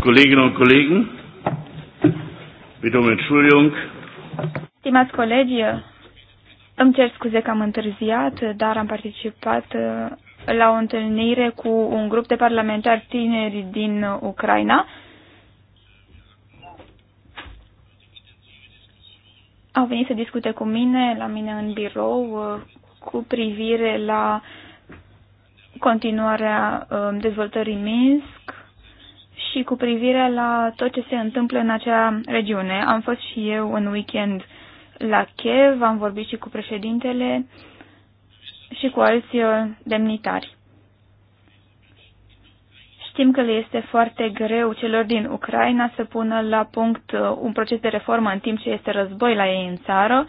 Kolleginnen und Kollegen, bitte um Entschuldigung. Stimați colegi, îmi cer scuze că am întârziat, dar am participat uh, la o întâlnire cu un grup de parlamentari tineri din Ucraina. Au venit să discute cu mine, la mine în birou, uh, cu privire la continuarea uh, dezvoltării Minsk și cu privire la tot ce se întâmplă în acea regiune. Am fost și eu în weekend la Kiev, am vorbit și cu președintele și cu alți uh, demnitari. Știm că le este foarte greu celor din Ucraina să pună la punct uh, un proces de reformă în timp ce este război la ei în țară,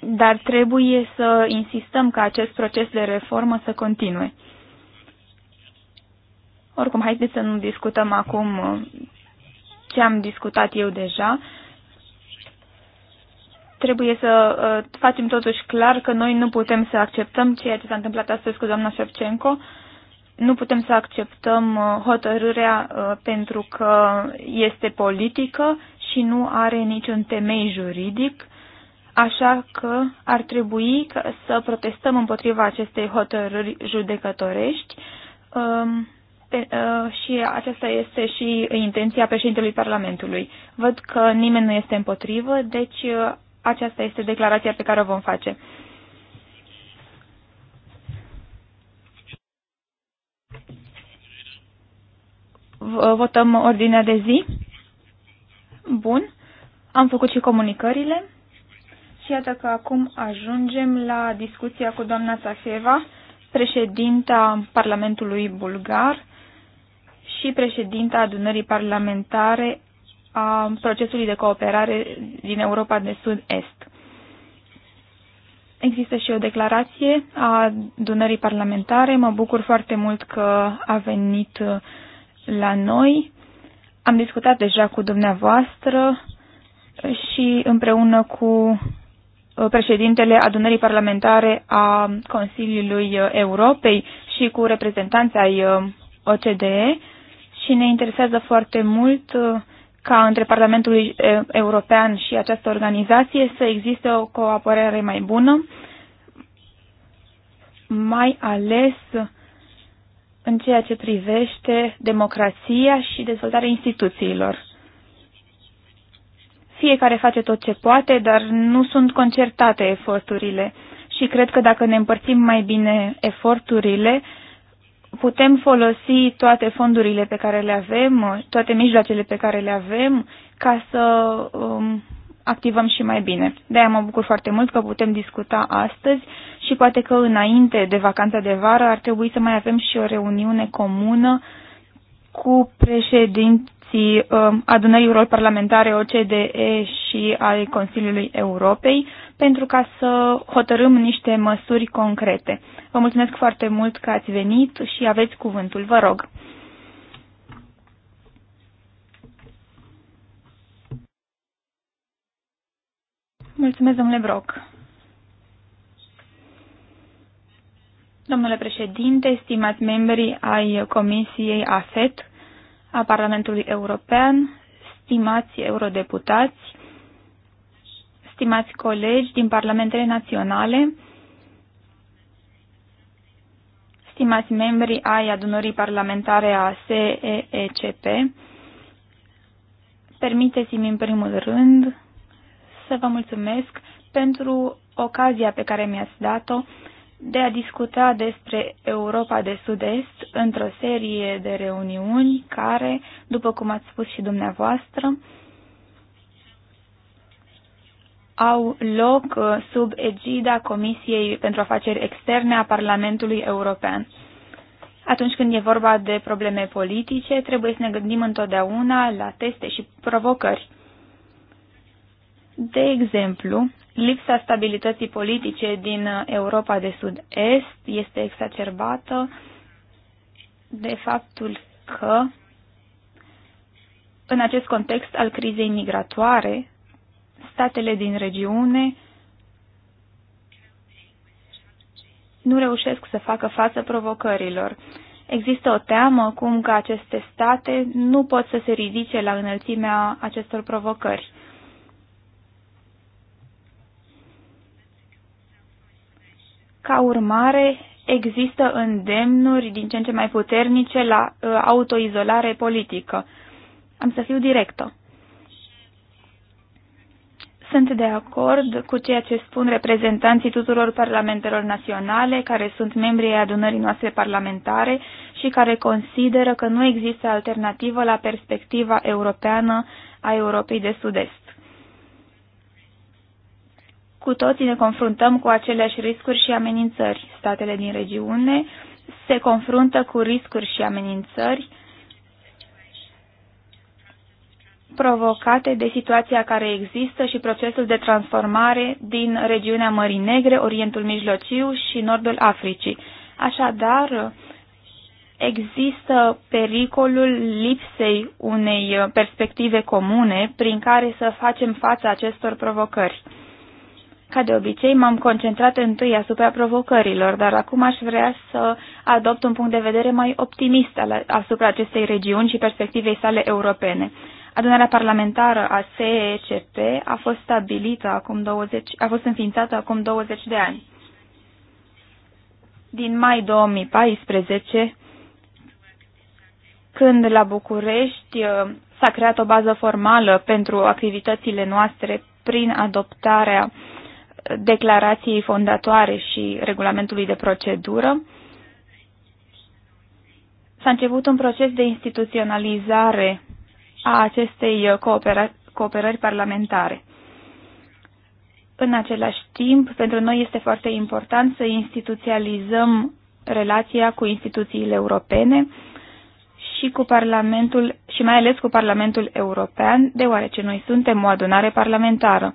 dar trebuie să insistăm ca acest proces de reformă să continue. Oricum, haideți să nu discutăm acum uh, ce am discutat eu deja. Trebuie să uh, facem totuși clar că noi nu putem să acceptăm ceea ce s-a întâmplat astăzi cu doamna Șevcenco. Nu putem să acceptăm uh, hotărârea pentru că este politică și nu are niciun temei juridic așa că ar trebui să protestăm împotriva acestei hotărâri judecătorești. Uh, Uh, și aceasta este și intenția președintelui Parlamentului. Văd că nimeni nu este împotrivă, deci uh, aceasta este declarația pe care o vom face. Uh, votăm ordinea de zi. Bun. Am făcut și comunicările. Și iată că acum ajungem la discuția cu doamna Safeva, președinta Parlamentului Bulgar, și președinta adunării parlamentare a procesului de cooperare din Europa de Sud-Est. Există și o declarație a adunării parlamentare. Mă bucur foarte mult că a venit la noi. Am discutat deja cu dumneavoastră și împreună cu președintele adunării parlamentare a Consiliului Europei și cu reprezentanța ai OCDE și ne interesează foarte mult uh, ca între Parlamentul European și această organizație să existe o cooperare mai bună, mai ales în ceea ce privește democrația și dezvoltarea instituțiilor. Fiecare face tot ce poate, dar nu sunt concertate eforturile și cred că dacă ne împărțim mai bine eforturile, putem folosi toate fondurile pe care le avem, toate mijloacele pe care le avem, ca să um, activăm și mai bine. De-aia mă bucur foarte mult că putem discuta astăzi și poate că înainte de vacanța de vară ar trebui să mai avem și o reuniune comună cu președinții um, adunării parlamentare OCDE și al Consiliului Europei, pentru ca să hotărâm niște măsuri concrete. Vă mulțumesc foarte mult că ați venit și aveți cuvântul, vă rog. Mulțumesc, domnule Broc. Domnule președinte, stimați membri ai Comisiei AFET a Parlamentului European, stimați eurodeputați, stimați colegi din parlamentele naționale, stimați membri ai adunării parlamentare a SEECP, permiteți-mi în primul rând să vă mulțumesc pentru ocazia pe care mi-ați dat-o de a discuta despre Europa de Sud-Est într-o serie de reuniuni care, după cum ați spus și dumneavoastră, au loc uh, sub egida Comisiei pentru Afaceri Externe a Parlamentului European. Atunci când e vorba de probleme politice, trebuie să ne gândim întotdeauna la teste și provocări. De exemplu, lipsa stabilității politice din uh, Europa de Sud-Est este exacerbată de faptul că, în acest context al crizei migratoare, statele din regiune nu reușesc să facă față provocărilor. Există o teamă cum că aceste state nu pot să se ridice la înălțimea acestor provocări. Ca urmare, există îndemnuri din ce în ce mai puternice la uh, autoizolare politică. Am să fiu directă. Sunt de acord cu ceea ce spun reprezentanții tuturor parlamentelor naționale care sunt membri ai adunării noastre parlamentare și care consideră că nu există alternativă la perspectiva europeană a Europei de Sud-Est. Cu toții ne confruntăm cu aceleași riscuri și amenințări. Statele din regiune se confruntă cu riscuri și amenințări provocate de situația care există și procesul de transformare din regiunea Mării Negre, Orientul Mijlociu și Nordul Africii. Așadar, există pericolul lipsei unei perspective comune prin care să facem față acestor provocări. Ca de obicei, m-am concentrat întâi asupra provocărilor, dar acum aș vrea să adopt un punct de vedere mai optimist asupra acestei regiuni și perspectivei sale europene. Adunarea parlamentară a SECP a fost stabilită acum 20, a fost înființată acum 20 de ani. Din mai 2014, când la București uh, s-a creat o bază formală pentru activitățile noastre prin adoptarea declarației fondatoare și regulamentului de procedură, s-a început un proces de instituționalizare a acestei uh, cooperări parlamentare. În același timp, pentru noi este foarte important să instituționalizăm relația cu instituțiile europene și cu Parlamentul și mai ales cu Parlamentul European, deoarece noi suntem o adunare parlamentară.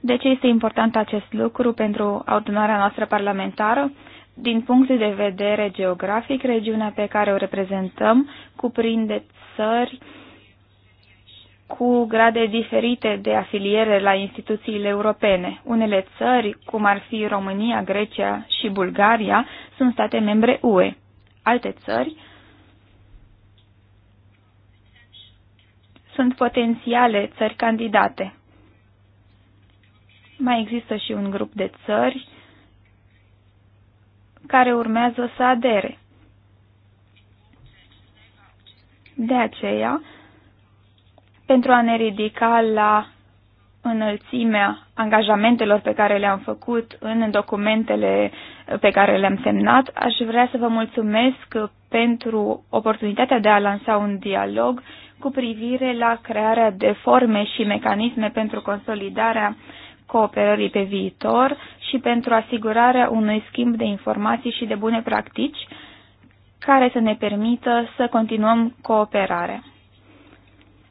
De ce este important acest lucru pentru adunarea noastră parlamentară? Din punct de vedere geografic, regiunea pe care o reprezentăm cuprinde țări uh, cu grade diferite de afiliere la instituțiile europene. Unele țări, cum ar fi România, Grecia și Bulgaria, sunt state membre UE. Alte țări sunt potențiale țări candidate. Mai există și un grup de țări care urmează să adere. De aceea, pentru a ne ridica la înălțimea angajamentelor pe care le-am făcut în documentele pe care le-am semnat, aș vrea să vă mulțumesc pentru oportunitatea de a lansa un dialog cu privire la crearea de forme și mecanisme pentru consolidarea cooperării pe viitor și pentru asigurarea unui schimb de informații și de bune practici care să ne permită să continuăm cooperarea.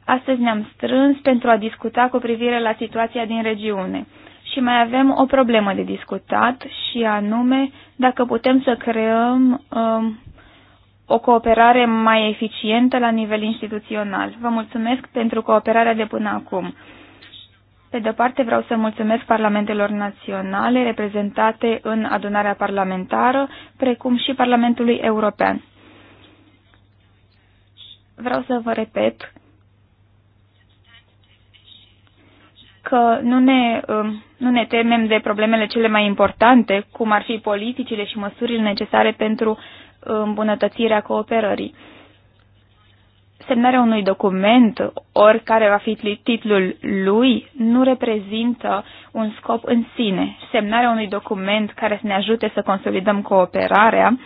Astăzi ne-am strâns pentru a discuta cu privire la situația din regiune și mai avem o problemă de discutat și anume dacă putem să creăm um, o cooperare mai eficientă la nivel instituțional. Vă mulțumesc pentru cooperarea de până acum. Pe de parte vreau să mulțumesc parlamentelor naționale reprezentate în adunarea parlamentară, precum și Parlamentului European. Vreau să vă repet că nu ne, um, nu ne temem de problemele cele mai importante, cum ar fi politicile și măsurile necesare pentru îmbunătățirea cooperării. Semnarea unui document, oricare va fi titlul lui, nu reprezintă un scop în sine. Semnarea unui document care să ne ajute să consolidăm cooperarea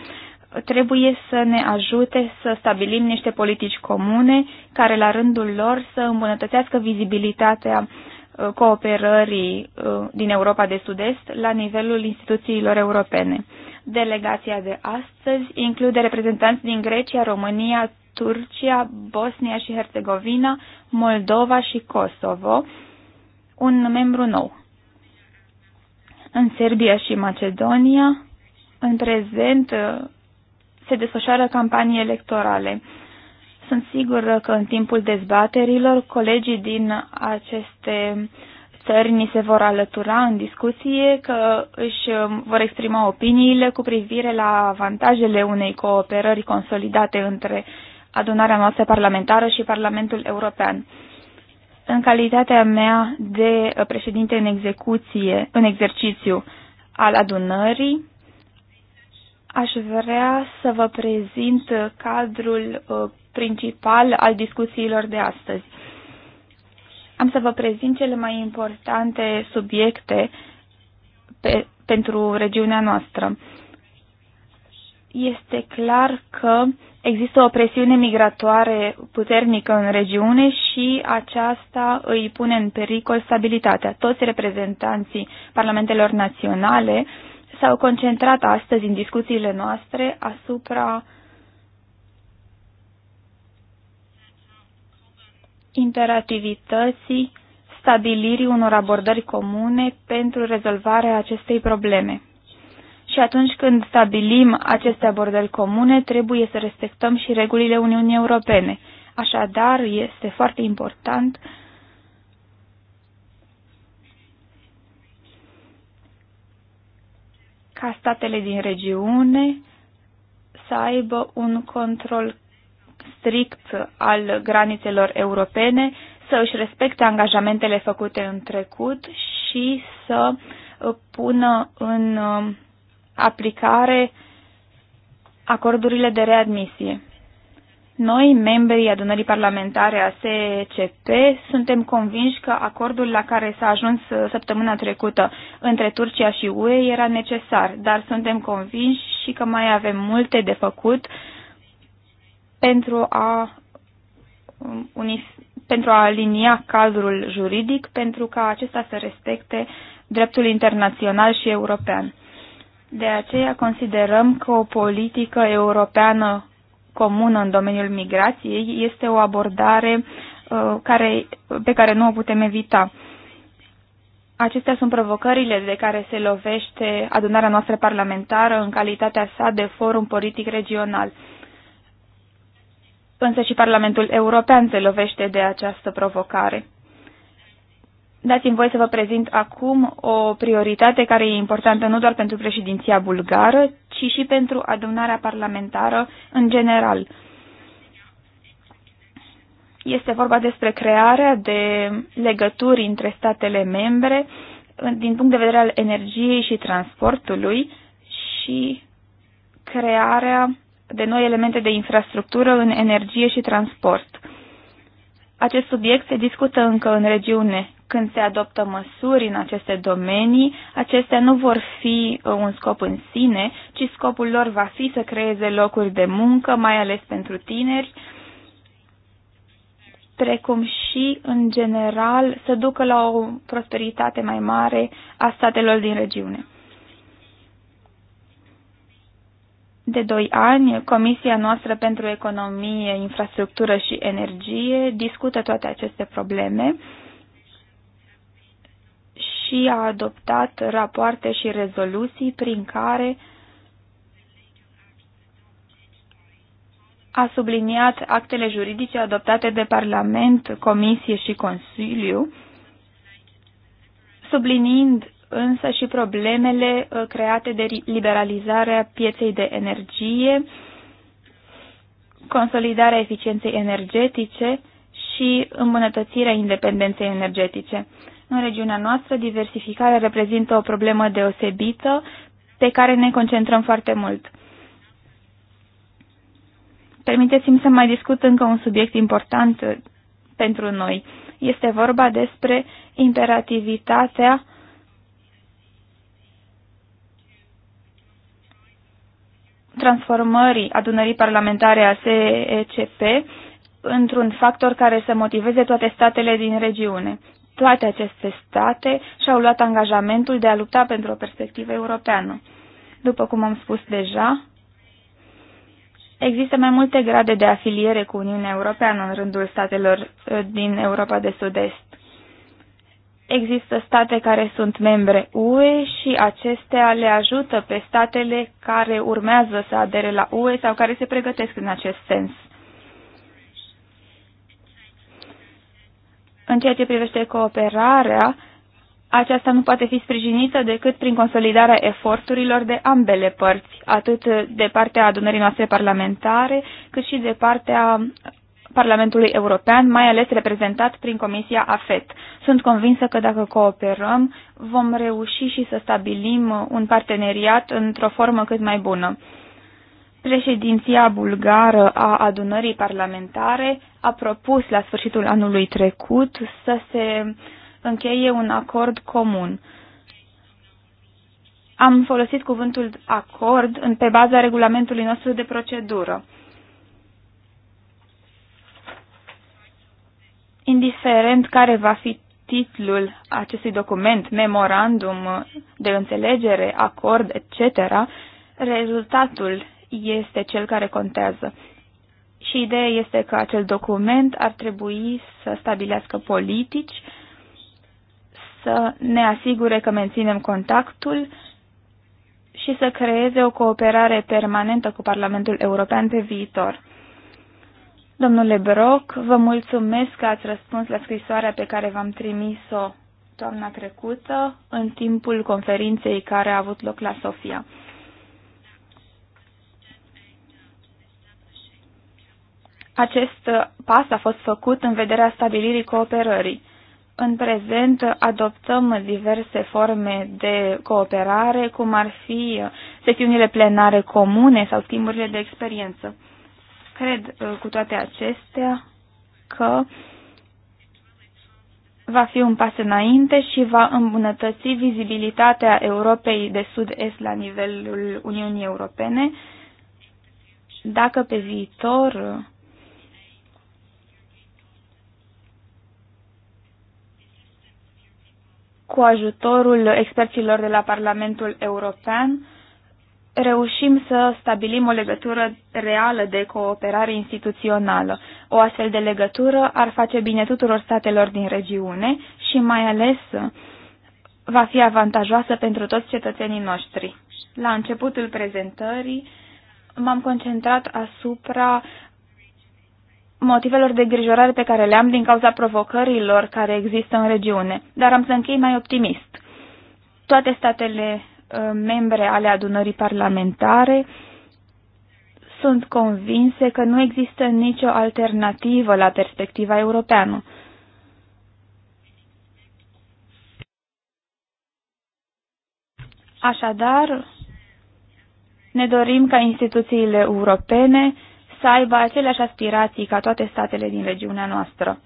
trebuie să ne ajute să stabilim niște politici comune care la rândul lor să îmbunătățească vizibilitatea cooperării uh, din Europa de Sud-Est la nivelul instituțiilor europene. Delegația de astăzi include reprezentanți din Grecia, România, Turcia, Bosnia și Herțegovina, Moldova și Kosovo, un membru nou. În Serbia și Macedonia, în prezent, uh, se desfășoară campanii electorale. Sunt sigur că în timpul dezbaterilor colegii din aceste țări ni se vor alătura în discuție, că își vor exprima opiniile cu privire la avantajele unei cooperări consolidate între adunarea noastră parlamentară și Parlamentul European. În calitatea mea de președinte în execuție, în exercițiu al adunării, aș vrea să vă prezint cadrul uh, principal al discuțiilor de astăzi. Am să vă prezint cele mai importante subiecte pe, pentru regiunea noastră. Este clar că există o presiune migratoare puternică în regiune și aceasta îi pune în pericol stabilitatea. Toți reprezentanții parlamentelor naționale s-au concentrat astăzi în discuțiile noastre asupra uh, interativității stabilirii unor abordări comune pentru rezolvarea acestei probleme. Și atunci când stabilim aceste abordări comune, trebuie să respectăm și regulile Uniunii Europene. Așadar, este foarte important ca statele din regiune să aibă un control strict al granițelor europene, să își respecte angajamentele făcute în trecut și să uh, pună în uh, aplicare acordurile de readmisie. Noi, membrii adunării parlamentare a SCP, suntem convinși că acordul la care s-a ajuns uh, săptămâna trecută între Turcia și UE era necesar, dar suntem convinși și că mai avem multe de făcut uh, pentru a, um, unis, pentru a alinia cadrul juridic, pentru ca acesta să respecte dreptul internațional și european. De aceea considerăm că o politică europeană comună în domeniul migrației este o abordare uh, care, pe care nu o putem evita. Acestea sunt provocările de care se lovește adunarea noastră parlamentară în calitatea sa de forum politic regional. Însă și Parlamentul European se lovește de această provocare. Dați-mi voi să vă prezint acum o prioritate care e importantă nu doar pentru președinția bulgară, ci și pentru adunarea parlamentară în general. Este vorba despre crearea de legături între statele membre din punct de vedere al energiei și transportului și crearea de noi elemente de infrastructură în energie și transport. Acest subiect se discută încă în regiune. Când se adoptă măsuri în aceste domenii, acestea nu vor fi uh, un scop în sine, ci scopul lor va fi să creeze locuri de muncă, mai ales pentru tineri, precum și, în general, să ducă la o prosperitate mai mare a statelor din regiune. de doi ani, Comisia noastră pentru Economie, Infrastructură și Energie discută toate aceste probleme și a adoptat rapoarte și rezoluții prin care a subliniat actele juridice adoptate de Parlament, Comisie și Consiliu, subliniind însă și problemele uh, create de liberalizarea pieței de energie, consolidarea eficienței energetice și îmbunătățirea independenței energetice. În regiunea noastră, diversificarea reprezintă o problemă deosebită pe care ne concentrăm foarte mult. Permiteți-mi să mai discut încă un subiect important uh, pentru noi. Este vorba despre imperativitatea transformării adunării parlamentare a SECP într-un factor care să motiveze toate statele din regiune. Toate aceste state și-au luat angajamentul de a lupta pentru o perspectivă europeană. După cum am spus deja, există mai multe grade de afiliere cu Uniunea Europeană în rândul statelor eh, din Europa de Sud-Est. Există state care sunt membre UE și acestea le ajută pe statele care urmează să adere la UE sau care se pregătesc în acest sens. În ceea ce privește cooperarea, aceasta nu poate fi sprijinită decât prin consolidarea eforturilor de ambele părți, atât de partea adunării noastre parlamentare, cât și de partea Parlamentului European, mai ales reprezentat prin Comisia AFET. Sunt convinsă că dacă cooperăm, vom reuși și să stabilim un parteneriat într-o formă cât mai bună. Președinția bulgară a adunării parlamentare a propus la sfârșitul anului trecut să se încheie un acord comun. Am folosit cuvântul acord pe baza regulamentului nostru de procedură. indiferent care va fi titlul acestui document, memorandum de înțelegere, acord, etc., rezultatul este cel care contează. Și ideea este că acel document ar trebui să stabilească politici, să ne asigure că menținem contactul și să creeze o cooperare permanentă cu Parlamentul European pe viitor. Domnule Broc, vă mulțumesc că ați răspuns la scrisoarea pe care v-am trimis-o toamna trecută, în timpul conferinței care a avut loc la Sofia. Acest pas a fost făcut în vederea stabilirii cooperării. În prezent adoptăm diverse forme de cooperare, cum ar fi sesiunile plenare comune sau schimburile de experiență. Cred uh, cu toate acestea că va fi un pas înainte și va îmbunătăți vizibilitatea Europei de Sud-Est la nivelul Uniunii Europene. Dacă pe viitor cu ajutorul experților de la Parlamentul European reușim să stabilim o legătură reală de cooperare instituțională. O astfel de legătură ar face bine tuturor statelor din regiune și mai ales uh, va fi avantajoasă pentru toți cetățenii noștri. La începutul prezentării m-am concentrat asupra motivelor de îngrijorare pe care le-am din cauza provocărilor care există în regiune, dar am să închei mai optimist. Toate statele membre ale adunării parlamentare sunt convinse că nu există nicio alternativă la perspectiva europeană. Așadar, ne dorim ca instituțiile europene să aibă aceleași aspirații ca toate statele din regiunea noastră.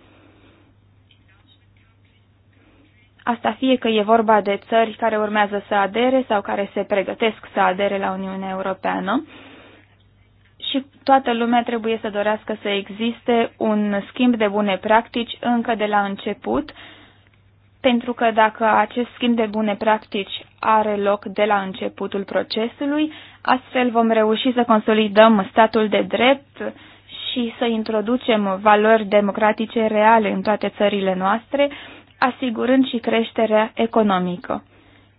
Asta fie că e vorba de țări care urmează să adere sau care se pregătesc să adere la Uniunea Europeană și toată lumea trebuie să dorească să existe un schimb de bune practici încă de la început, pentru că dacă acest schimb de bune practici are loc de la începutul procesului, astfel vom reuși să consolidăm statul de drept și să introducem valori democratice reale în toate țările noastre, asigurând și creșterea economică.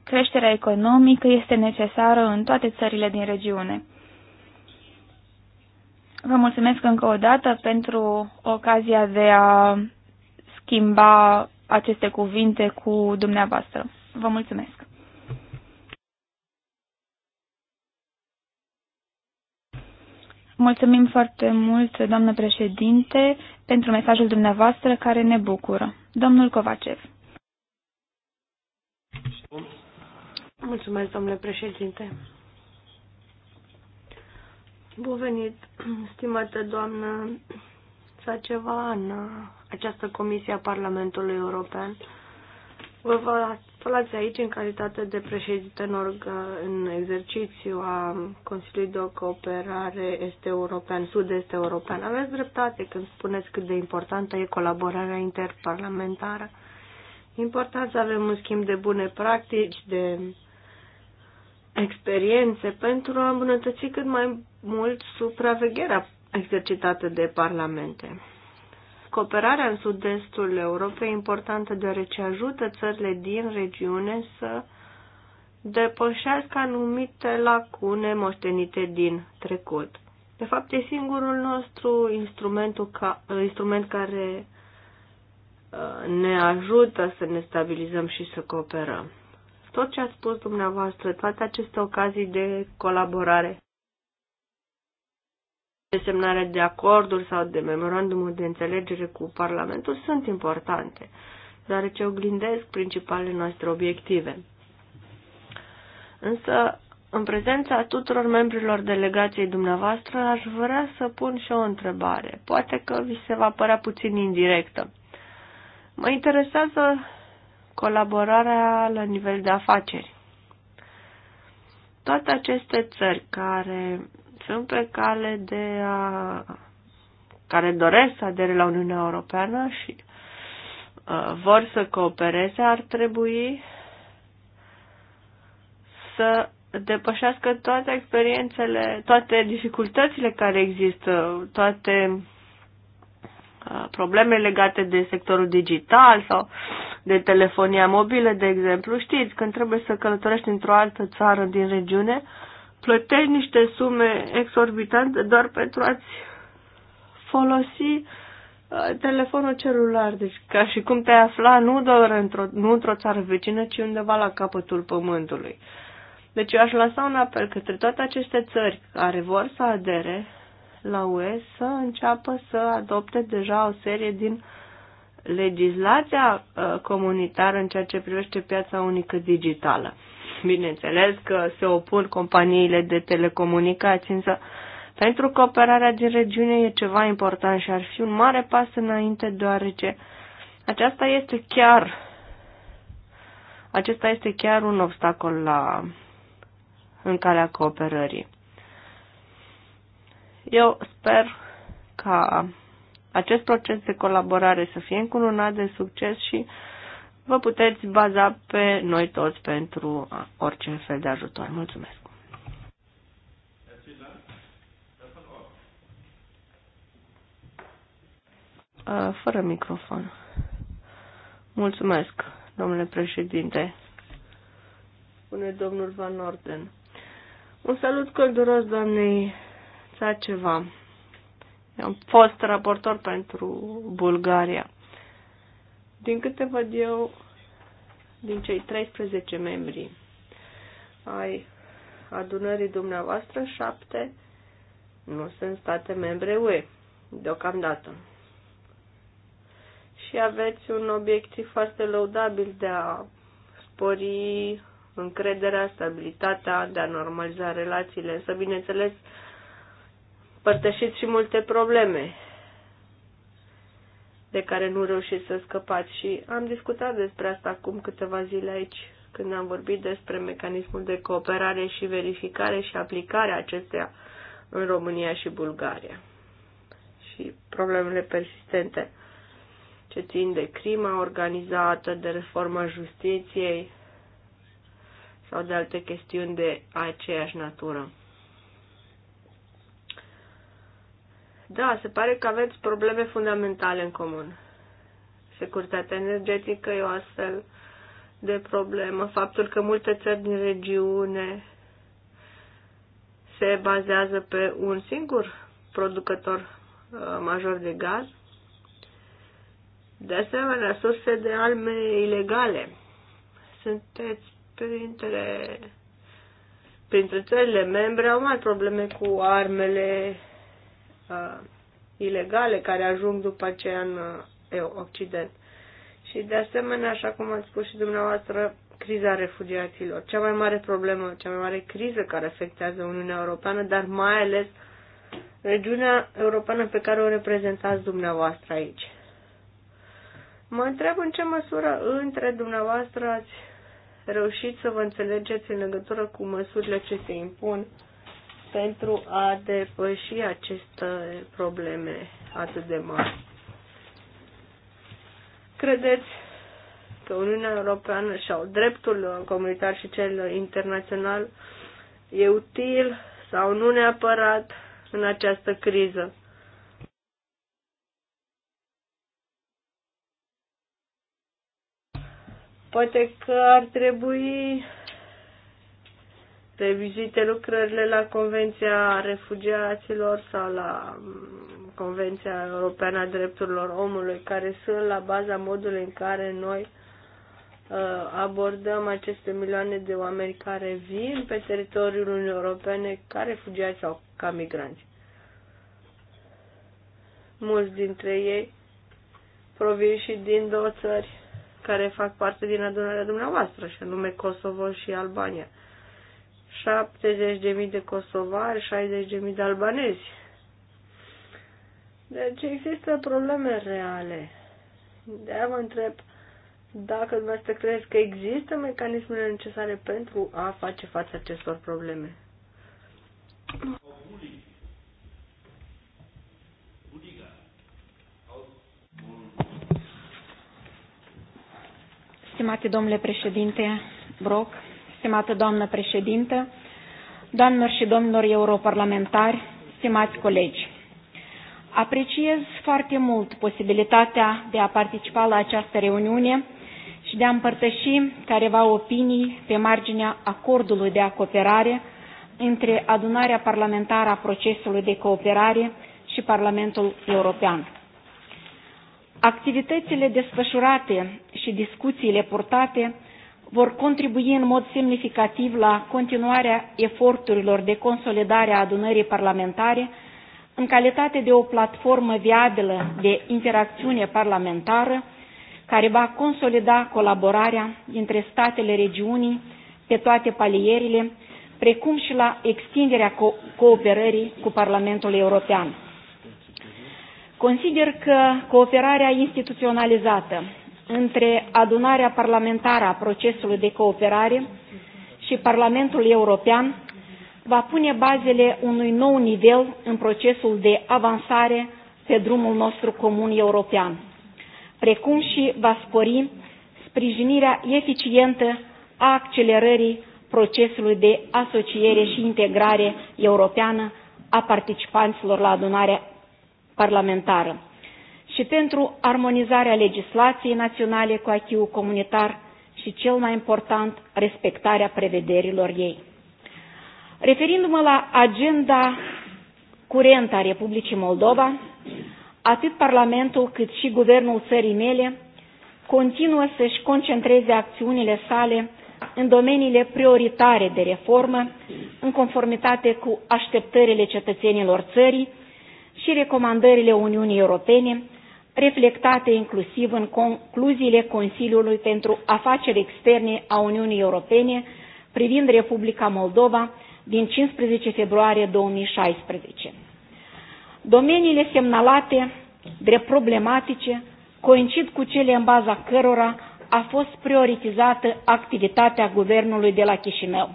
Creșterea economică este necesară în toate țările din regiune. Vă mulțumesc încă o dată pentru ocazia de a schimba aceste cuvinte cu dumneavoastră. Vă mulțumesc! Mulțumim foarte mult, doamnă președinte, pentru mesajul dumneavoastră care ne bucură. Domnul Covacev. Mulțumesc, domnule președinte. Bun venit, stimată doamnă Saceva, în această comisie a Parlamentului European. Vă, Participați aici în calitate de președinte în, în exercițiu a Consiliului de Cooperare Este European, Sud-Est European. Aveți dreptate când spuneți cât de importantă e colaborarea interparlamentară. Important să avem un schimb de bune practici, de experiențe pentru a îmbunătăți cât mai mult supravegherea exercitată de parlamente. Cooperarea în sud-estul Europei importantă deoarece ajută țările din regiune să depășească anumite lacune moștenite din trecut. De fapt, e singurul nostru instrumentul ca, instrument care uh, ne ajută să ne stabilizăm și să cooperăm. Tot ce a spus dumneavoastră, toate aceste ocazii de colaborare de semnare de acorduri sau de memorandumul de înțelegere cu Parlamentul sunt importante, deoarece oglindesc principalele noastre obiective. Însă, în prezența tuturor membrilor delegației dumneavoastră, aș vrea să pun și o întrebare. Poate că vi se va părea puțin indirectă. Mă interesează colaborarea la nivel de afaceri. Toate aceste țări care sunt pe cale de a care doresc să adere la Uniunea Europeană și uh, vor să coopereze, ar trebui să depășească toate experiențele, toate dificultățile care există, toate uh, probleme legate de sectorul digital sau de telefonia mobilă, de exemplu. Știți, când trebuie să călătorești într-o altă țară din regiune, uh, plătești niște sume exorbitante doar pentru a-ți folosi uh, telefonul celular. Deci ca și cum te-ai afla nu doar într-o, nu într-o țară vecină, ci undeva la capătul pământului. Deci eu aș lăsa un apel către toate aceste țări care vor să adere la UE să înceapă să adopte deja o serie din legislația uh, comunitară în ceea ce privește piața unică digitală. Bineînțeles că se opun companiile de telecomunicații, însă pentru cooperarea din regiune e ceva important și ar fi un mare pas înainte, deoarece aceasta este chiar acesta este chiar un obstacol la, în calea cooperării. Eu sper ca acest proces de colaborare să fie încununat de succes și uh, vă puteți baza pe noi toți pentru orice fel de ajutor. Mulțumesc! Uh, fără microfon. Mulțumesc, domnule președinte. Spune domnul Van Orden. Un salut călduros doamnei Țaceva. Am fost raportor pentru Bulgaria. Din câte văd eu, din cei 13 membri ai adunării dumneavoastră, șapte nu sunt state membre UE, deocamdată. Și aveți un obiectiv foarte lăudabil de a spori încrederea, stabilitatea, de a normaliza relațiile. Însă, bineînțeles, părtășiți și multe probleme de care nu reușiți să scăpați și am discutat despre asta acum câteva zile aici, când am vorbit despre mecanismul de cooperare și verificare și aplicare acesteia în România și Bulgaria și problemele persistente ce țin de crima organizată, de reforma justiției sau de alte chestiuni de aceeași natură. Da, se pare că aveți probleme fundamentale în comun. Securitatea energetică e o astfel de problemă. Faptul că multe țări din regiune se bazează pe un singur producător uh, major de gaz. De asemenea, surse de arme ilegale. Sunteți printre, printre țările membre, au mai probleme cu armele uh, ilegale care ajung după aceea în uh, Occident. Și de asemenea, așa cum ați spus și dumneavoastră, criza refugiaților. Cea mai mare problemă, cea mai mare criză care afectează Uniunea Europeană, dar mai ales regiunea europeană pe care o reprezentați dumneavoastră aici. Mă întreb în ce măsură între dumneavoastră ați reușit să vă înțelegeți în legătură cu măsurile ce se impun pentru a depăși aceste probleme atât de mari. Credeți că Uniunea Europeană sau dreptul comunitar și cel internațional e util sau nu neapărat în această criză? Poate că ar trebui vizite lucrările la Convenția Refugiaților sau la mm, Convenția Europeană a Drepturilor Omului, care sunt la baza modului în care noi uh, abordăm aceste milioane de oameni care vin pe teritoriul Uniunii Europene ca refugiați sau ca migranți. Mulți dintre ei provin și din două țări care fac parte din adunarea dumneavoastră, și anume Kosovo și Albania. 70.000 de kosovari, 60.000 de albanezi. Deci există probleme reale. de vă întreb dacă dumneavoastră credeți că există mecanismele necesare pentru a face față acestor probleme. Stimate domnule președinte Broc, stimată doamnă președintă, doamnelor și domnilor europarlamentari, stimați colegi. Apreciez foarte mult posibilitatea de a participa la această reuniune și de a împărtăși careva opinii pe marginea acordului de acoperare între adunarea parlamentară a procesului de cooperare și Parlamentul European. Activitățile desfășurate și discuțiile purtate vor contribui în mod semnificativ la continuarea eforturilor de consolidare a adunării parlamentare în calitate de o platformă viabilă de interacțiune parlamentară care va consolida colaborarea dintre statele regiunii pe toate palierile, precum și la extinderea co cooperării cu Parlamentul European. Consider că cooperarea instituționalizată între adunarea parlamentară a procesului de cooperare și Parlamentul European va pune bazele unui nou nivel în procesul de avansare pe drumul nostru comun european, precum și va spori sprijinirea eficientă a accelerării procesului de asociere și integrare europeană a participanților la adunarea parlamentară și pentru armonizarea legislației naționale cu acquis comunitar și, cel mai important, respectarea prevederilor ei. Referindu-mă la agenda curentă a Republicii Moldova, atât Parlamentul cât și Guvernul țării mele continuă să-și concentreze acțiunile sale în domeniile prioritare de reformă, în conformitate cu așteptările cetățenilor țării și recomandările Uniunii Europene reflectate inclusiv în concluziile Consiliului pentru Afaceri Externe a Uniunii Europene privind Republica Moldova din 15 februarie 2016. Domeniile semnalate drept problematice coincid cu cele în baza cărora a fost prioritizată activitatea guvernului de la Chișinău.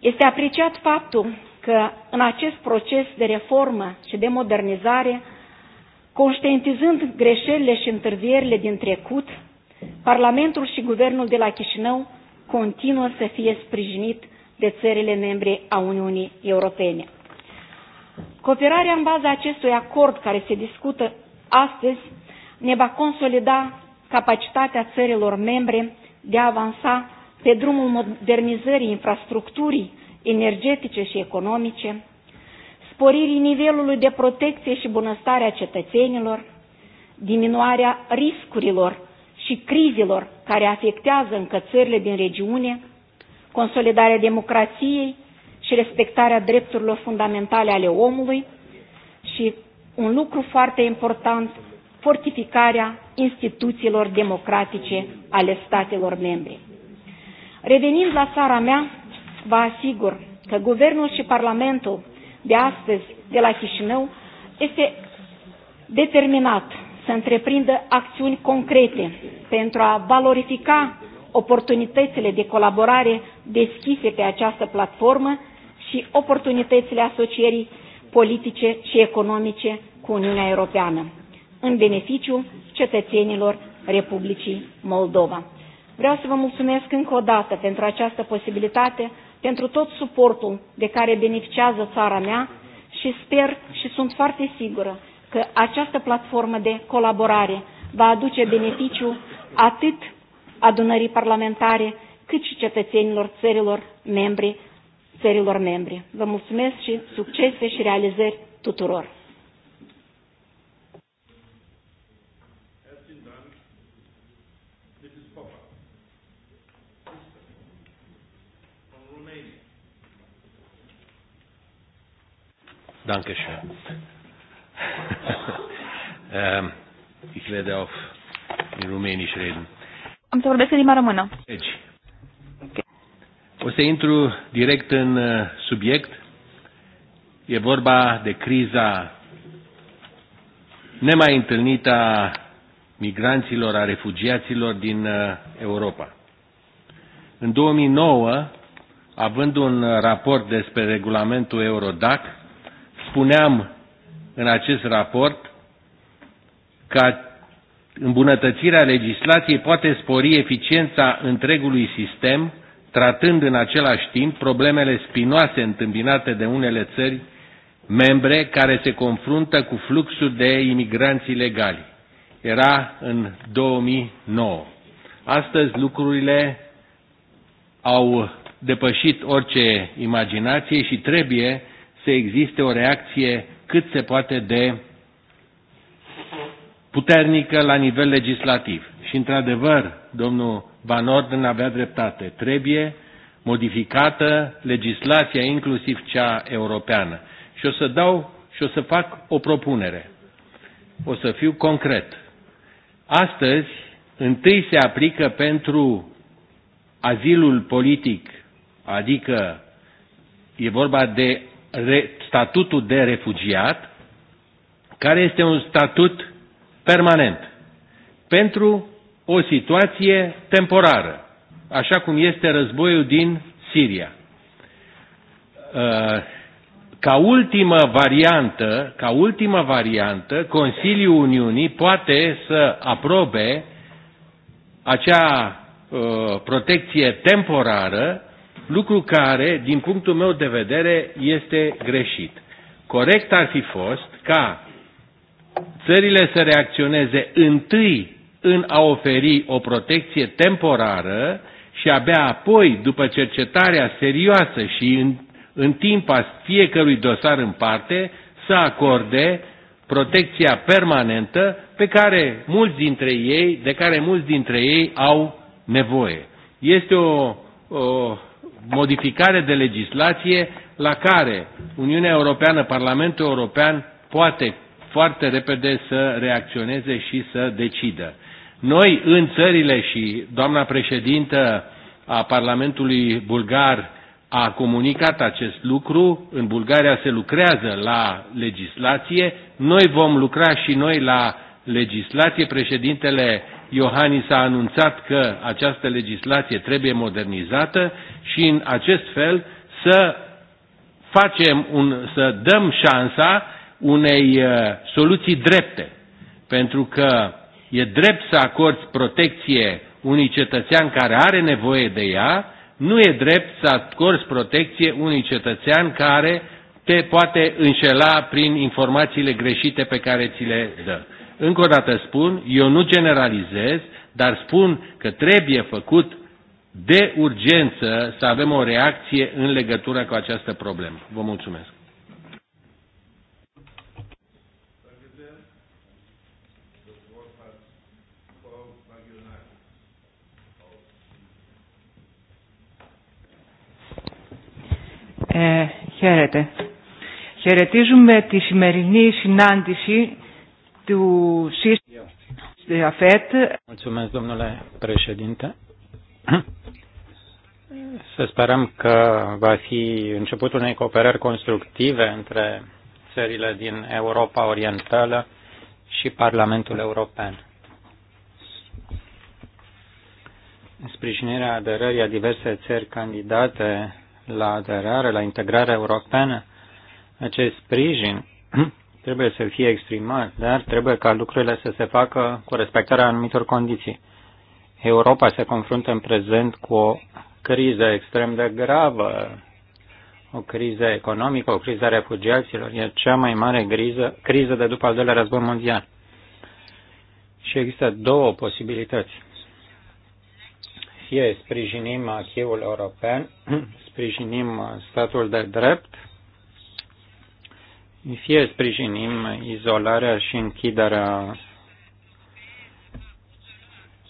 Este apreciat faptul că în acest proces de reformă și de modernizare Conștientizând greșelile și întârzierile din trecut, Parlamentul și Guvernul de la Chișinău continuă să fie sprijinit de țările membre a Uniunii Europene. Cooperarea în baza acestui acord care se discută astăzi ne va consolida capacitatea țărilor membre de a avansa pe drumul modernizării infrastructurii energetice și economice, sporirii nivelului de protecție și bunăstare a cetățenilor, diminuarea riscurilor și crizelor care afectează încă țările din regiune, consolidarea democrației și respectarea drepturilor fundamentale ale omului și, un lucru foarte important, fortificarea instituțiilor democratice ale statelor membre. Revenind la țara mea, vă asigur că Guvernul și Parlamentul de astăzi de la Chișinău este determinat să întreprindă acțiuni concrete pentru a valorifica oportunitățile de colaborare deschise pe această platformă și oportunitățile asocierii politice și economice cu Uniunea Europeană, în beneficiu cetățenilor Republicii Moldova. Vreau să vă mulțumesc încă o dată pentru această posibilitate pentru tot suportul de care beneficiază țara mea și sper și sunt foarte sigură că această platformă de colaborare va aduce beneficiu atât adunării parlamentare, cât și cetățenilor țărilor membre, țărilor membri. Vă mulțumesc și succese și realizări tuturor! Dankeschön. Ähm, ich werde auf in Rumänisch reden. Am să vorbesc în limba română. Deci, okay. o să intru direct în uh, subiect. E vorba de criza nemai întâlnită a migranților, a refugiaților din uh, Europa. În 2009, având un uh, raport despre regulamentul Eurodac, spuneam în acest raport că îmbunătățirea legislației poate spori eficiența întregului sistem, tratând în același timp problemele spinoase întâmpinate de unele țări membre care se confruntă cu fluxul de imigranți ilegali. Era în 2009. Astăzi lucrurile au depășit orice imaginație și trebuie să existe o reacție cât se poate de puternică la nivel legislativ. Și, într-adevăr, domnul Van Orden avea dreptate. Trebuie modificată legislația, inclusiv cea europeană. Și o să dau și o să fac o propunere. O să fiu concret. Astăzi, întâi se aplică pentru azilul politic, adică e vorba de statutul de refugiat, care este un statut permanent pentru o situație temporară, așa cum este războiul din Siria. Uh, ca ultimă variantă, ca ultimă variantă, Consiliul Uniunii poate să aprobe acea uh, protecție temporară lucru care, din punctul meu de vedere, este greșit. Corect ar fi fost ca țările să reacționeze întâi în a oferi o protecție temporară și abia apoi, după cercetarea serioasă și în, în timp a fiecărui dosar în parte, să acorde protecția permanentă pe care mulți dintre ei, de care mulți dintre ei au nevoie. Este o, o modificare de legislație la care Uniunea Europeană, Parlamentul European poate foarte repede să reacționeze și să decidă. Noi în țările și doamna președintă a Parlamentului Bulgar a comunicat acest lucru, în Bulgaria se lucrează la legislație, noi vom lucra și noi la legislație, președintele uh, Iohannis a anunțat că această legislație trebuie modernizată și în acest fel să facem un, să dăm șansa unei uh, soluții drepte. Pentru că e drept să acorzi protecție unui cetățean care are nevoie de ea, nu e drept să acorzi protecție unui cetățean care te poate înșela prin informațiile greșite pe care ți le dă. Încă o dată spun, eu nu generalizez, dar spun că trebuie făcut de urgență să avem o reacție în legătură cu această problemă. Vă mulțumesc. Ε, χαίρετε. Χαιρετίζουμε τη σημερινή συνάντηση to și the afet. Mulțumesc, domnule președinte. Să sperăm că va fi începutul unei cooperări constructive între țările din Europa Orientală și Parlamentul European. Sprijinirea aderării a diverse țări candidate la aderare, la integrare europeană, acest sprijin trebuie să fie exprimat, dar trebuie ca lucrurile să se facă cu respectarea anumitor condiții. Europa se confruntă în prezent cu o criză extrem de gravă, o criză economică, o criză a refugiaților. E cea mai mare criză, criză de după al doilea război mondial. Și există două posibilități. Fie sprijinim acheul european, sprijinim statul de drept fie sprijinim izolarea și închiderea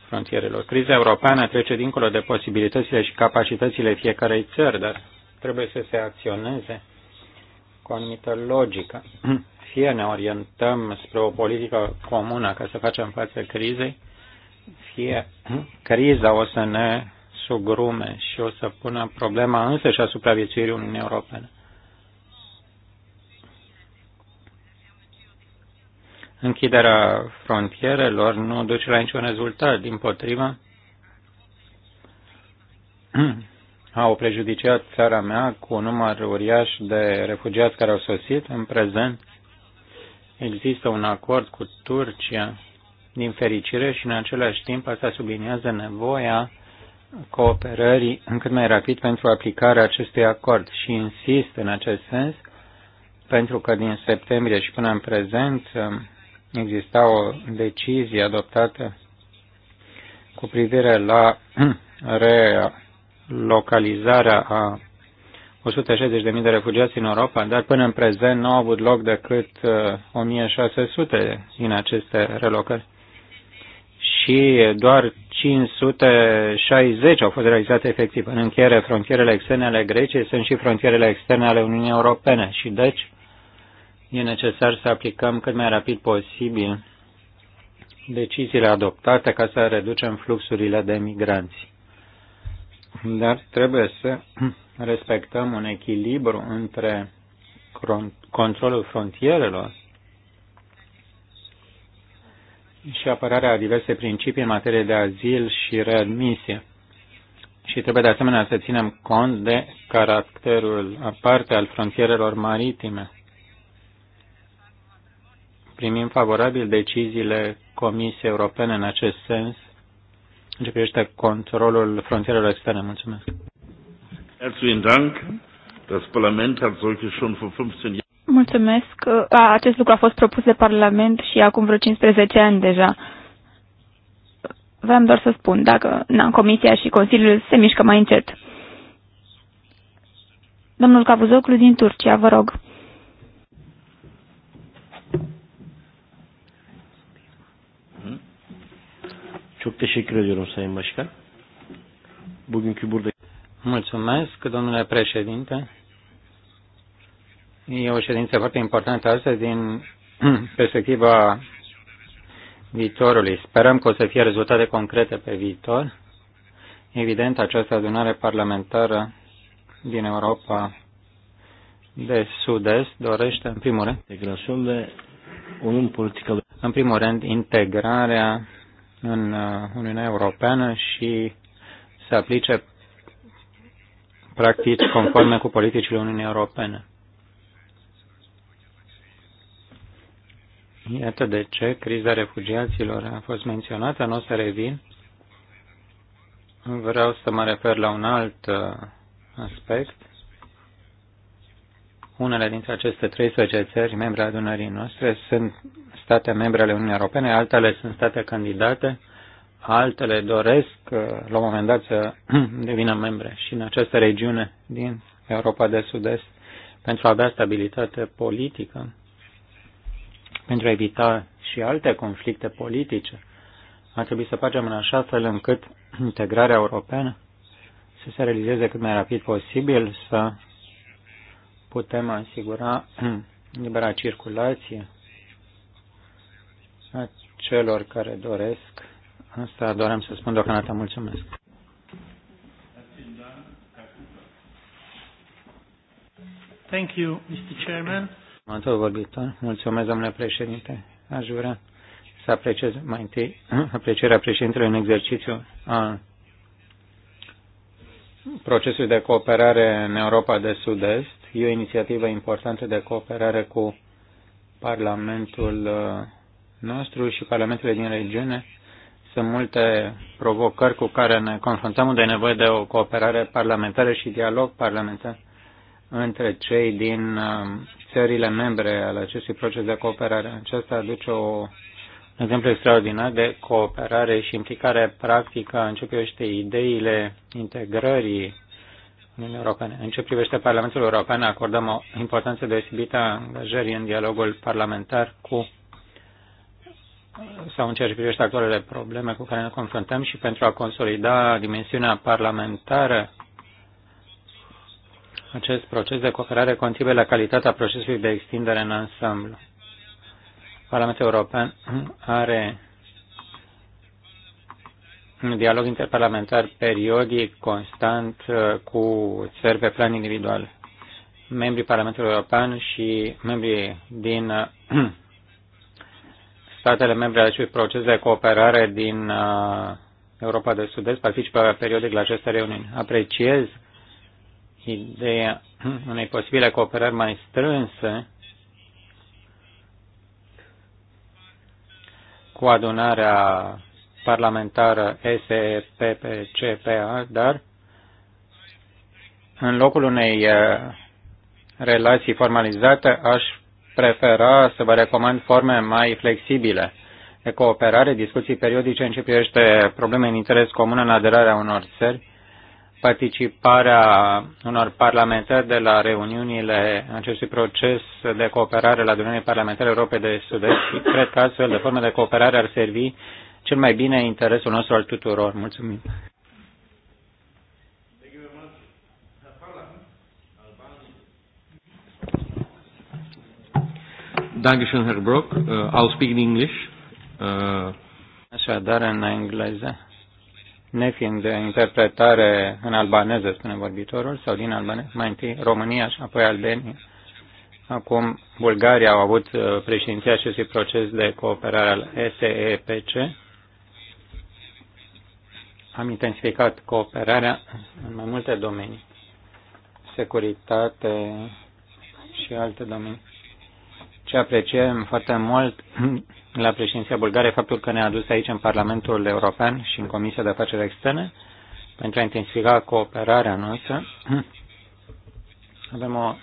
frontierelor. Criza europeană trece dincolo de posibilitățile și capacitățile fiecarei țări, dar trebuie să se acționeze cu o anumită logică. Fie ne orientăm spre o politică comună ca să facem față crizei, fie criza o să ne sugrume și o să pună problema însă și a supraviețuirii Uniunii Europene. Închiderea frontierelor nu duce la niciun rezultat, din potrivă, au prejudiciat țara mea cu un număr uriaș de refugiați care au sosit. În prezent există un acord cu Turcia, din fericire, și în același timp asta subliniază nevoia cooperării cât mai rapid pentru aplicarea acestui acord și insist în acest sens pentru că din septembrie și până în prezent exista o decizie adoptată cu privire la relocalizarea a 160.000 de refugiați în Europa, dar până în prezent nu au avut loc decât 1600 uh, din aceste relocări. Și doar 560 au fost realizate efectiv. În încheiere, frontierele externe ale Greciei sunt și frontierele externe ale Uniunii Europene și deci E necesar să aplicăm cât mai rapid posibil deciziile adoptate ca să reducem fluxurile de migranți. Dar trebuie să respectăm un echilibru între controlul frontierelor și apărarea a diverse principii în materie de azil și readmisie. Și trebuie de asemenea să ținem cont de caracterul aparte al frontierelor maritime primim favorabil deciziile Comisiei Europene în acest sens, în ce privește controlul frontierelor externe. Mulțumesc. Mulțumesc. acest lucru a fost propus de Parlament și acum vreo 15 ani deja. Vreau doar să spun, dacă na, Comisia și Consiliul se mișcă mai încet. Domnul Cavuzoclu din Turcia, vă rog. Çok teşekkür ediyorum Sayın Bașkan. Bugünkü burada... Mulțumesc, domnule președinte. E o ședință foarte importantă astăzi din perspectiva viitorului. Sperăm că o să fie rezultate concrete pe viitor. Evident, această adunare parlamentară din Europa de Sud-Est dorește, în primul rând, în primul rând, integrarea în uh, Uniunea Europeană și se aplice practici conforme cu politicile Uniunii Europene. Iată de ce criza refugiaților a fost menționată, nu o să revin. Vreau să mă refer la un alt uh, aspect unele dintre aceste 13 țări membre ale adunării noastre sunt state membre ale Uniunii Europene, altele sunt state candidate, altele doresc uh, la un moment dat să devină membre și în această regiune din Europa de Sud-Est pentru a avea stabilitate politică, pentru a evita și alte conflicte politice, ar trebui să facem în așa fel încât integrarea europeană să se realizeze cât mai rapid posibil, să putem asigura libera circulație a celor care doresc. Asta doream să spun deocamdată. Mulțumesc. Thank you, Mr. Chairman. Următorul vorbitor. Mulțumesc, domnule președinte. Aș vrea să apreciez mai întâi aprecierea președintelui în exercițiu a procesului de cooperare în Europa de Sud-Est E o inițiativă importantă de cooperare cu Parlamentul uh, nostru și Parlamentele din regiune. Sunt multe provocări cu care ne confruntăm, unde e nevoie de o cooperare parlamentară și dialog parlamentar între cei din uh, țările membre ale acestui proces de cooperare. Aceasta aduce o, un exemplu extraordinar de cooperare și implicare practică în ce ideile integrării Uniunii Europene. În ce privește Parlamentul European, acordăm o importanță deosebită a angajării în dialogul parlamentar cu sau în ceea ce privește actualele probleme cu care ne confruntăm și pentru a consolida dimensiunea parlamentară acest proces de cooperare contribuie la calitatea procesului de extindere în ansamblu. Parlamentul European are un dialog interparlamentar periodic, constant, uh, cu țări pe plan individual, membrii Parlamentului European și membrii din uh, statele membre ale acestui proces de cooperare din uh, Europa de Sud-Est participă periodic la aceste reuniuni. Apreciez ideea unei posibile cooperări mai strânse cu adunarea parlamentară SEPPCPA, dar în locul unei uh, relații formalizate aș prefera să vă recomand forme mai flexibile de cooperare, discuții periodice în ce privește probleme în interes comun în aderarea unor țări, participarea unor parlamentari de la reuniunile acestui proces de cooperare la domeniul Parlamentar Europei de Sud-Est. Cred că astfel de forme de cooperare ar servi cel mai bine interesul nostru al tuturor. Mulțumim! Dankeschön, Herr Brock. Uh, I'll speak in English. Uh... Așadar, în engleză. Nefiind interpretare în albaneză, spune vorbitorul, sau din albaneză, mai întâi România și apoi Albania. Acum, Bulgaria au avut uh, președinția acestui proces de cooperare al SEPC am intensificat cooperarea în mai multe domenii, securitate și alte domenii. Ce apreciem foarte mult la președinția bulgare faptul că ne-a adus aici în Parlamentul European și în Comisia de Afaceri Externe pentru a intensifica cooperarea noastră. Avem o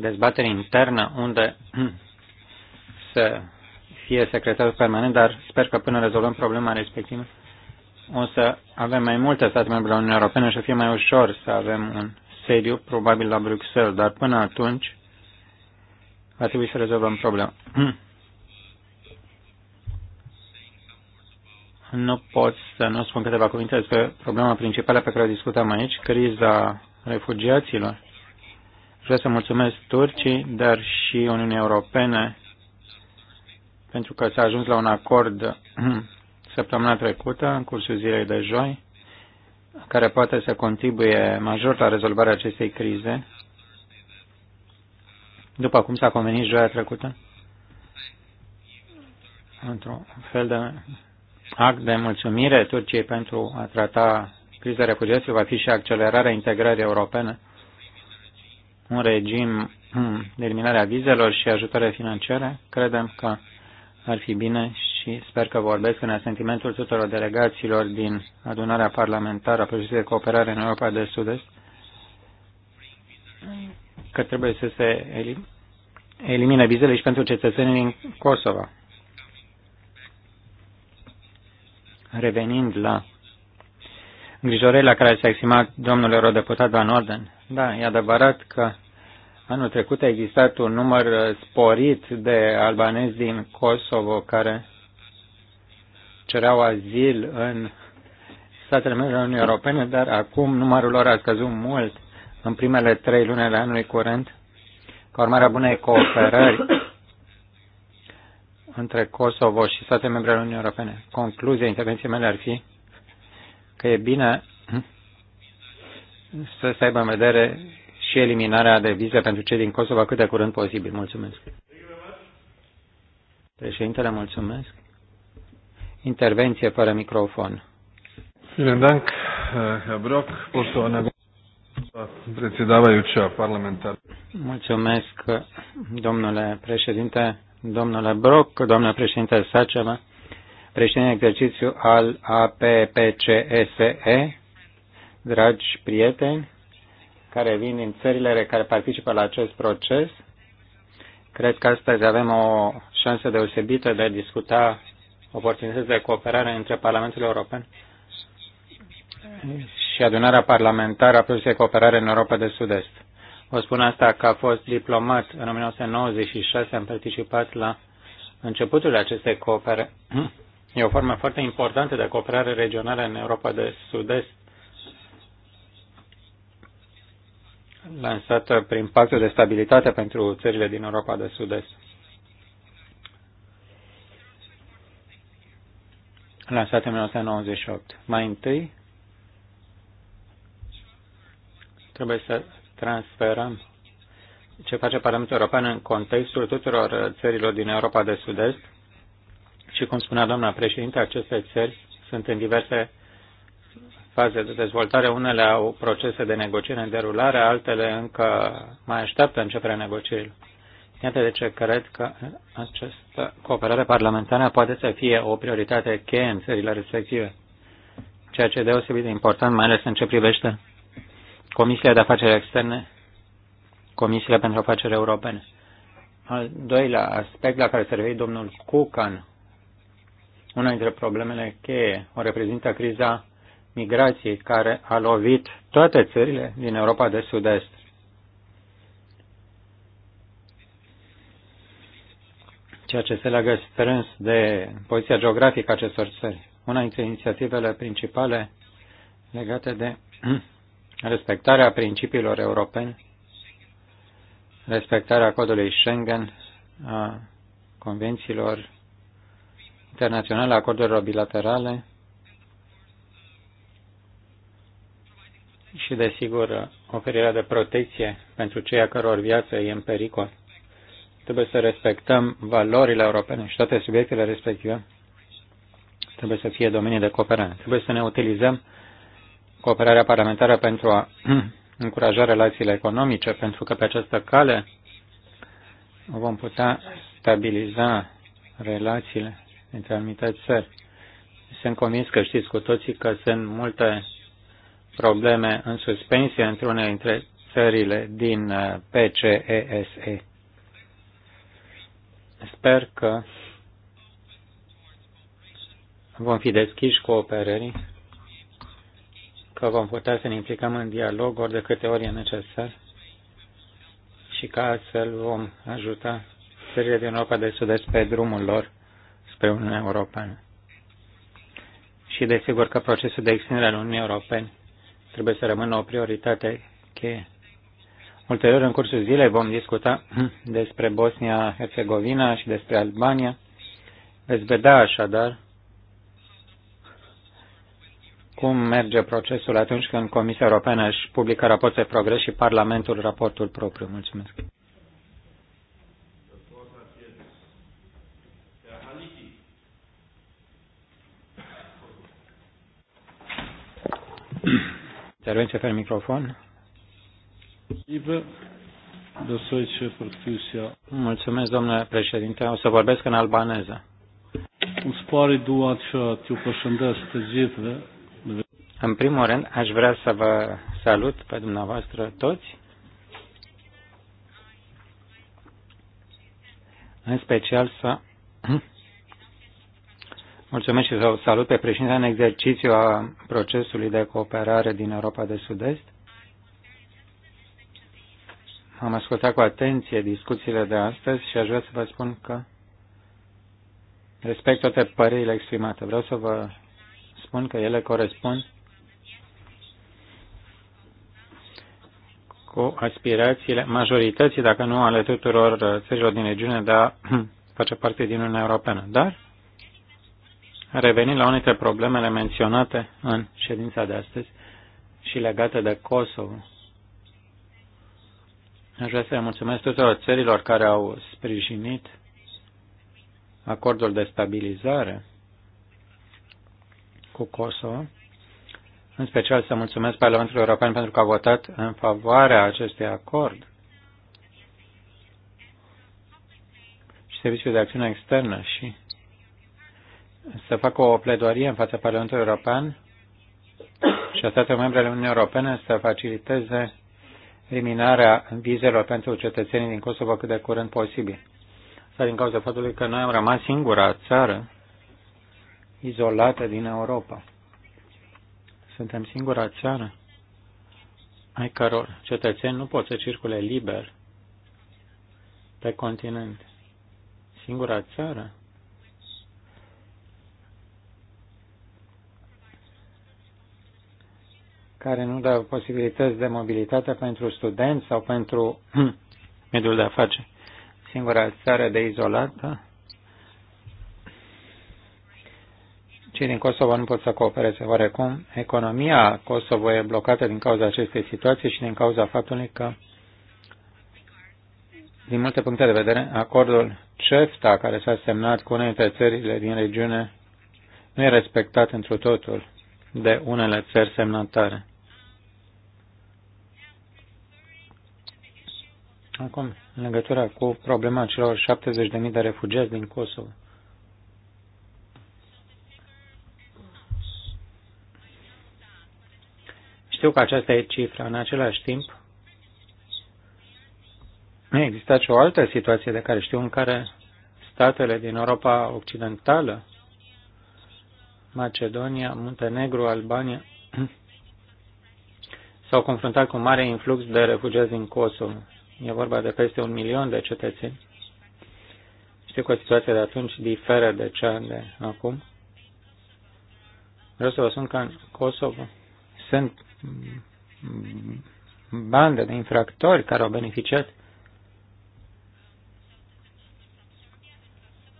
dezbatere internă unde să fie secretarul permanent, dar sper că până rezolvăm problema respectivă o să avem mai multe state membre la Uniunea Europeană și o fie mai ușor să avem un sediu, probabil la Bruxelles, dar până atunci va trebui să rezolvăm problema. nu pot să nu spun câteva cuvinte despre problema principală pe care o discutăm aici, criza refugiaților. Vreau să mulțumesc Turcii, dar și Uniunii Europene, pentru că s-a ajuns la un acord săptămâna trecută, în cursul zilei de joi, care poate să contribuie major la rezolvarea acestei crize, după cum s-a convenit joia trecută, într-un fel de act de mulțumire Turciei pentru a trata criza refugiaților, va fi și accelerarea integrării europene, un regim de eliminare a vizelor și ajutoare financiare. Credem că ar fi bine și sper că vorbesc în asentimentul tuturor delegaților din adunarea parlamentară a Procesului de Cooperare în Europa de Sud-Est, că trebuie să se elimine vizele și pentru cetățenii din Kosovo. Revenind la îngrijorările la care s-a exprimat domnul eurodeputat Van Orden, da, e adevărat că Anul trecut a existat un număr sporit de albanezi din Kosovo care cereau azil în statele membre Uniunii Europene, dar acum numărul lor a scăzut mult în primele trei luni ale anului curent, ca urmare a bunei cooperări între Kosovo și statele membre ale Uniunii Europene. Concluzia intervenției mele ar fi că e bine să se aibă în vedere și eliminarea de vize pentru cei din Kosovo cât de curând posibil. Mulțumesc. Președintele, mulțumesc. Intervenție fără microfon. Vielen Dank, eh, Herr Brock, poštovana predsjedavajuća parlamentar. Mulțumesc, domnule președinte, domnule Brock, domnule președinte Saceva, președinte exercițiu al APPCSE, dragi prieteni care vin din țările care participă la acest proces. Cred că astăzi avem o șansă deosebită de a discuta oportunități de cooperare între Parlamentul European și adunarea parlamentară a de Cooperare în Europa de Sud-Est. Vă spun asta că a fost diplomat în 1996, am participat la începutul acestei coopere. E o formă foarte importantă de cooperare regională în Europa de Sud-Est, lansată prin Pactul de Stabilitate pentru țările din Europa de Sud-Est. lansat în 1998. Mai întâi, trebuie să transferăm ce face Parlamentul European în contextul tuturor țărilor din Europa de Sud-Est și, cum spunea doamna președinte, aceste țări sunt în diverse faze de dezvoltare. Unele au procese de negociere în derulare, altele încă mai așteaptă începerea negocierilor. Iată de ce cred că această cooperare parlamentară poate să fie o prioritate cheie în țările respective, ceea ce e deosebit de important, mai ales în ce privește Comisia de Afaceri Externe, Comisiile pentru Afaceri Europene. Al doilea aspect la care se referi domnul Cucan, una dintre problemele cheie o reprezintă criza migrației care a lovit toate țările din Europa de Sud-Est. ceea ce se leagă strâns de poziția geografică a acestor țări. Una dintre inițiativele principale legate de respectarea principiilor europene, respectarea codului Schengen, a convențiilor internaționale, a acordurilor bilaterale și, desigur, oferirea de protecție pentru cei a căror viață e în pericol Trebuie să respectăm valorile europene și toate subiectele respective trebuie să fie domenii de cooperare. Trebuie să ne utilizăm cooperarea parlamentară pentru a încuraja relațiile economice, pentru că pe această cale vom putea stabiliza relațiile între anumite țări. Sunt convins că știți cu toții că sunt multe probleme în suspensie între unele dintre țările din uh, PCESE. Sper că vom fi deschiși cooperării, că vom putea să ne implicăm în dialog ori de câte ori e necesar și că astfel vom ajuta țările din Europa de Sud-Est pe drumul lor spre Uniunea Europeană. Și desigur că procesul de extindere al Uniunii Europene trebuie să rămână o prioritate cheie Ulterior, în cursul zilei, vom discuta despre Bosnia-Herzegovina și despre Albania. Veți vedea așadar cum merge procesul atunci când Comisia Europeană își publică raportul de progres și Parlamentul raportul propriu. Mulțumesc. Intervenție pe microfon. Mulțumesc, domnule președinte. O să vorbesc în albaneză. În primul rând, aș vrea să vă salut pe dumneavoastră toți, în special să mulțumesc și să salut pe președinte în exercițiu a procesului de cooperare din Europa de Sud-Est, am ascultat cu atenție discuțiile de astăzi și aș vrea să vă spun că respect toate părerile exprimate. Vreau să vă spun că ele corespund cu aspirațiile majorității, dacă nu ale tuturor uh, țărilor din regiune, de a face parte din Uniunea Europeană. Dar, revenind la unele dintre problemele menționate în ședința de astăzi și legate de Kosovo, Aș vrea să mulțumesc tuturor țărilor care au sprijinit acordul de stabilizare cu Kosovo. În special să mulțumesc Parlamentului European pentru că a votat în favoarea acestui acord. Și Serviciul de Acțiune Externă și să fac o pledoarie în fața Parlamentului European și a statelor membre ale Uniunii Europene să faciliteze eliminarea vizelor pentru cetățenii din Kosovo cât de curând posibil. Asta din cauza faptului că noi am rămas singura țară izolată din Europa. Suntem singura țară ai căror cetățeni nu pot să circule liber pe continent. Singura țară care nu dă posibilități de mobilitate pentru studenți sau pentru mediul de afaceri. Singura țară de izolată, cei din Kosovo nu pot să coopereze oarecum. Economia Kosovo e blocată din cauza acestei situații și din cauza faptului că, din multe puncte de vedere, acordul CEFTA, care s-a semnat cu unele dintre țările din regiune, nu e respectat întru totul de unele țări semnatare. Acum, în legătură cu problema celor 70.000 de refugiați din Kosovo. Știu că aceasta e cifra. În același timp, există și o altă situație de care știu în care statele din Europa Occidentală Macedonia, Muntenegru, Albania s-au confruntat cu mare influx de refugiați din Kosovo. E vorba de peste un milion de cetățeni. Știu că situația de atunci diferă de cea de acum. Vreau să vă spun că în Kosovo sunt bande de infractori care au beneficiat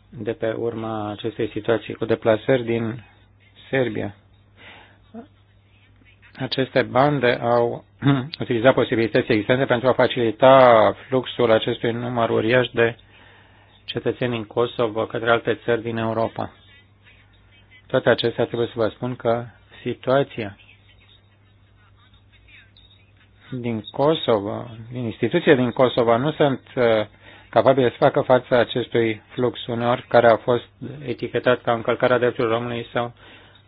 de pe urma acestei situații cu deplasări din Serbia. Aceste bande au utilizat posibilități existente pentru a facilita fluxul acestui număr uriaș de cetățeni din Kosovo către alte țări din Europa. Toate acestea trebuie să vă spun că situația din Kosovo, din instituție din Kosovo, nu sunt uh, capabile să facă față acestui flux unor care a fost etichetat ca încălcarea drepturilor omului sau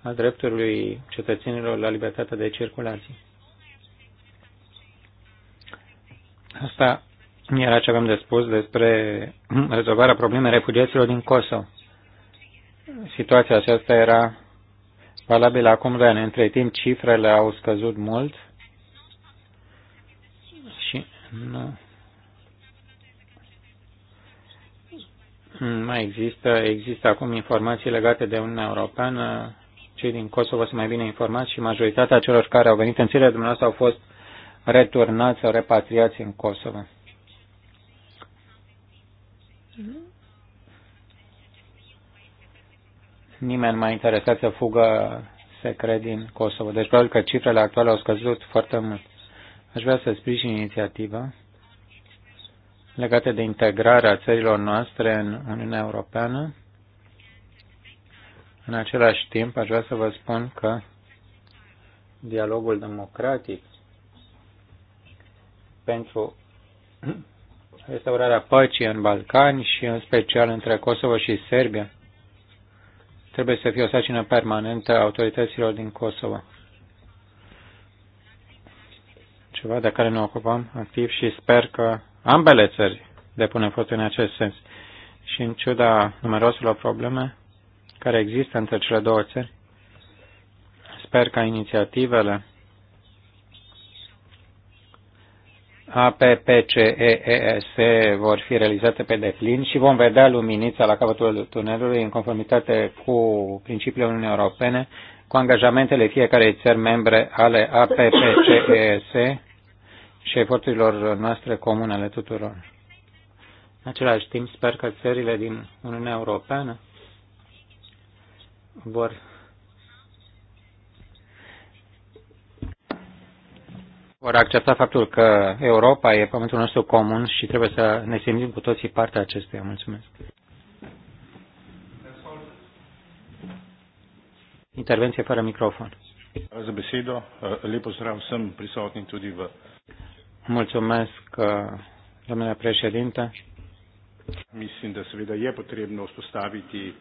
a drepturilor cetățenilor la libertatea de circulație. Asta era ce aveam de spus despre rezolvarea problemei refugiaților din Kosovo. Situația aceasta era valabilă acum de ani. Între timp, cifrele au scăzut mult și nu mai există, există acum informații legate de Uniunea Europeană cei din Kosovo sunt mai bine informați și majoritatea celor care au venit în țările dumneavoastră au fost returnați sau repatriați în Kosovo. Nimeni nu mai interesat să fugă secret din Kosovo. Deci probabil că cifrele actuale au scăzut foarte mult. Aș vrea să sprijin inițiativa legată de integrarea țărilor noastre în Uniunea Europeană în același timp, aș vrea să vă spun că dialogul democratic pentru restaurarea păcii în Balcani și în special între Kosovo și Serbia trebuie să fie o sacină permanentă a autorităților din Kosovo. Ceva de care ne ocupăm activ și sper că ambele țări depun efort în acest sens. Și în ciuda numeroselor probleme, care există între cele două țări. Sper ca inițiativele APPCEES vor fi realizate pe deplin și vom vedea luminița la capătul tunelului în conformitate cu principiile Uniunii Europene, cu angajamentele fiecarei țări membre ale APPCEES și eforturilor noastre comune ale tuturor. În același timp, sper că țările din Uniunea Europeană vor vor accepta faptul că Europa e pământul nostru comun și trebuie să ne simțim cu toții partea acesteia. Mulțumesc. Intervenție fără microfon. Za besedo. Eh, lep Mulțumesc, eh, domnule președinte. Mislim, da seveda je potrebno vzpostaviti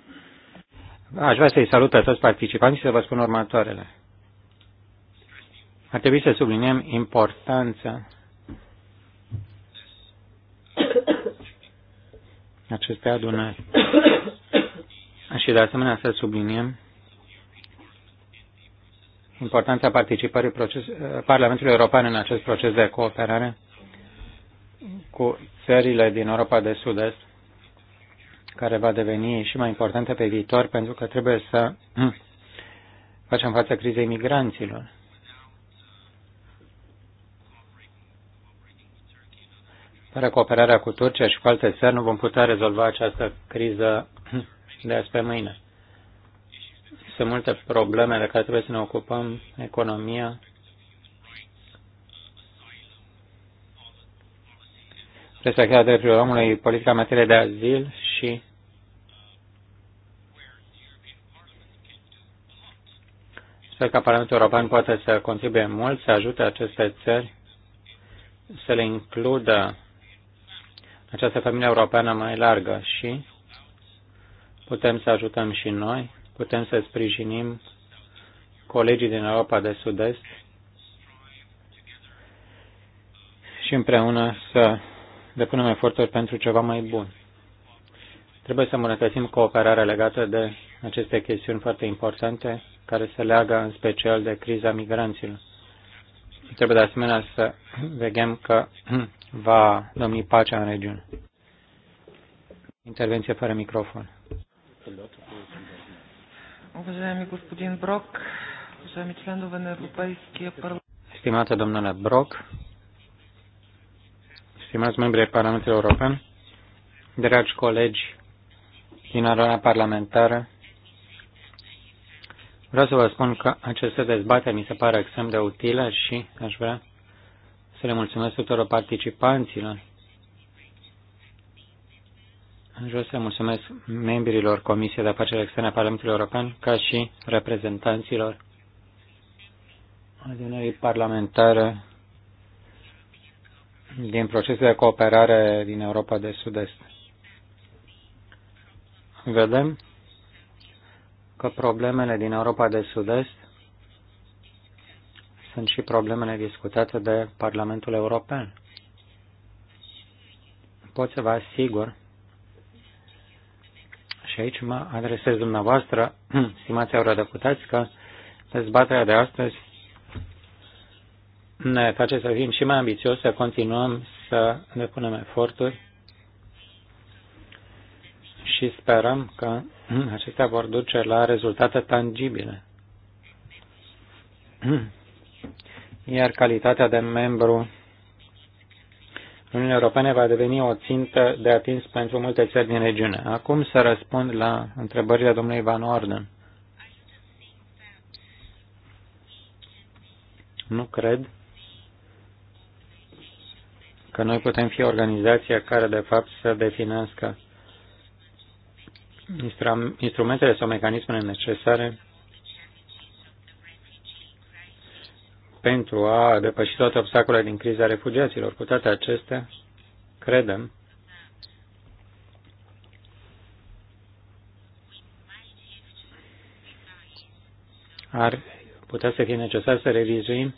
Aș vrea să-i salut pe toți participanții și să vă spun următoarele. Ar trebui să subliniem importanța acestei adunări. Și de asemenea să subliniem importanța participării proces, Parlamentului European în acest proces de cooperare cu țările din Europa de Sud-Est care va deveni și mai importantă pe viitor, pentru că trebuie să facem față crizei migranților. Fără cooperarea cu Turcia și cu alte țări nu vom putea rezolva această criză de azi pe mâine. Sunt multe probleme de care trebuie să ne ocupăm, economia, respectarea drepturilor omului, politica în materie de azil și Sper că Parlamentul European poate să contribuie mult, să ajute aceste țări să le includă această familie europeană mai largă și putem să ajutăm și noi, putem să sprijinim colegii din Europa de Sud-Est și împreună să depunem eforturi pentru ceva mai bun. Trebuie să îmbunătățim cooperarea legată de aceste chestiuni foarte importante care se leagă în special de criza migranților. Trebuie de asemenea să vegem că va domni pacea în regiune. Intervenție fără microfon. Stimată domnule Brock, stimați membri ai Parlamentului European, dragi colegi din arena parlamentară, Vreau să vă spun că aceste dezbateri mi se pare extrem de utile și aș vrea să le mulțumesc tuturor participanților. Aș vrea să mulțumesc membrilor Comisiei de Afaceri Externe a Parlamentului European, ca și reprezentanților adunării parlamentare din procesul de cooperare din Europa de Sud-Est. Vedem că problemele din Europa de Sud-Est sunt și problemele discutate de Parlamentul European. Pot să vă asigur, și aici mă adresez dumneavoastră, stimați eurodeputați, că dezbaterea de astăzi ne face să fim și mai ambițioși, să continuăm să depunem eforturi și sperăm că acestea vor duce la rezultate tangibile. Iar calitatea de membru Uniunea Europeană va deveni o țintă de atins pentru multe țări din regiune. Acum să răspund la întrebările domnului Van Orden. Nu cred că noi putem fi organizația care de fapt să definească instrumentele sau mecanismele necesare pentru a depăși toate obstacolele din criza refugiaților. Cu toate acestea, credem ar putea să fie necesar să revizuim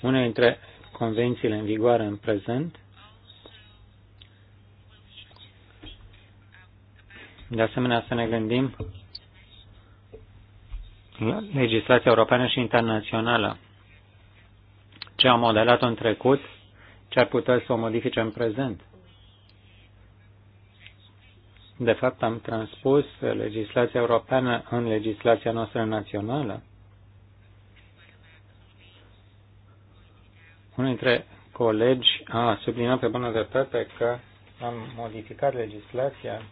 una dintre convențiile în vigoare în prezent De asemenea, să ne gândim la legislația europeană și internațională. Ce am modelat în trecut, ce ar putea să o modifice în prezent. De fapt, am transpus legislația europeană în legislația noastră națională. Unul dintre colegi a subliniat pe bună dreptate că am modificat legislația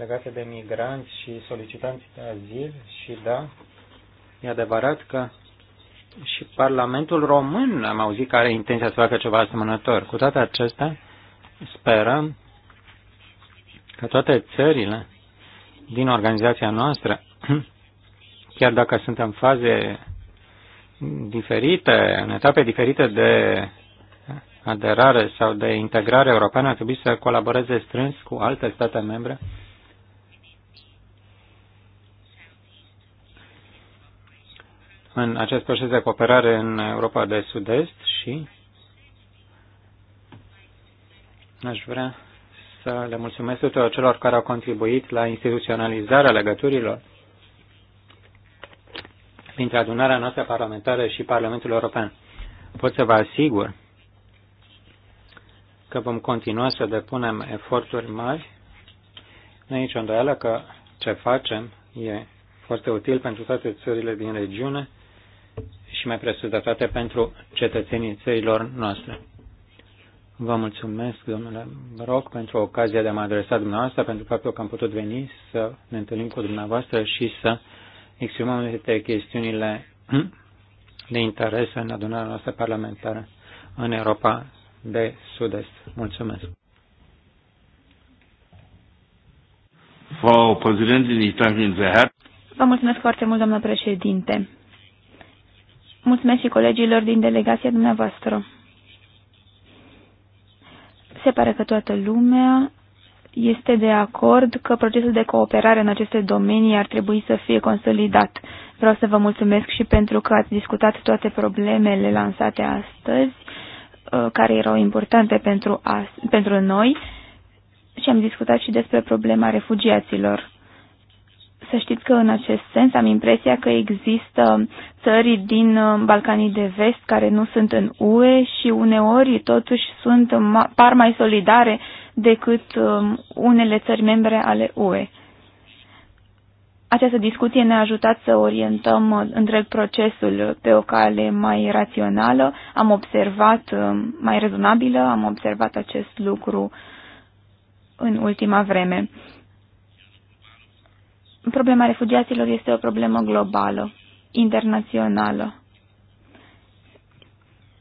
legate de migranți și solicitanți de azil și da, e adevărat că și Parlamentul Român am auzit că are intenția să facă ceva asemănător. Cu toate acestea, sperăm că toate țările din organizația noastră, chiar dacă sunt în faze diferite, în etape diferite de aderare sau de integrare europeană, ar trebui să colaboreze strâns cu alte state membre în acest proces de cooperare în Europa de Sud-Est și aș vrea să le mulțumesc tuturor celor care au contribuit la instituționalizarea legăturilor dintre adunarea noastră parlamentară și Parlamentul European. Pot să vă asigur că vom continua să depunem eforturi mari. Nu e nicio îndoială că ce facem e foarte util pentru toate țările din regiune și mai presus de toate pentru cetățenii țărilor noastre. Vă mulțumesc, domnule Broc, pentru ocazia de a mă adresa dumneavoastră, pentru faptul că am putut veni să ne întâlnim cu dumneavoastră și să exprimăm unele chestiunile de interes în adunarea noastră parlamentară în Europa de Sud-Est. Mulțumesc. Vă mulțumesc foarte mult, doamnă președinte. Mulțumesc și colegilor din delegația dumneavoastră. Se pare că toată lumea este de acord că procesul de cooperare în aceste domenii ar trebui să fie consolidat. Vreau să vă mulțumesc și pentru că ați discutat toate problemele lansate astăzi, uh, care erau importante pentru, pentru noi, și am discutat și despre problema refugiaților. Să știți că în acest sens am impresia că există țări din uh, Balcanii de Vest care nu sunt în UE și uneori totuși sunt, par mai solidare decât um, unele țări membre ale UE. Această discuție ne-a ajutat să orientăm uh, întreg procesul pe o cale mai rațională, am observat, uh, mai rezonabilă, am observat acest lucru în ultima vreme problema refugiaților este o problemă globală, internațională.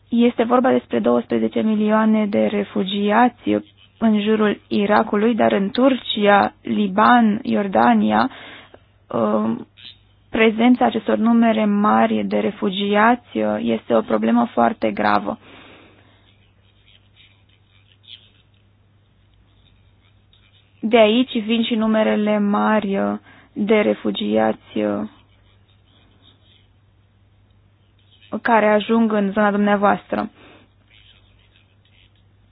Este vorba despre 12 milioane de refugiați în jurul Irakului, dar în Turcia, Liban, Iordania, um, prezența acestor numere mari de refugiați uh, este o problemă foarte gravă. De aici vin și numerele mari uh, de refugiați uh, care ajung în zona dumneavoastră.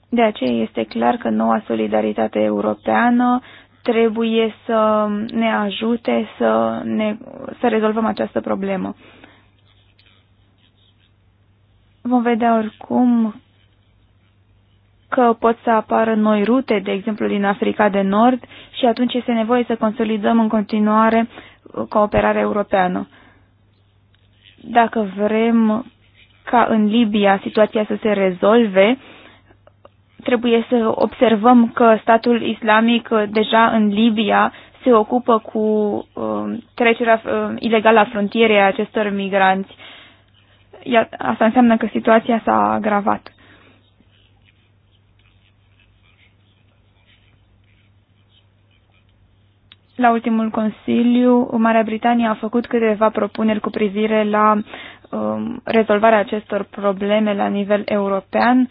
De aceea este clar că noua solidaritate europeană trebuie să ne ajute să, ne, să rezolvăm această problemă. Vom vedea oricum că pot să apară noi rute, de exemplu din Africa de Nord, și atunci este nevoie să consolidăm în continuare uh, cooperarea europeană. Dacă vrem ca în Libia situația să se rezolve, trebuie să observăm că statul islamic uh, deja în Libia se ocupă cu uh, trecerea uh, ilegală a frontierei acestor migranți. Iar asta înseamnă că situația s-a agravat. La ultimul Consiliu, Marea Britanie a făcut câteva propuneri cu privire la um, rezolvarea acestor probleme la nivel european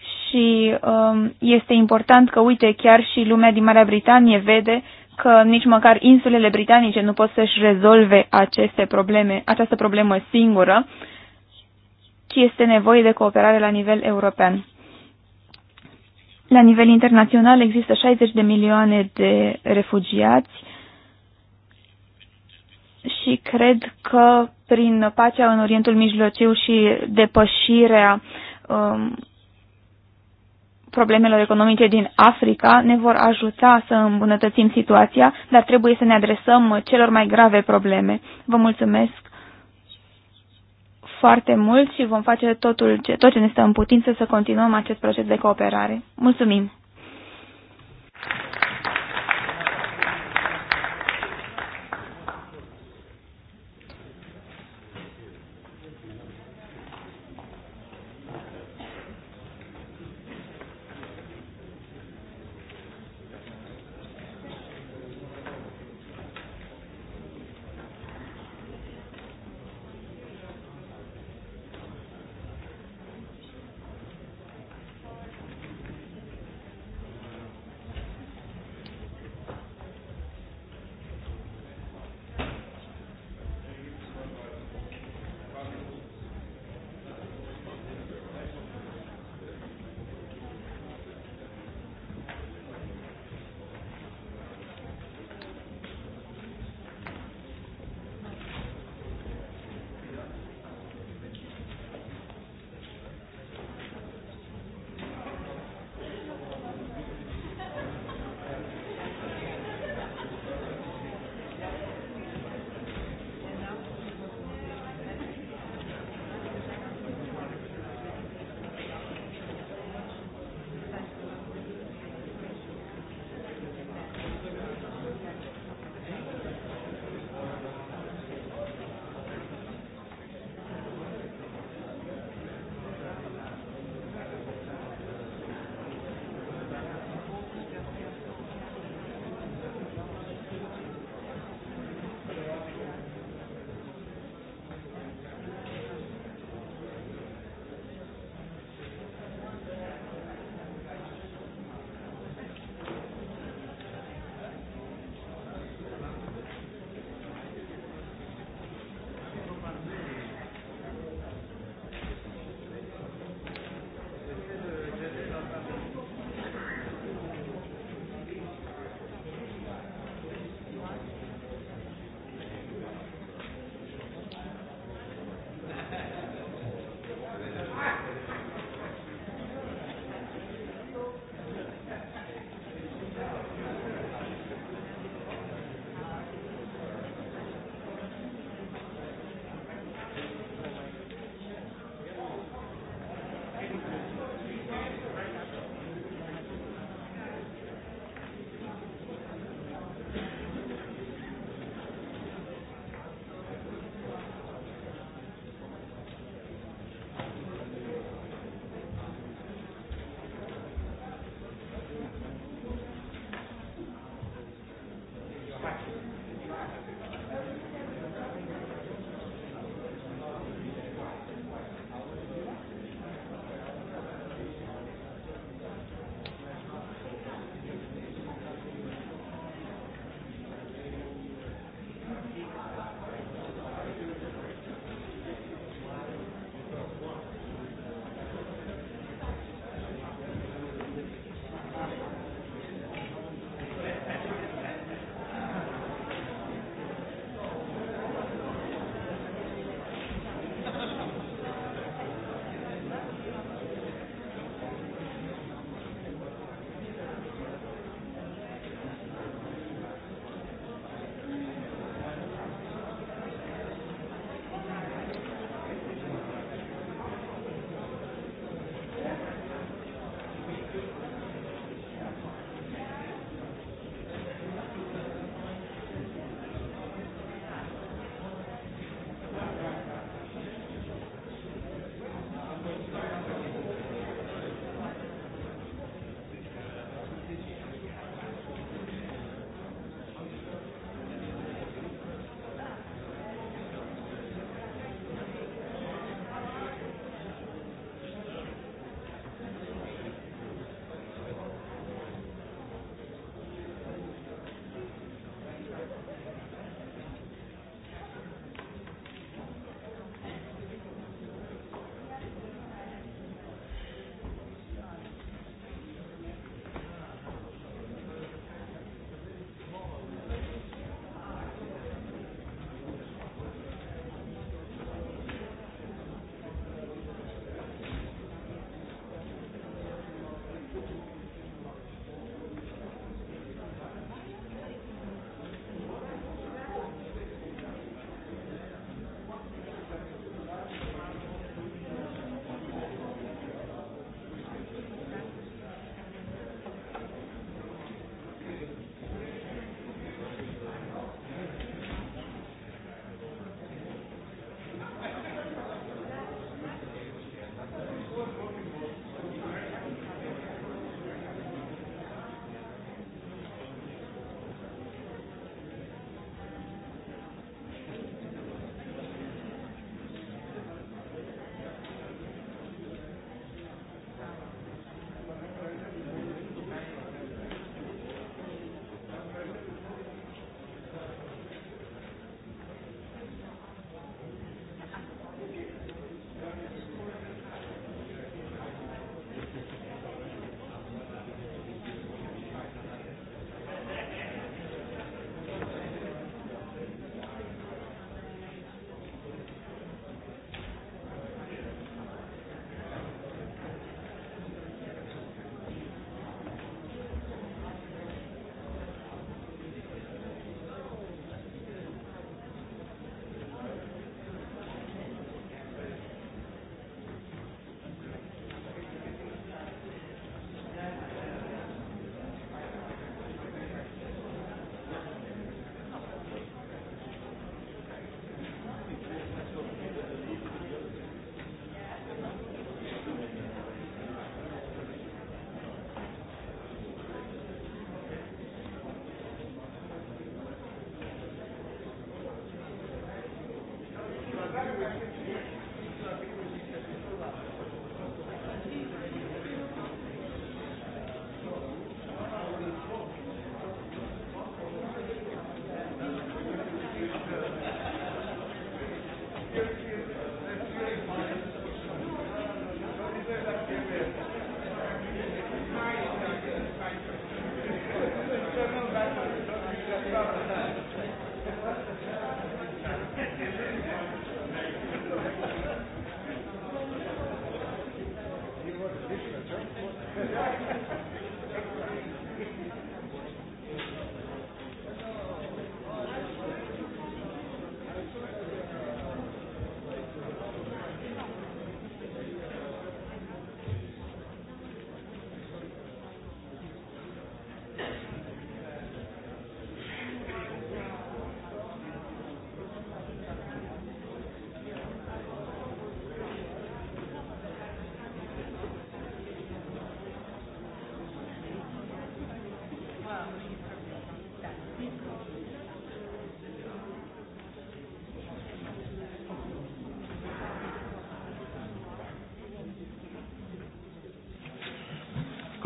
și um, este important că, uite, chiar și lumea din Marea Britanie vede că nici măcar insulele britanice nu pot să-și rezolve aceste probleme, această problemă singură, ci este nevoie de cooperare la nivel european. La nivel internațional există 60 de milioane de refugiați și cred că prin pacea în Orientul Mijlociu și depășirea um, problemelor economice din Africa ne vor ajuta să îmbunătățim situația, dar trebuie să ne adresăm celor mai grave probleme. Vă mulțumesc foarte mult și vom face totul, ce tot ce ne stă în putință să continuăm acest proces de cooperare. Mulțumim!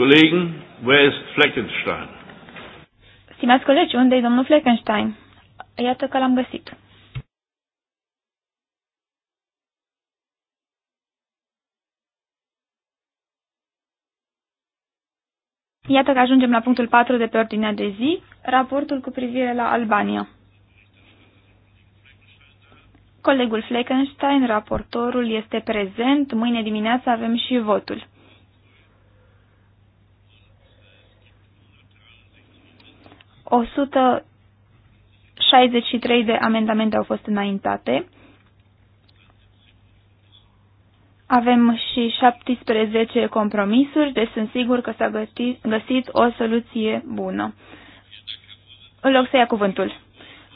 Kollegen, where is Fleckenstein? Stimați colegi, unde e domnul Fleckenstein? Iată că l-am găsit. Iată că ajungem la punctul 4 de pe ordinea de zi, raportul cu privire la Albania. Colegul Fleckenstein, raportorul, este prezent. Mâine dimineață avem și votul. 163 de amendamente au fost înaintate. Avem și 17 compromisuri, deci sunt sigur că s-a găsit, găsit o soluție bună. În loc să ia cuvântul.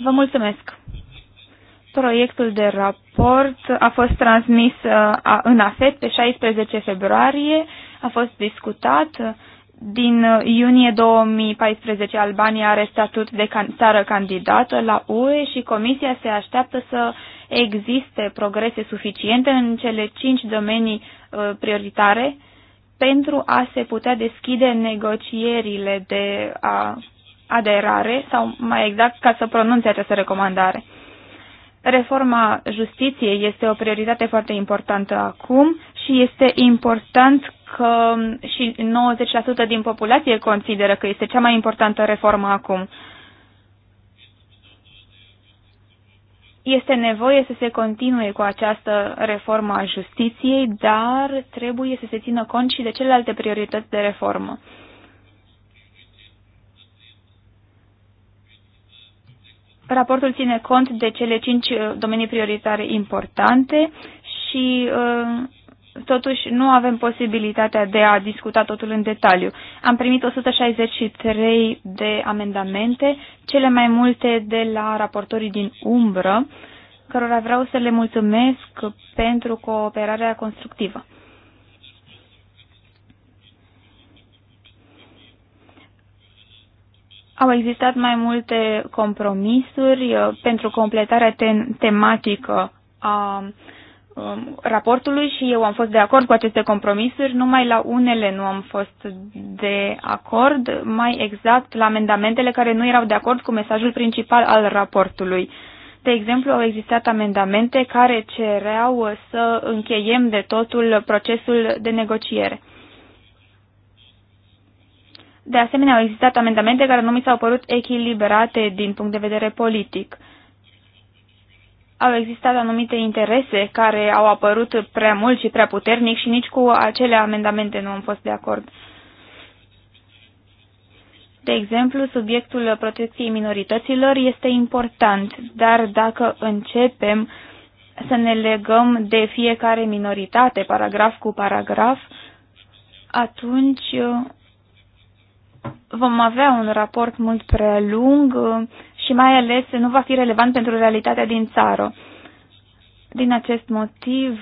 Vă mulțumesc. Proiectul de raport a fost transmis uh, în AFET pe 16 februarie, a fost discutat din uh, iunie 2014 Albania are statut de can țară candidată la UE și Comisia se așteaptă să existe progrese suficiente în cele cinci domenii uh, prioritare pentru a se putea deschide negocierile de a, aderare sau mai exact ca să pronunțe această recomandare. Reforma justiției este o prioritate foarte importantă acum și este important că și 90% din populație consideră că este cea mai importantă reformă acum. Este nevoie să se continue cu această reformă a justiției, dar trebuie să se țină cont și de celelalte priorități de reformă. Raportul ține cont de cele cinci domenii prioritare importante și uh, totuși nu avem posibilitatea de a discuta totul în detaliu. Am primit 163 de amendamente, cele mai multe de la raportorii din umbră, cărora vreau să le mulțumesc pentru cooperarea constructivă. Au existat mai multe compromisuri uh, pentru completarea tematică a uh, Um, raportului și eu am fost de acord cu aceste compromisuri, numai la unele nu am fost de acord, mai exact la amendamentele care nu erau de acord cu mesajul principal al raportului. De exemplu, au existat amendamente care cereau să încheiem de totul procesul de negociere. De asemenea, au existat amendamente care nu mi s-au părut echilibrate din punct de vedere politic au existat anumite interese care au apărut prea mult și prea puternic și nici cu acele amendamente nu am fost de acord. De exemplu, subiectul protecției minorităților este important, dar dacă începem să ne legăm de fiecare minoritate, paragraf cu paragraf, atunci uh, vom avea un raport mult prea lung uh, și mai ales nu va fi relevant pentru realitatea din țară. Din acest motiv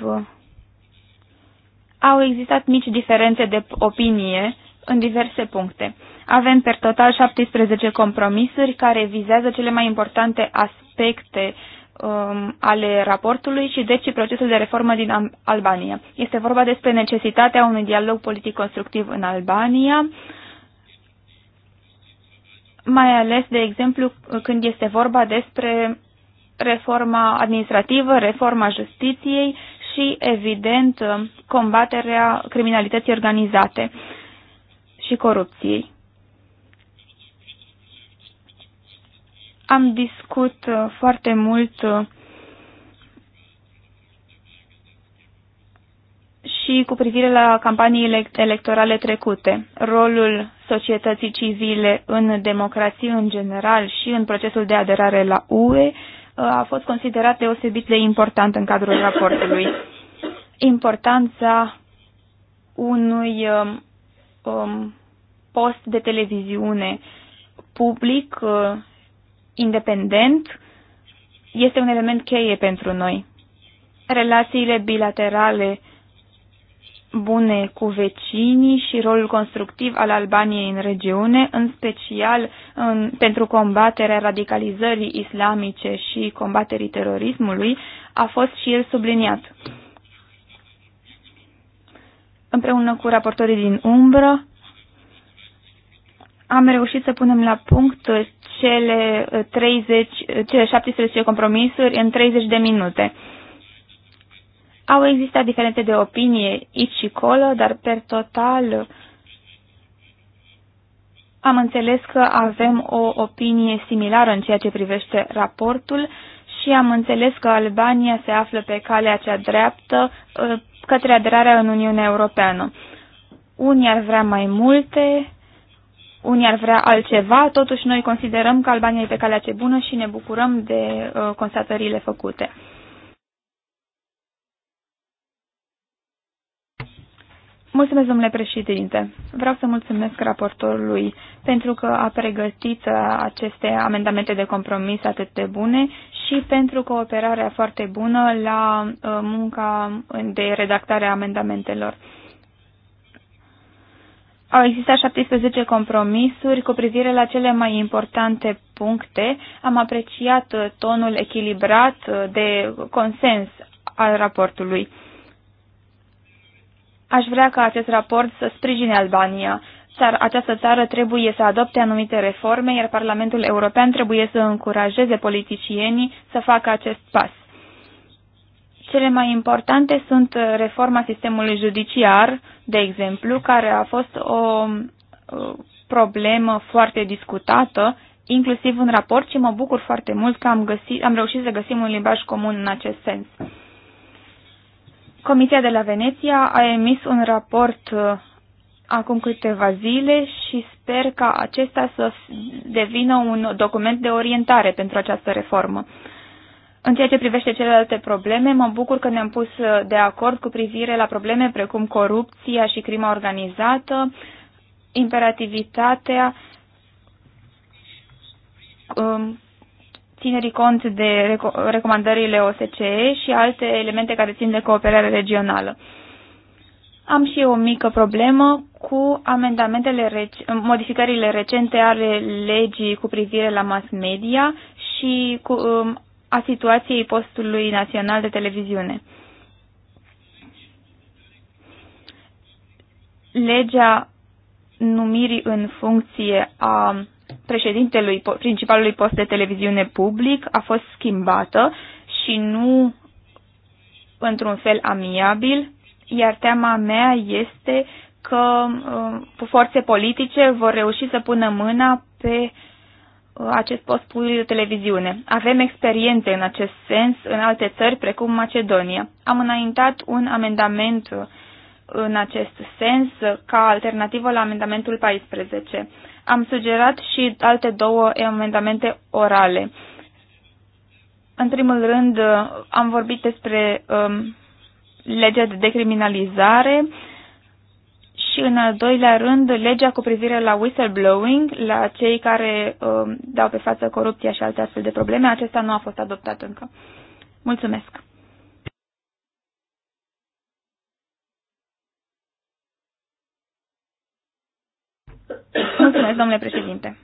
au existat mici diferențe de opinie în diverse puncte. Avem per total 17 compromisuri care vizează cele mai importante aspecte um, ale raportului și deci procesul de reformă din Albania. Este vorba despre necesitatea unui dialog politic constructiv în Albania, uh, mai ales, de exemplu, când este vorba despre reforma administrativă, reforma justiției și, evident, combaterea criminalității organizate și corupției. Am discut foarte mult și cu privire la campaniile electorale trecute, rolul societății civile în democrație în general și în procesul de aderare la UE uh, a fost considerat deosebit de important în cadrul raportului. Importanța unui um, um, post de televiziune public, uh, independent, este un element cheie pentru noi. Relațiile bilaterale bune cu vecinii și rolul constructiv al Albaniei în regiune, în special în, pentru combaterea radicalizării islamice și combaterii terorismului, a fost și el subliniat. Împreună cu raportorii din umbră, am reușit să punem la punct cele, 30, cele 17 compromisuri în 30 de minute. Au existat diferențe de opinie aici și acolo, dar per total am înțeles că avem o opinie similară în ceea ce privește raportul și am înțeles că Albania se află pe calea cea dreaptă ă, către aderarea în Uniunea Europeană. Unii ar vrea mai multe, unii ar vrea altceva, totuși noi considerăm că Albania e pe calea cea bună și ne bucurăm de ă, constatările făcute. Mulțumesc, domnule președinte. Vreau să mulțumesc raportorului pentru că a pregătit uh, aceste amendamente de compromis atât de bune și pentru cooperarea foarte bună la uh, munca de redactare a amendamentelor. Au existat 17 compromisuri cu privire la cele mai importante puncte. Am apreciat uh, tonul echilibrat de consens al raportului. Aș vrea ca acest raport să sprijine Albania. Țar, această țară trebuie să adopte anumite reforme, iar Parlamentul European trebuie să încurajeze politicienii să facă acest pas. Cele mai importante sunt reforma sistemului judiciar, de exemplu, care a fost o problemă foarte discutată, inclusiv în raport și mă bucur foarte mult că am, găsit, am reușit să găsim un limbaj comun în acest sens. Comisia de la Veneția a emis un raport uh, acum câteva zile și sper ca acesta să devină un document de orientare pentru această reformă. În ceea ce privește celelalte probleme, mă bucur că ne-am pus uh, de acord cu privire la probleme precum corupția și crima organizată, imperativitatea, um, ținerii cont de recomandările OSCE și alte elemente care țin de cooperare regională. Am și eu o mică problemă cu amendamentele, rec- modificările recente ale legii cu privire la mass media și cu, um, a situației postului național de televiziune. Legea numirii în funcție a președintelui principalului post de televiziune public a fost schimbată și nu într-un fel amiabil, iar teama mea este că uh, forțe politice vor reuși să pună mâna pe uh, acest post public de televiziune. Avem experiențe în acest sens în alte țări, precum Macedonia. Am înaintat un amendament uh, în acest sens ca alternativă la amendamentul 14. Am sugerat și alte două amendamente orale. În primul rând, am vorbit despre um, legea de decriminalizare și, în al doilea rând, legea cu privire la whistleblowing, la cei care um, dau pe față corupția și alte astfel de probleme. Acesta nu a fost adoptat încă. Mulțumesc! Mulțumesc, domnule președinte.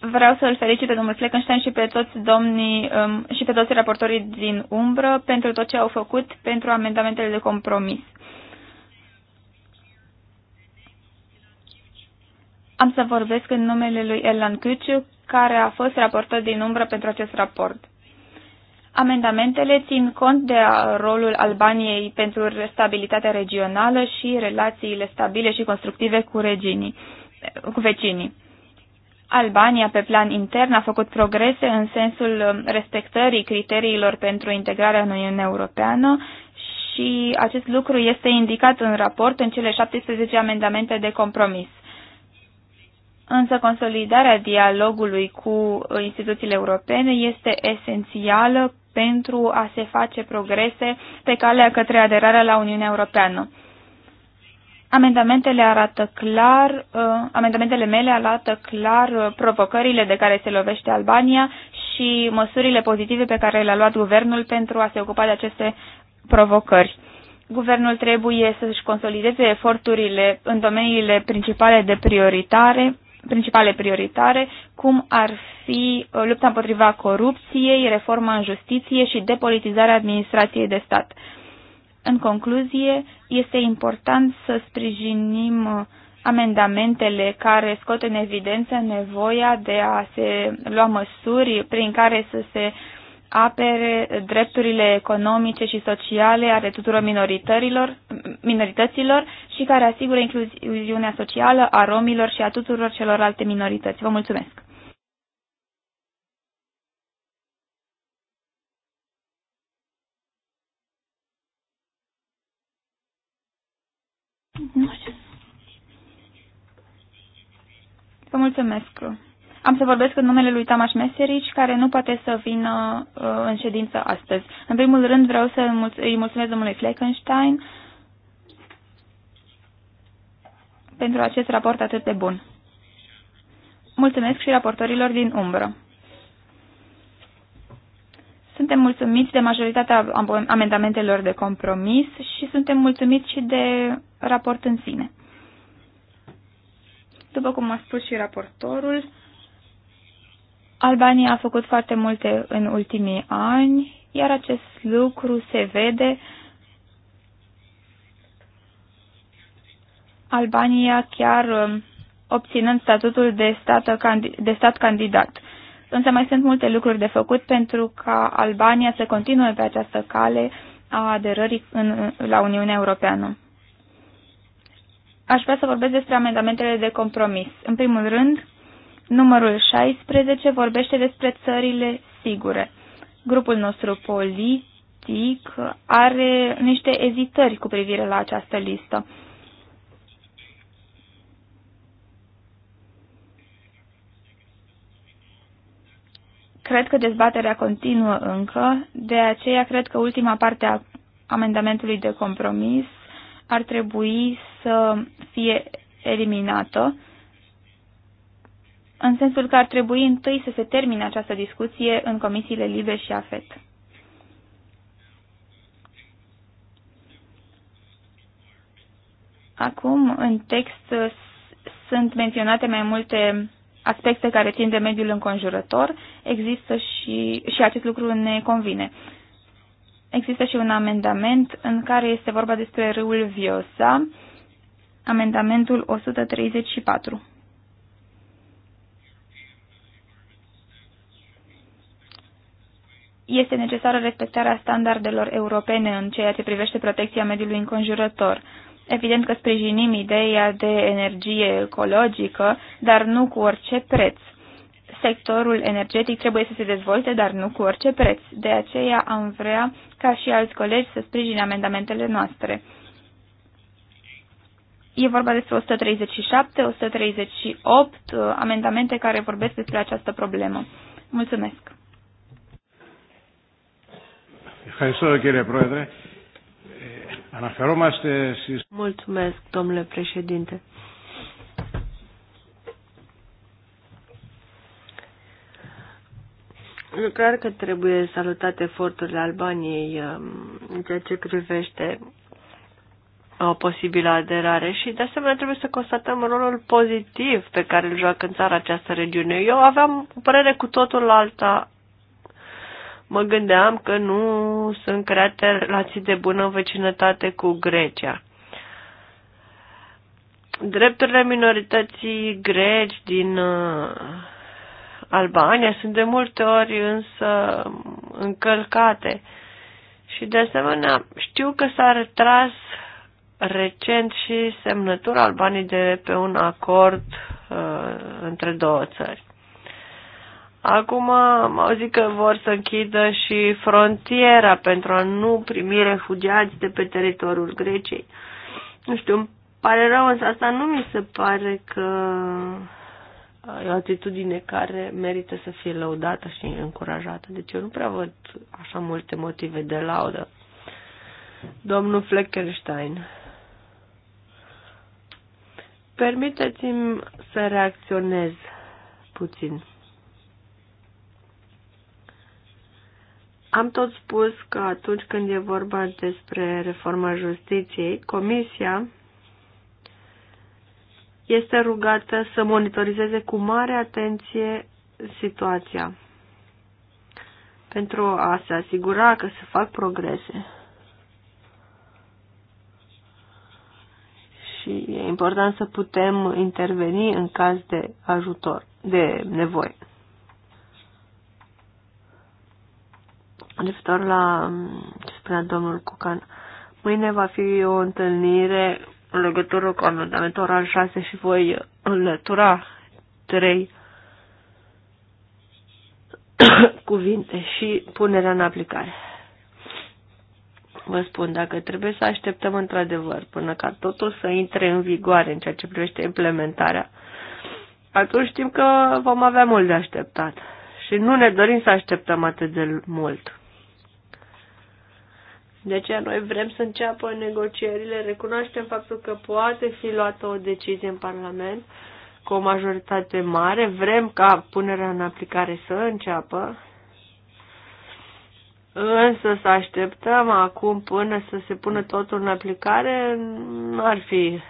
Vreau să îl felicit pe domnul Fleckenstein și pe toți domnii um, și pe toți raportorii din umbră pentru tot ce au făcut pentru amendamentele de compromis. Am să vorbesc în numele lui Elan Cuciu, care a fost raportor din umbră pentru acest raport. Amendamentele țin cont de rolul Albaniei pentru stabilitatea regională și relațiile stabile și constructive cu, reginii, cu vecinii. Albania, pe plan intern, a făcut progrese în sensul respectării criteriilor pentru integrarea în Uniunea Europeană și acest lucru este indicat în raport în cele 17 amendamente de compromis. Însă consolidarea dialogului cu instituțiile europene este esențială pentru a se face progrese pe calea către aderarea la Uniunea Europeană. Amendamentele arată clar, uh, amendamentele mele arată clar uh, provocările de care se lovește Albania și măsurile pozitive pe care le-a luat guvernul pentru a se ocupa de aceste provocări. Guvernul trebuie să-și consolideze eforturile în domeniile principale de prioritare, principale prioritare, cum ar fi uh, lupta împotriva corupției, reforma în justiție și depolitizarea administrației de stat. În concluzie, este important să sprijinim uh, amendamentele care scot în evidență nevoia de a se lua măsuri prin care să se apere drepturile economice și sociale ale tuturor minorităților minorităților și care asigură incluziunea socială a romilor și a tuturor celorlalte minorități. Vă mulțumesc! Vă mulțumesc! Am să vorbesc în numele lui Tamaș Meserici, care nu poate să vină uh, în ședință astăzi. În primul rând vreau să îi mulțumesc domnului Fleckenstein pentru acest raport atât de bun. Mulțumesc și raportorilor din umbră. Suntem mulțumiți de majoritatea amendamentelor de compromis și suntem mulțumiți și de raport în sine. După cum a spus și raportorul, Albania a făcut foarte multe în ultimii ani, iar acest lucru se vede uh, Albania chiar um, obținând statutul de stat, de stat candidat. Însă mai sunt multe lucruri de făcut pentru ca Albania să continue pe această cale a aderării în, la Uniunea Europeană. Aș vrea să vorbesc despre amendamentele de compromis. În primul rând, numărul 16 vorbește despre țările sigure. Grupul nostru politic are niște ezitări cu privire la această listă. Cred că dezbaterea continuă încă, de aceea cred că ultima parte a amendamentului de compromis ar trebui să fie eliminată, în sensul că ar trebui întâi să se termine această discuție în comisiile LIBE și AFET. Acum, în text, sunt menționate mai multe aspecte care țin de mediul înconjurător, există și, și acest lucru ne convine. Există și un amendament în care este vorba despre râul Viosa, amendamentul 134. Este necesară respectarea standardelor europene în ceea ce privește protecția mediului înconjurător. Evident că sprijinim ideea de energie ecologică, dar nu cu orice preț. Sectorul energetic trebuie să se dezvolte, dar nu cu orice preț. De aceea am vrea ca și alți colegi să sprijine amendamentele noastre. E vorba despre 137, 138 uh, amendamente care vorbesc despre această problemă. Mulțumesc! Ευχαριστώ κύριε Mulțumesc, domnule președinte. E clar că trebuie salutate eforturile Albaniei um, în ceea ce privește o posibilă aderare și de asemenea trebuie să constatăm rolul pozitiv pe care îl joacă în țara această regiune. Eu aveam o părere cu totul alta mă gândeam că nu sunt create relații de bună vecinătate cu Grecia. Drepturile minorității greci din uh, Albania sunt de multe ori însă încălcate. Și de asemenea, știu că s-a retras recent și semnătura Albaniei de pe un acord uh, între două țări. Acum zis că vor să închidă și frontiera pentru a nu primi refugiați de pe teritoriul Greciei. Nu știu, îmi pare rău, însă asta nu mi se pare că e o atitudine care merită să fie lăudată și încurajată. Deci eu nu prea văd așa multe motive de laudă. Domnul Fleckenstein. Permiteți-mi să reacționez puțin. Am tot spus că atunci când e vorba despre reforma justiției, Comisia este rugată să monitorizeze cu mare atenție situația pentru a se asigura că se fac progrese. Și e important să putem interveni în caz de ajutor, de nevoie. referitor la mm, ce spunea domnul Cucan. Mâine va fi o întâlnire în legătură cu amendamentul oral 6 și voi înlătura 3 cuvinte și punerea în aplicare. Vă spun, dacă trebuie să așteptăm într-adevăr până ca totul să intre în vigoare în ceea ce privește implementarea, atunci știm că vom avea mult de așteptat. Și nu ne dorim să așteptăm atât de mult. De aceea noi vrem să înceapă negocierile, recunoaștem faptul că poate fi luată o decizie în Parlament cu o majoritate mare, vrem ca punerea în aplicare să înceapă, însă să așteptăm acum până să se pună totul în aplicare ar fi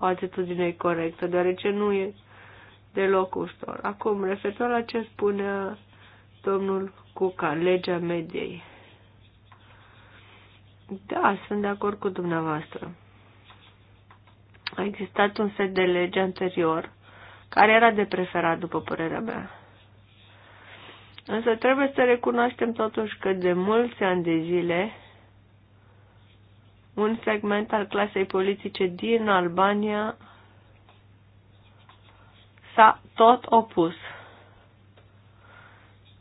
o atitudine corectă, deoarece nu e deloc ușor. Acum, referitor la ce spunea domnul Cuca, legea mediei. Da, sunt de acord cu dumneavoastră. A existat un set de lege anterior care era de preferat, după părerea mea. Însă trebuie să recunoaștem totuși că de mulți ani de zile un segment al clasei politice din Albania s-a tot opus.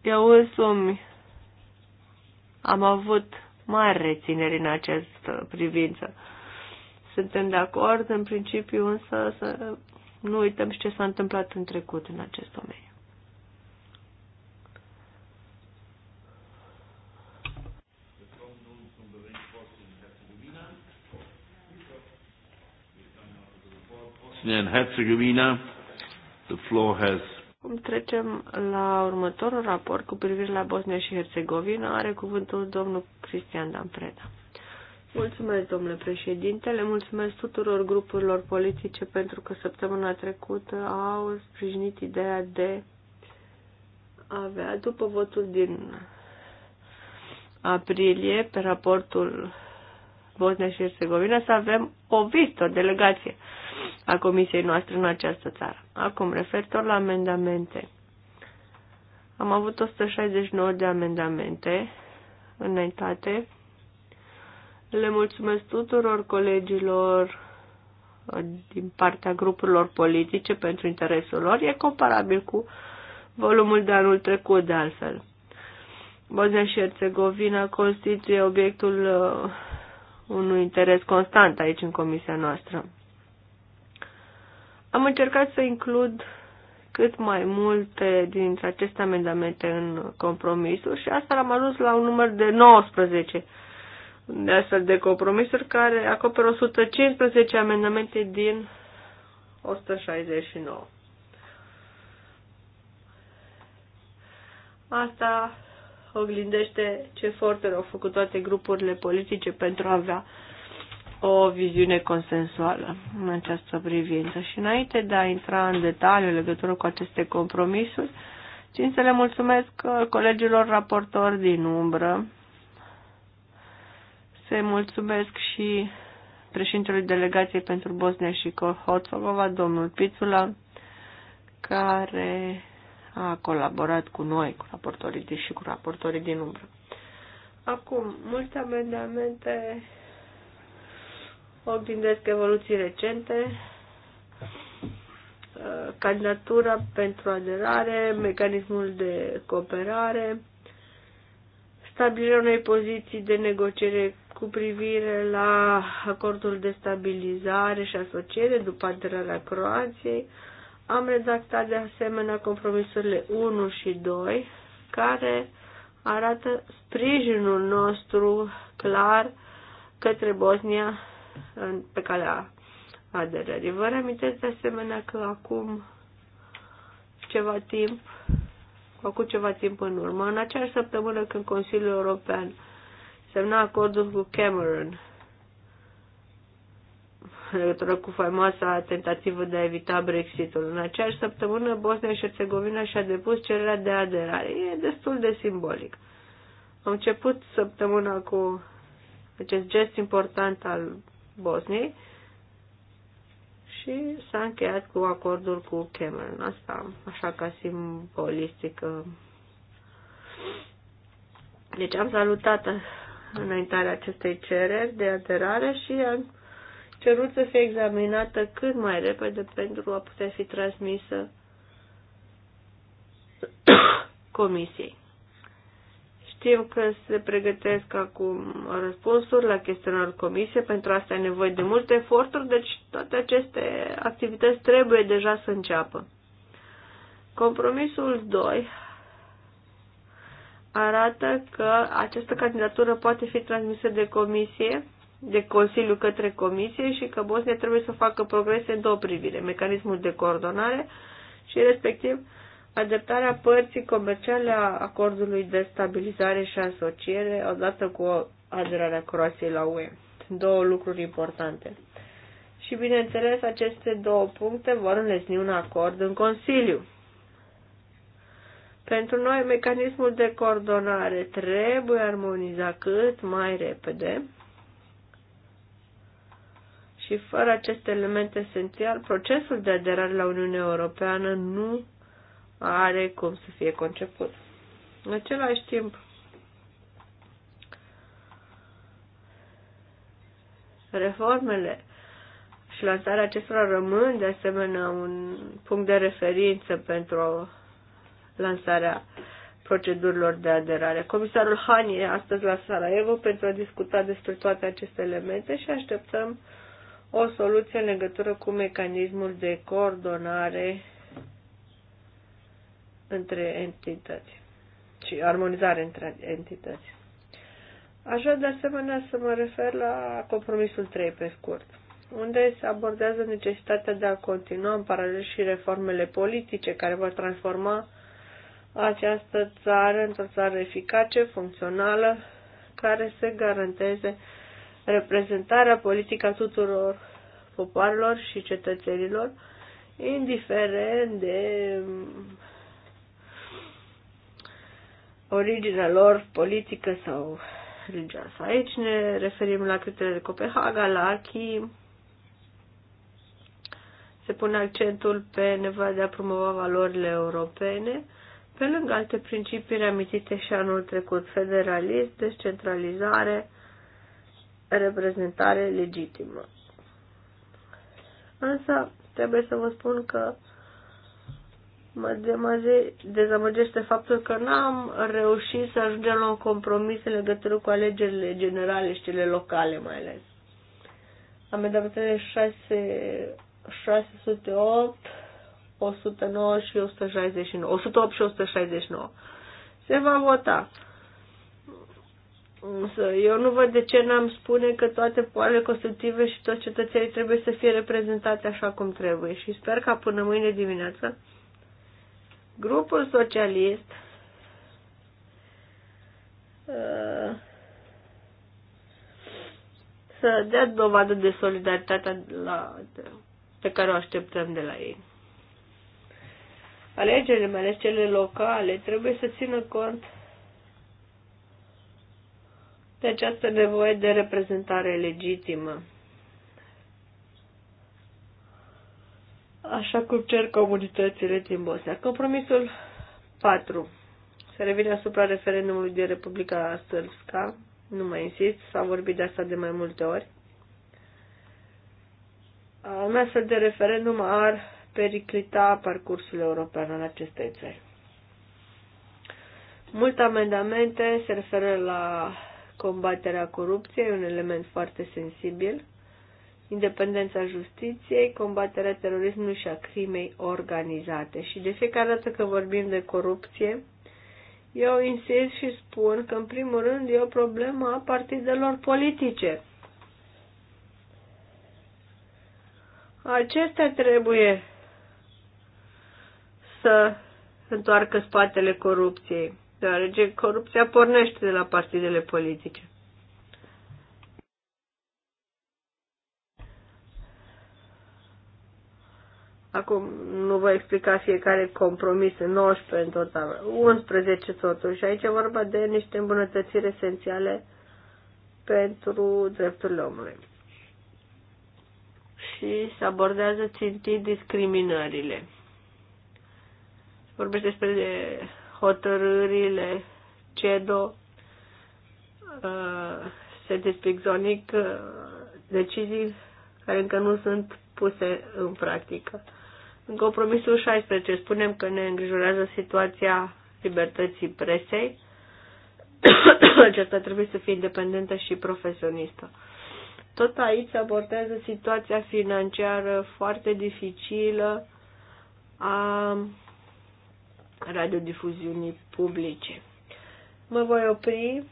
Eu însumi am avut mari rețineri în această privință. Suntem de acord, în principiu, însă să nu uităm și ce s-a întâmplat în trecut în acest domeniu. Bosnia and Herzegovina. The floor has Acum trecem la următorul raport cu privire la Bosnia și Herțegovina. Are cuvântul domnul Cristian Dampreda. Mulțumesc, domnule președinte, le mulțumesc tuturor grupurilor politice pentru că săptămâna trecută au sprijinit ideea de a avea, după votul din aprilie, pe raportul Bosnia și Herțegovina, să avem o vizită, o delegație a comisiei noastre în această țară. Acum, referitor la amendamente. Am avut 169 de amendamente înaintate. Le mulțumesc tuturor colegilor uh, din partea grupurilor politice pentru interesul lor. E comparabil cu volumul de anul trecut, de altfel. Bosnia și Herțegovina constituie obiectul uh, unui interes constant aici în comisia noastră. Am încercat să includ cât mai multe dintre aceste amendamente în compromisuri și asta l-am ajuns la un număr de 19 de astfel de compromisuri care acoperă 115 amendamente din 169. Asta oglindește ce eforturi au făcut toate grupurile politice pentru a avea o viziune consensuală în această privință. Și înainte de a intra în detaliu în legătură cu aceste compromisuri, țin să le mulțumesc uh, colegilor raportori din umbră, să mulțumesc și președintelui delegației pentru Bosnia și Herzegovina, domnul Pițula, care a colaborat cu noi, cu raportorii și cu raportorii din umbră. Acum, multe amendamente oglindesc evoluții recente, uh, candidatura pentru aderare, mecanismul de cooperare, stabilirea unei poziții de negociere cu privire la acordul de stabilizare și asociere după aderarea Croației. Am redactat de asemenea compromisurile 1 și 2, care arată sprijinul nostru clar către Bosnia pe calea aderării. Vă reamintesc de asemenea că acum ceva timp, acum ceva timp în urmă, în aceeași săptămână când Consiliul European semna acordul cu Cameron în legătură cu faimoasa tentativă de a evita Brexitul. În aceeași săptămână, Bosnia și Herțegovina și-a depus cererea de aderare. E destul de simbolic. Am început săptămâna cu acest gest important al Bosniei și s-a încheiat cu acordul cu Cameron. Asta, așa ca simbolistică. Uh. Deci am salutat înaintarea acestei cereri de aderare și am cerut să fie examinată cât mai repede pentru a putea fi transmisă comisiei. Știu că se pregătesc acum răspunsuri la chestionarul comisiei, pentru asta e nevoie de multe eforturi, deci toate aceste activități trebuie deja să înceapă. Compromisul 2 arată că această candidatură poate fi transmisă de comisie, de Consiliu către comisie și că Bosnia trebuie să facă progrese în două privire, mecanismul de coordonare și respectiv adaptarea părții comerciale a acordului de stabilizare și asociere odată cu aderarea Croației la UE. Două lucruri importante. Și bineînțeles, aceste două puncte vor înlesni un acord în Consiliu. Pentru noi, mecanismul de coordonare trebuie armonizat cât mai repede și fără acest element esențial, procesul de aderare la Uniunea Europeană nu are cum să fie conceput. În același timp, reformele și lansarea acestora rămân de asemenea un punct de referință pentru lansarea procedurilor de aderare. Comisarul Hani e astăzi la Sarajevo pentru a discuta despre toate aceste elemente și așteptăm o soluție în legătură cu mecanismul de coordonare între entități și armonizare între entități. Aș vrea de asemenea să mă refer la compromisul 3 pe scurt, unde se abordează necesitatea de a continua în paralel și reformele politice care vor transforma această țară într-o țară eficace, funcțională, care să garanteze reprezentarea politică a tuturor popoarelor și cetățenilor, indiferent de originea lor politică sau religioasă. Aici ne referim la criteriile de Copenhaga, la Achi. Se pune accentul pe nevoia de a promova valorile europene, pe lângă alte principii reamintite și anul trecut, federalism, descentralizare, reprezentare legitimă. Însă, trebuie să vă spun că mă dezamăgește faptul că n-am reușit să ajungem la un compromis în legătură cu alegerile generale și cele locale mai ales. Amendamentele 6, 608, 109 și 169, 108 și 169. Se va vota. Însă eu nu văd de ce n-am spune că toate poalele constructive și toți cetățenii trebuie să fie reprezentate așa cum trebuie și sper ca până mâine dimineață Grupul socialist uh, să dea dovadă de solidaritatea la, pe care o așteptăm de la ei. Alegerile, mai ales cele locale, trebuie să țină cont de această nevoie de reprezentare legitimă așa cum cer comunitățile din Bosnia. Compromisul 4. Se revine asupra referendumului din Republica Sârbska. Nu mai insist, s-a vorbit de asta de mai multe ori. Un astfel de referendum ar periclita parcursul european al acestei țări. Multe amendamente se referă la combaterea corupției, un element foarte sensibil independența justiției, combaterea terorismului și a crimei organizate. Și de fiecare dată când vorbim de corupție, eu insist și spun că, în primul rând, e o problemă a partidelor politice. Acestea trebuie să întoarcă spatele corupției, deoarece corupția pornește de la partidele politice. Acum nu vă explica fiecare compromis, 19 în total, 11 totuși. Aici e vorba de niște îmbunătățiri esențiale pentru drepturile omului. Și se abordează țintit discriminările. Vorbește despre hotărârile CEDO, uh, sedespixonic, uh, decizii care încă nu sunt puse în practică. În compromisul 16 spunem că ne îngrijorează situația libertății presei. Aceasta deci trebuie să fie independentă și profesionistă. Tot aici abordează situația financiară foarte dificilă a radiodifuziunii publice. Mă voi opri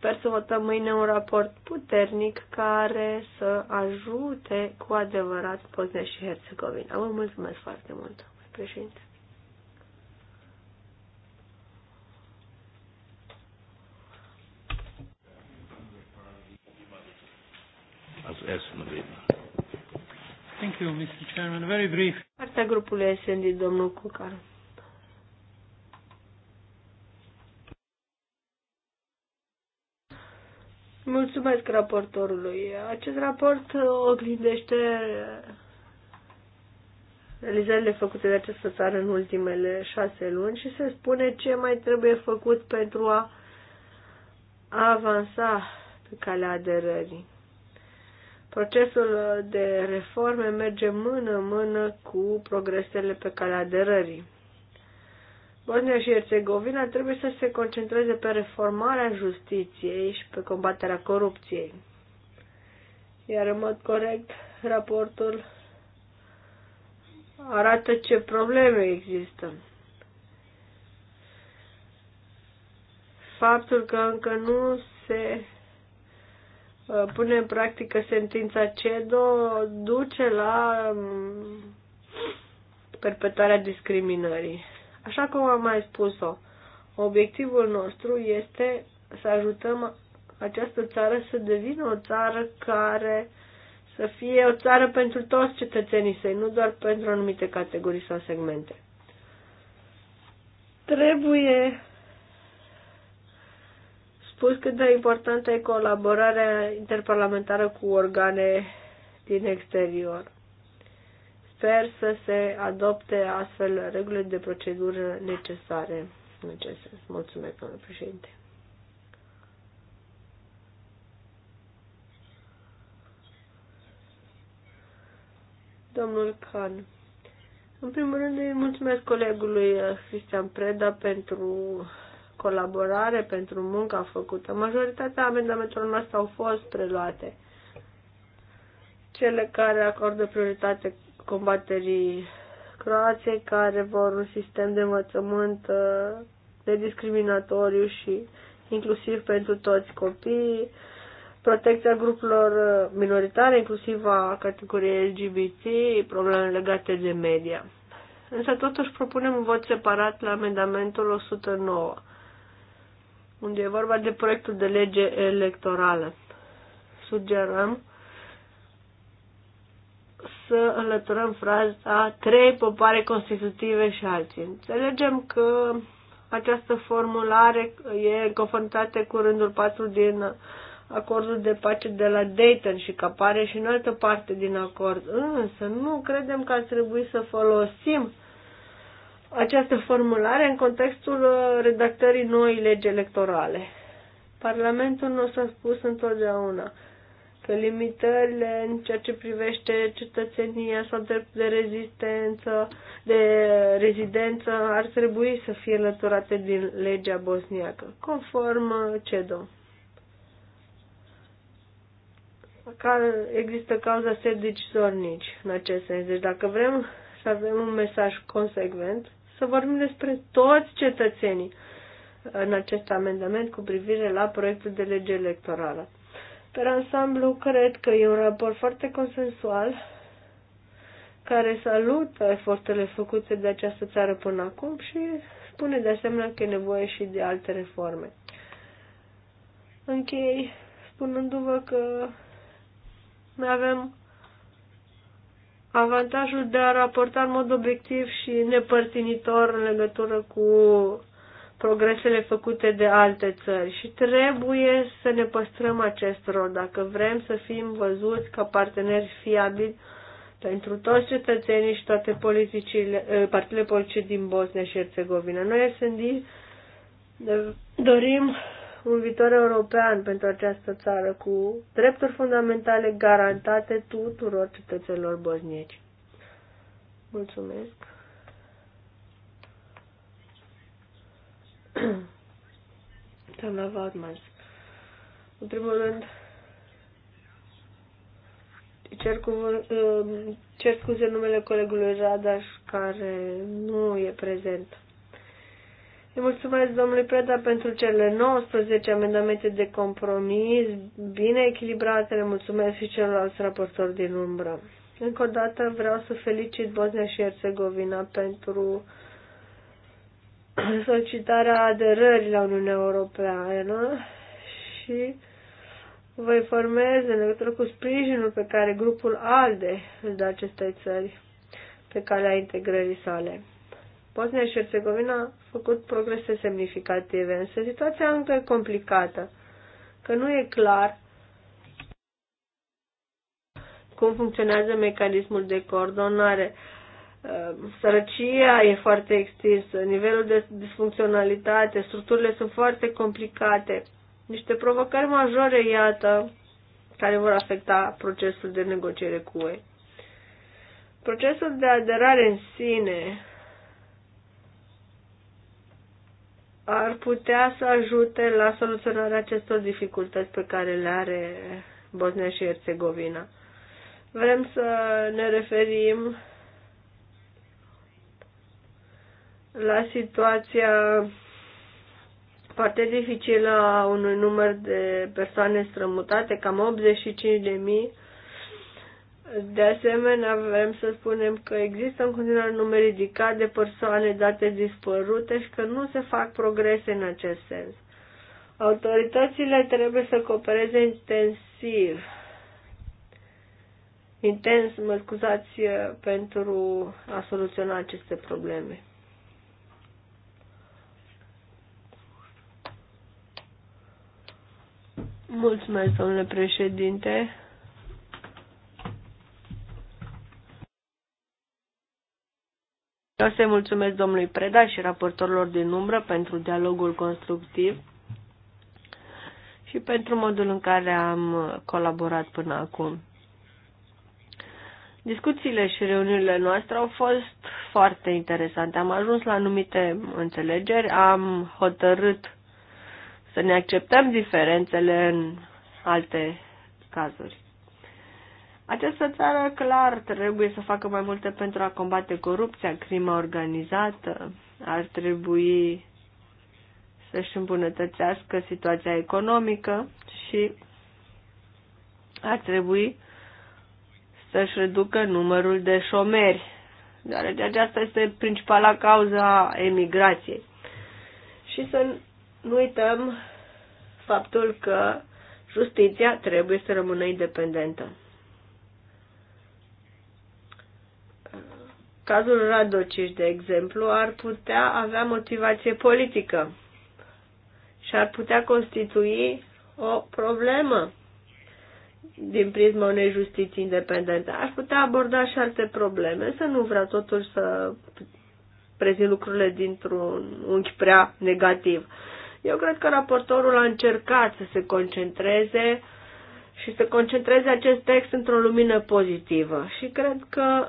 Sper să votăm mâine un raport puternic care să ajute cu adevărat Bosnia și Herțegovina. Vă mulțumesc foarte mult, președinte. Thank you, Mr. Chairman. Very brief. Partea grupului SND, domnul Cucaru. Mulțumesc raportorului. Acest raport oglindește realizările făcute de această țară în ultimele șase luni și se spune ce mai trebuie făcut pentru a avansa pe calea aderării. Procesul de reforme merge mână-mână cu progresele pe calea aderării. Bosnia și Herțegovina trebuie să se concentreze pe reformarea justiției și pe combaterea corupției. Iar în mod corect, raportul arată ce probleme există. Faptul că încă nu se uh, pune în practică sentința CEDO duce la um, perpetuarea discriminării. Așa cum am mai spus-o, obiectivul nostru este să ajutăm această țară să devină o țară care să fie o țară pentru toți cetățenii săi, nu doar pentru anumite categorii sau segmente. Trebuie spus cât de importantă e colaborarea interparlamentară cu organe din exterior sper să se adopte astfel regulile de procedură necesare în acest sens. Mulțumesc, domnule președinte. Domnul Khan. În primul rând îi mulțumesc colegului uh, Cristian Preda pentru colaborare, pentru munca făcută. Majoritatea amendamentelor noastre au fost preluate. Cele care acordă prioritate combaterii Croației care vor un sistem de învățământ uh, nediscriminatoriu și inclusiv pentru toți copiii, protecția grupurilor uh, minoritare, inclusiv a categoriei LGBT, probleme legate de media. Însă totuși propunem un vot separat la amendamentul 109, unde e vorba de proiectul de lege electorală. Sugerăm să înlăturăm fraza trei popoare constitutive și alții. Înțelegem că această formulare e confruntată cu rândul 4 din acordul de pace de la Dayton și că apare și în altă parte din acord. Însă nu credem că ar trebui să folosim această formulare în contextul redactării noii legi electorale. Parlamentul nu s a spus întotdeauna că limitările în ceea ce privește cetățenia sau dreptul de rezistență, de rezidență, ar trebui să fie lăturate din legea bosniacă, conform CEDO. Ca există cauza sedici zornici în acest sens. Deci dacă vrem să avem un mesaj consecvent, să vorbim despre toți cetățenii în acest amendament cu privire la proiectul de lege electorală. Per ansamblu, cred că e un raport foarte consensual care salută eforturile făcute de această țară până acum și spune de asemenea că e nevoie și de alte reforme. Închei spunându-vă că noi avem avantajul de a raporta în mod obiectiv și nepărtinitor în legătură cu progresele făcute de alte țări și trebuie să ne păstrăm acest rol dacă vrem să fim văzuți ca parteneri fiabili pentru toți cetățenii și toate politicile, eh, partidele politice din Bosnia și Herțegovina. Noi, SND, dorim un viitor european pentru această țară cu drepturi fundamentale garantate tuturor cetățenilor bosnieci. Mulțumesc! Doamna Vatmans. În primul rând, cer, cuvânt, uh, cer scuze numele colegului Radaș, care nu e prezent. Îi mulțumesc domnului Preda pentru cele 19 amendamente de compromis bine echilibrate. Le mulțumesc și celorlalți raportori din umbră. Încă o dată vreau să felicit Bosnia și Herțegovina pentru solicitarea aderării la Uniunea Europeană și vă informez în legătură cu sprijinul pe care grupul ALDE îl dă acestei țări pe calea integrării sale. Bosnia și Herțegovina a făcut progrese semnificative, însă situația încă e complicată, că nu e clar cum funcționează mecanismul de coordonare Uh, sărăcia e foarte extinsă, nivelul de disfuncționalitate, structurile sunt foarte complicate. Niște provocări majore, iată, care vor afecta procesul de negociere cu ei. Procesul de aderare în sine ar putea să ajute la soluționarea acestor dificultăți pe care le are Bosnia și Herțegovina. Vrem să ne referim la situația foarte dificilă a unui număr de persoane strămutate, cam 85.000. De asemenea, vrem să spunem că există în continuare un număr ridicat de persoane date dispărute și că nu se fac progrese în acest sens. Autoritățile trebuie să coopereze intensiv, intens, mă scuzați, pentru a soluționa aceste probleme. Mulțumesc, domnule președinte. Vreau să-i mulțumesc domnului Preda și raportorilor din umbră pentru dialogul constructiv și pentru modul în care am colaborat până acum. Discuțiile și reuniunile noastre au fost foarte interesante. Am ajuns la anumite înțelegeri, am hotărât să ne acceptăm diferențele în alte cazuri. Această țară clar trebuie să facă mai multe pentru a combate corupția, crima organizată, ar trebui să-și îmbunătățească situația economică și ar trebui să-și reducă numărul de șomeri, deoarece aceasta este principala cauza emigrației. Și să nu uităm faptul că justiția trebuie să rămână independentă. Cazul Radociș, de exemplu, ar putea avea motivație politică și ar putea constitui o problemă din prisma unei justiții independente. Aș putea aborda și alte probleme, să nu vreau totul să prezint lucrurile dintr-un unchi prea negativ. Eu cred că raportorul a încercat să se concentreze și să concentreze acest text într-o lumină pozitivă și cred că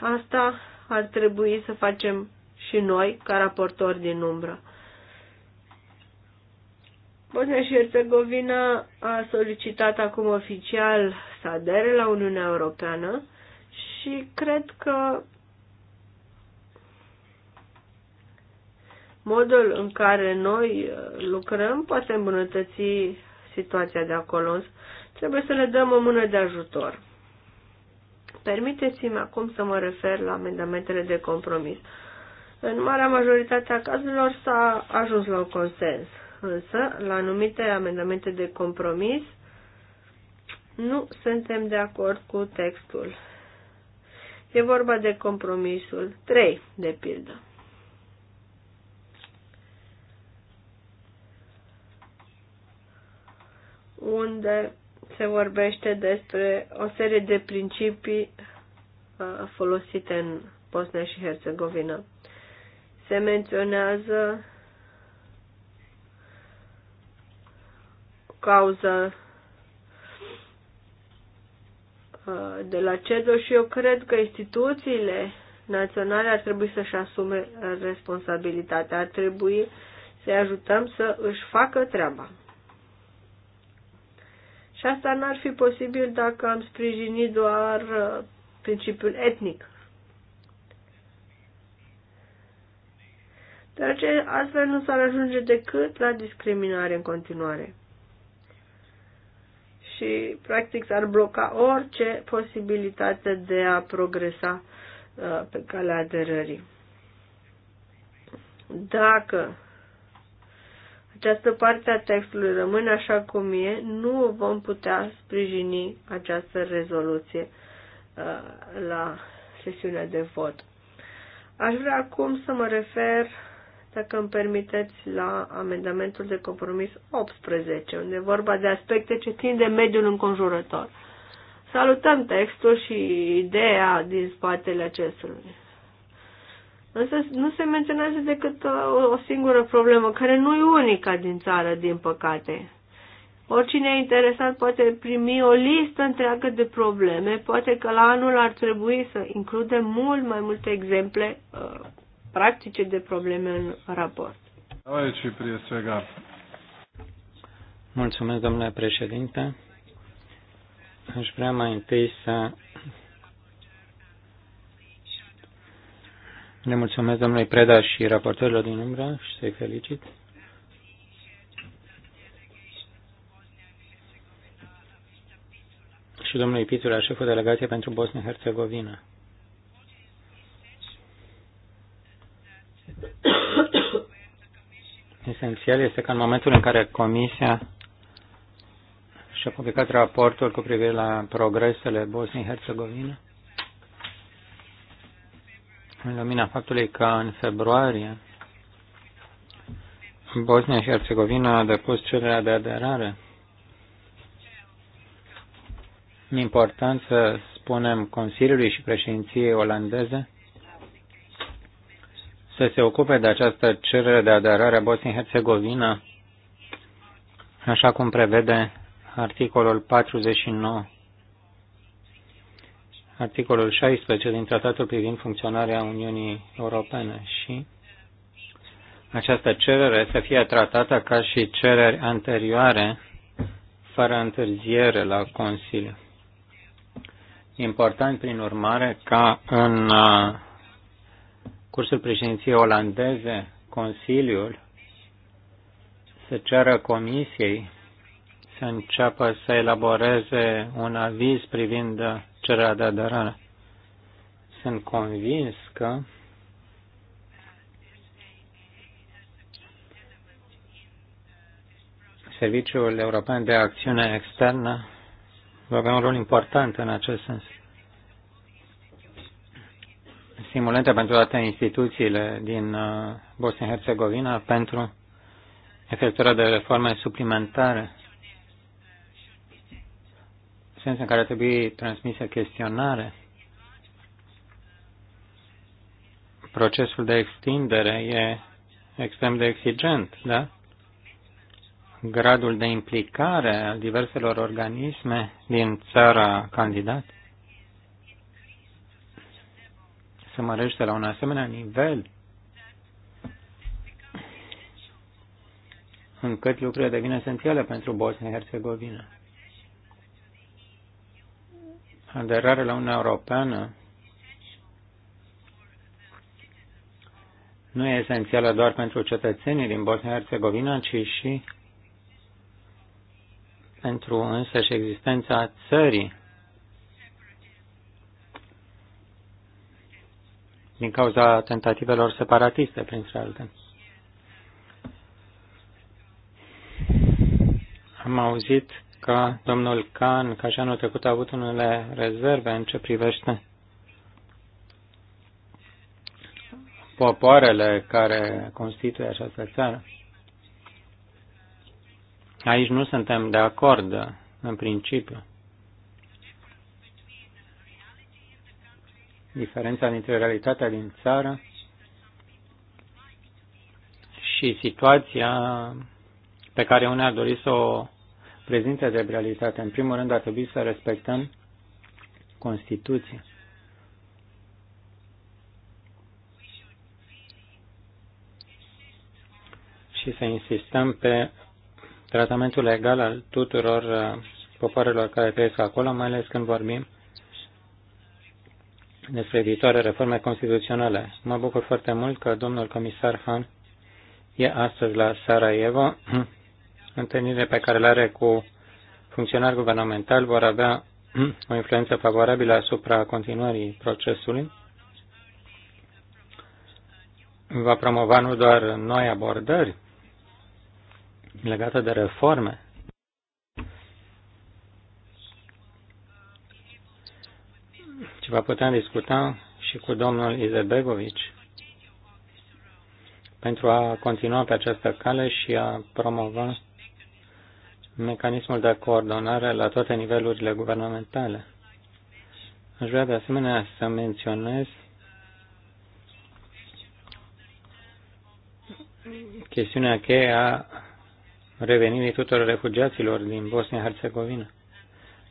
asta ar trebui să facem și noi, ca raportori din umbră. Bosnia și Herțegovina a solicitat acum oficial să adere la Uniunea Europeană și cred că modul în care noi uh, lucrăm poate îmbunătăți situația de acolo. Trebuie să le dăm o mână de ajutor. Permiteți-mi acum să mă refer la amendamentele de compromis. În marea majoritate a cazurilor s-a ajuns la un consens, însă la anumite amendamente de compromis nu suntem de acord cu textul. E vorba de compromisul 3, de pildă. unde se vorbește despre o serie de principii uh, folosite în Bosnia și Herțegovina. Se menționează cauză uh, de la CEDO și eu cred că instituțiile naționale ar trebui să-și asume responsabilitatea, ar trebui să-i ajutăm să își facă treaba. Și asta n-ar fi posibil dacă am sprijinit doar uh, principiul etnic. Dar ce astfel nu s-ar ajunge decât la discriminare în continuare. Și, practic, s-ar bloca orice posibilitate de a progresa uh, pe calea aderării. Dacă această parte a textului rămâne așa cum e, nu vom putea sprijini această rezoluție uh, la sesiunea de vot. Aș vrea acum să mă refer, dacă îmi permiteți, la amendamentul de compromis 18, unde e vorba de aspecte ce țin de mediul înconjurător. Salutăm textul și ideea din spatele acestui Însă nu se menționează decât uh, o, o singură problemă, care nu e unica din țară, din păcate. Oricine e interesat poate primi o listă întreagă de probleme, poate că la anul ar trebui să includem mult mai multe exemple uh, practice de probleme în raport. Aici, Mulțumesc, domnule președinte. Aș vrea mai întâi să Ne mulțumesc domnului Preda și raportorilor din umbră și să-i felicit. Și domnului Pițula, șeful delegației pentru Bosnia-Herzegovina. Esențial este că în momentul în care Comisia și-a publicat raportul cu privire la progresele Bosniei-Herzegovina, în lumina faptului că în februarie Bosnia și Herțegovina a depus cererea de aderare. E important să spunem Consiliului și președinției olandeze să se ocupe de această cerere de aderare a Bosniei-Herzegovina, așa cum prevede articolul 49 articolul 16 din Tratatul privind funcționarea Uniunii Europene și această cerere să fie tratată ca și cereri anterioare fără întârziere la Consiliu. Important, prin urmare, ca în uh, cursul președinției olandeze, Consiliul să ceară Comisiei să înceapă să elaboreze un aviz privind cererea de aderare. Sunt convins că Serviciul European de Acțiune Externă va avea un rol important în acest sens. Simulente pentru toate instituțiile din uh, Bosnia-Herzegovina pentru efectuarea de reforme suplimentare sens în care trebuie transmisă chestionare. Procesul de extindere e extrem de exigent, da? Gradul de implicare al diverselor organisme din țara candidat se mărește la un asemenea nivel încât lucrurile devin esențiale pentru Bosnia-Herzegovina aderare la Uniunea Europeană nu e esențială doar pentru cetățenii din Bosnia-Herzegovina, ci și pentru și existența țării din cauza tentativelor separatiste, printre alte. Am auzit ca domnul Can, ca și anul trecut, a avut unele rezerve în ce privește popoarele care constituie această țară. Aici nu suntem de acord, în principiu. Diferența dintre realitatea din țară și situația pe care unii ar dori să o Prezintă de realitate. În primul rând, ar trebui să respectăm Constituția. și să insistăm pe tratamentul legal al tuturor uh, popoarelor care trăiesc acolo, mai ales când vorbim despre viitoare reforme constituționale. Mă bucur foarte mult că domnul comisar Han e astăzi la Sarajevo întâlnirile pe care le are cu funcționari guvernamentali vor avea o influență favorabilă asupra continuării procesului. Va promova nu doar noi abordări legate de reforme, ci va putea discuta și cu domnul Izebegovic pentru a continua pe această cale și a promova mecanismul de coordonare la toate nivelurile guvernamentale. Aș vrea de asemenea să menționez chestiunea cheie a revenirii tuturor refugiaților din Bosnia-Herzegovina,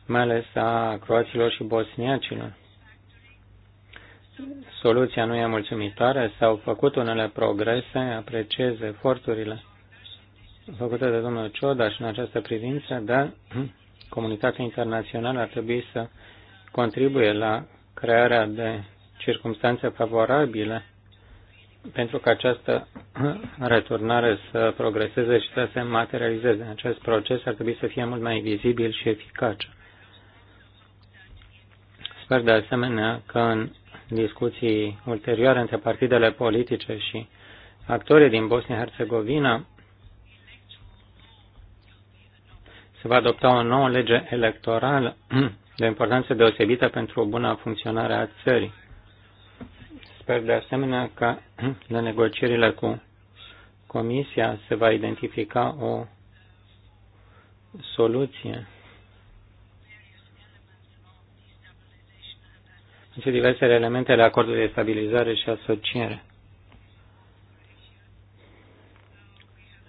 mai ales a croaților și bosniacilor. Soluția nu e mulțumitoare, s-au făcut unele progrese, apreciez eforturile făcute de domnul Cioda și în această privință, dar comunitatea internațională ar trebui să contribuie la crearea de circumstanțe favorabile pentru că această returnare să progreseze și să se materializeze. Acest proces ar trebui să fie mult mai vizibil și eficace. Sper de asemenea că în discuții ulterioare între partidele politice și actorii din Bosnia-Herzegovina se va adopta o nouă lege electorală de importanță deosebită pentru o bună funcționare a țării. Sper de asemenea că la negocierile cu Comisia se va identifica o soluție Sunt diversele elemente ale acordului de stabilizare și asociere.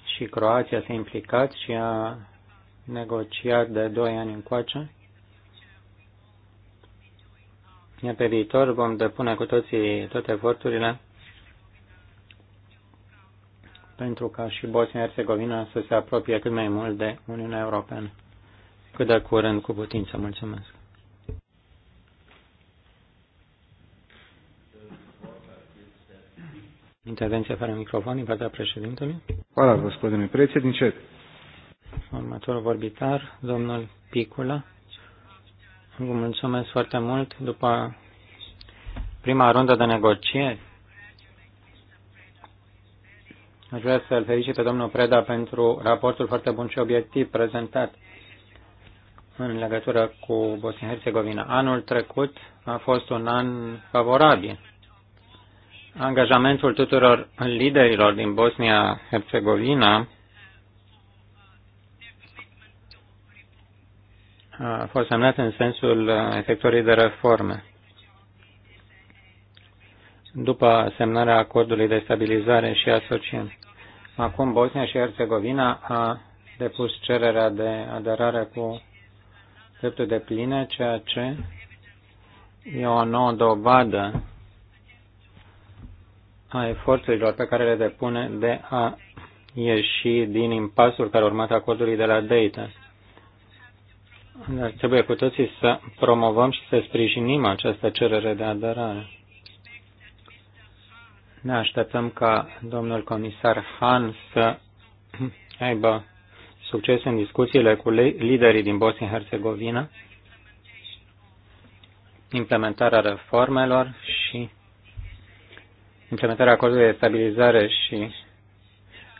Și Croația s-a implicat și a negociat de 2 ani încoace. Iar pe viitor vom depune cu toții toate eforturile pentru ca și Bosnia-Herzegovina să se apropie cât mai mult de Uniunea Europeană. Cât de curând cu putință. Mulțumesc. Intervenția fără microfon în partea președintelui. Hvala, gospodine predsjedniče următorul vorbitar, domnul Picula. Vă mulțumesc foarte mult. După prima rundă de negocieri, aș vrea să-l felicit pe domnul Preda pentru raportul foarte bun și obiectiv prezentat în legătură cu Bosnia-Herzegovina. Anul trecut a fost un an favorabil. Angajamentul tuturor liderilor din Bosnia-Herzegovina a fost semnat în sensul uh, efectuării de reforme. După semnarea acordului de stabilizare și asociere. Acum Bosnia și Herțegovina a depus cererea de aderare cu dreptul de pline, ceea ce e o nouă dovadă a eforturilor pe care le depune de a ieși din impasul care a urmat acordului de la Dayton. Dar trebuie cu toții să promovăm și să sprijinim această cerere de aderare. Ne așteptăm ca domnul comisar Han să aibă succes în discuțiile cu liderii din Bosnia-Herzegovina, implementarea reformelor și implementarea acordului de stabilizare și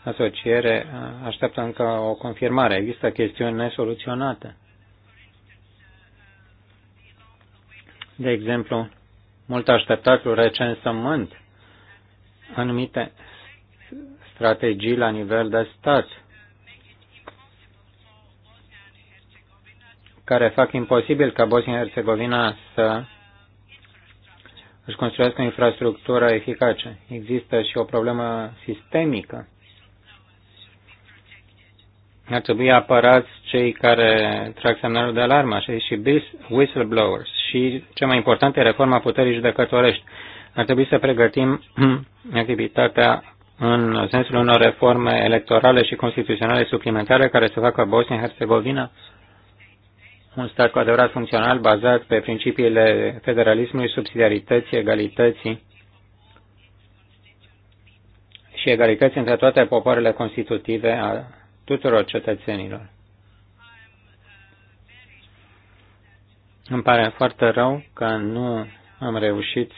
asociere așteaptă încă o confirmare. Există chestiuni nesoluționate. De exemplu, mult așteptat cu recensământ anumite strategii la nivel de stat care fac imposibil ca Bosnia-Herzegovina să își construiască o infrastructură eficace. Există și o problemă sistemică ar trebui apărați cei care trag semnalul de alarmă, așa și whistleblowers. Și cea mai importantă e reforma puterii judecătorești. Ar trebui să pregătim activitatea în sensul unor reforme electorale și constituționale suplimentare care să facă Bosnia-Herzegovina un stat cu adevărat funcțional bazat pe principiile federalismului, subsidiarității, egalității și egalității între toate popoarele constitutive tuturor cetățenilor. Îmi pare foarte rău că nu am reușit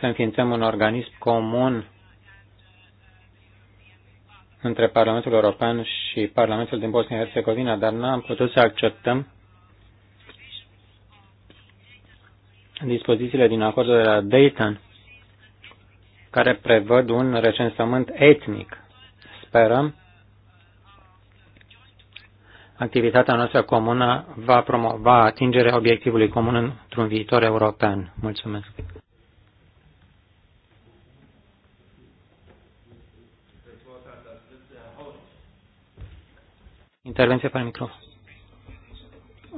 să înființăm un organism comun între Parlamentul European și Parlamentul din Bosnia-Herzegovina, dar n-am putut să acceptăm dispozițiile din acordul de la Dayton care prevăd un recensământ etnic. Sperăm activitatea noastră comună va promova atingerea obiectivului comun într-un viitor european. Mulțumesc! Intervenție pe microfon.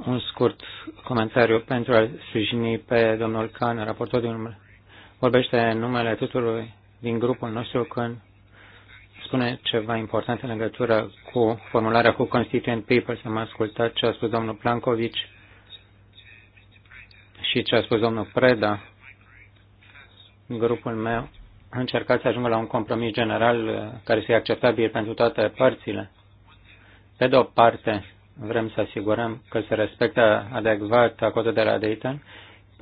Un scurt comentariu pentru a sprijini pe domnul Can, raportor din numele. Vorbește numele tuturor din grupul nostru când spune ceva important în legătură cu formularea cu Constituent Papers. Am ascultat ce a spus domnul Plankovic și ce a spus domnul Preda. Grupul meu a încercat să ajungă la un compromis general uh, care să fie acceptabil pentru toate părțile. Pe de o parte, vrem să asigurăm că se respectă adecvat acordul de la Dayton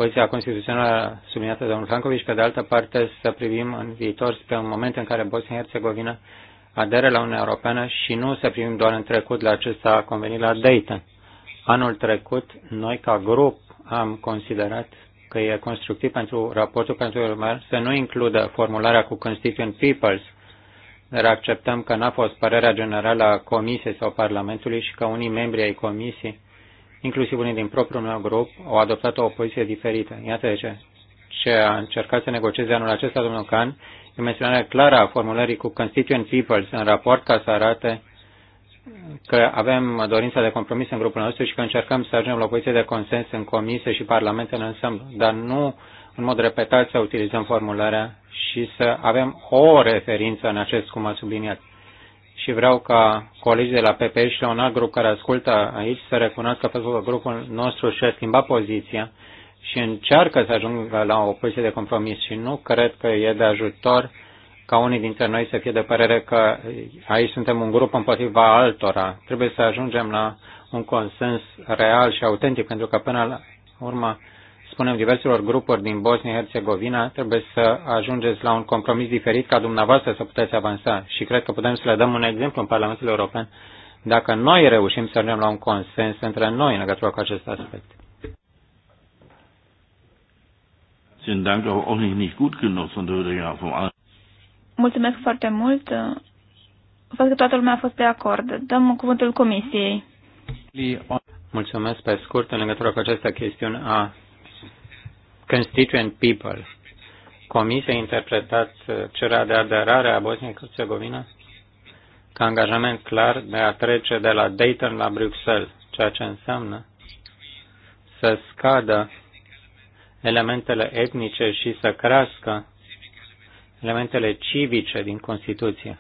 poziția constituțională subliniată de domnul Francovici, pe de altă parte să privim în viitor spre un moment în care Bosnia-Herzegovina adere la Uniunea Europeană și nu să privim doar în trecut la ce s-a convenit la Dayton. Anul trecut, noi ca grup am considerat că e constructiv pentru raportul pentru urmări să nu includă formularea cu Constituent Peoples, dar acceptăm că n-a fost părerea generală a Comisiei sau Parlamentului și că unii membri ai Comisiei inclusiv unii din propriul meu grup, au adoptat o poziție diferită. Iată de ce. Ce a încercat să negocieze anul acesta domnul Can e menționarea clară a formulării cu Constituent Peoples în raport ca să arate că avem dorința de compromis în grupul nostru și că încercăm să ajungem la o poziție de consens în comisie și parlamente în ansamblu, dar nu în mod repetat să utilizăm formularea și să avem o referință în acest, cum a subliniat și vreau ca colegii de la PPI și la un alt grup care ascultă aici să recunoască faptul că grupul nostru și-a schimbat poziția și încearcă să ajungă la o poziție de compromis și nu cred că e de ajutor ca unii dintre noi să fie de părere că aici suntem un grup împotriva altora. Trebuie să ajungem la un consens real și autentic, pentru că până la urmă spunem diverselor grupuri din Bosnia-Herzegovina, trebuie să ajungeți la un compromis diferit ca dumneavoastră să puteți avansa. Și cred că putem să le dăm un exemplu în Parlamentul European dacă noi reușim să ajungem la un consens între noi în legătură cu acest aspect. Mulțumesc foarte mult. Văd că toată lumea a fost de acord. Dăm cuvântul Comisiei. Mulțumesc pe scurt în legătură cu această chestiune a constituent people. Comisia a interpretat uh, cererea de aderare a Bosniei Herțegovina ca angajament clar de a trece de la Dayton la Bruxelles, ceea ce înseamnă să scadă elementele etnice și să crească elementele civice din Constituție.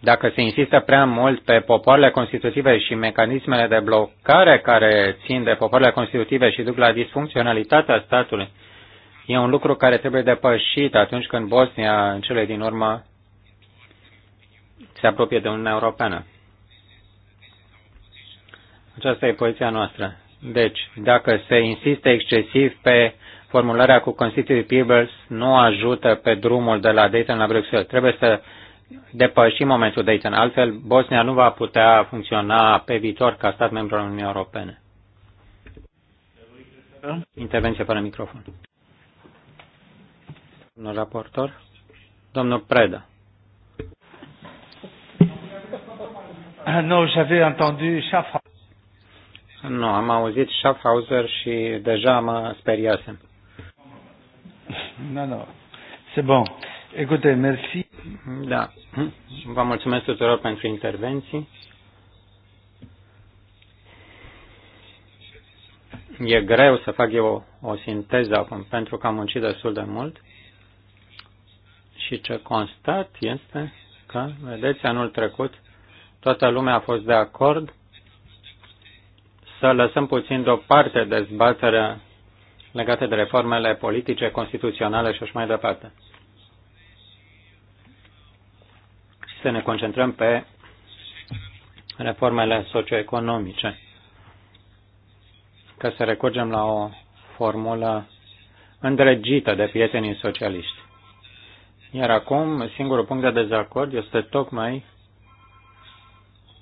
Dacă se insistă prea mult pe popoarele constitutive și mecanismele de blocare care țin de popoarele constitutive și duc la disfuncționalitatea statului, e un lucru care trebuie depășit atunci când Bosnia, în cele din urmă, se apropie de Uniunea Europeană. Aceasta e poziția noastră. Deci, dacă se insistă excesiv pe formularea cu Constituții Peebles, nu ajută pe drumul de la Dayton la Bruxelles. Trebuie să depăși momentul de aici. Altfel, Bosnia nu va putea funcționa pe viitor ca stat membru al Uniunii Europene. Intervenție fără microfon. Domnul raportor. Domnul Preda. Nu, j'avais entendu Nu, am auzit Schaffhauser și deja mă speriasem. Nu, no, nu. No. C'est bon. Écoutez, merci. Da. Vă mulțumesc tuturor pentru intervenții. E greu să fac eu o, o sinteză acum, pentru că am muncit destul de mult. Și ce constat este că, vedeți, anul trecut toată lumea a fost de acord să lăsăm puțin deoparte dezbaterea legate de reformele politice, constituționale și așa mai departe. să ne concentrăm pe reformele socioeconomice, ca să recurgem la o formulă îndrăgită de prietenii socialiști. Iar acum, singurul punct de dezacord este tocmai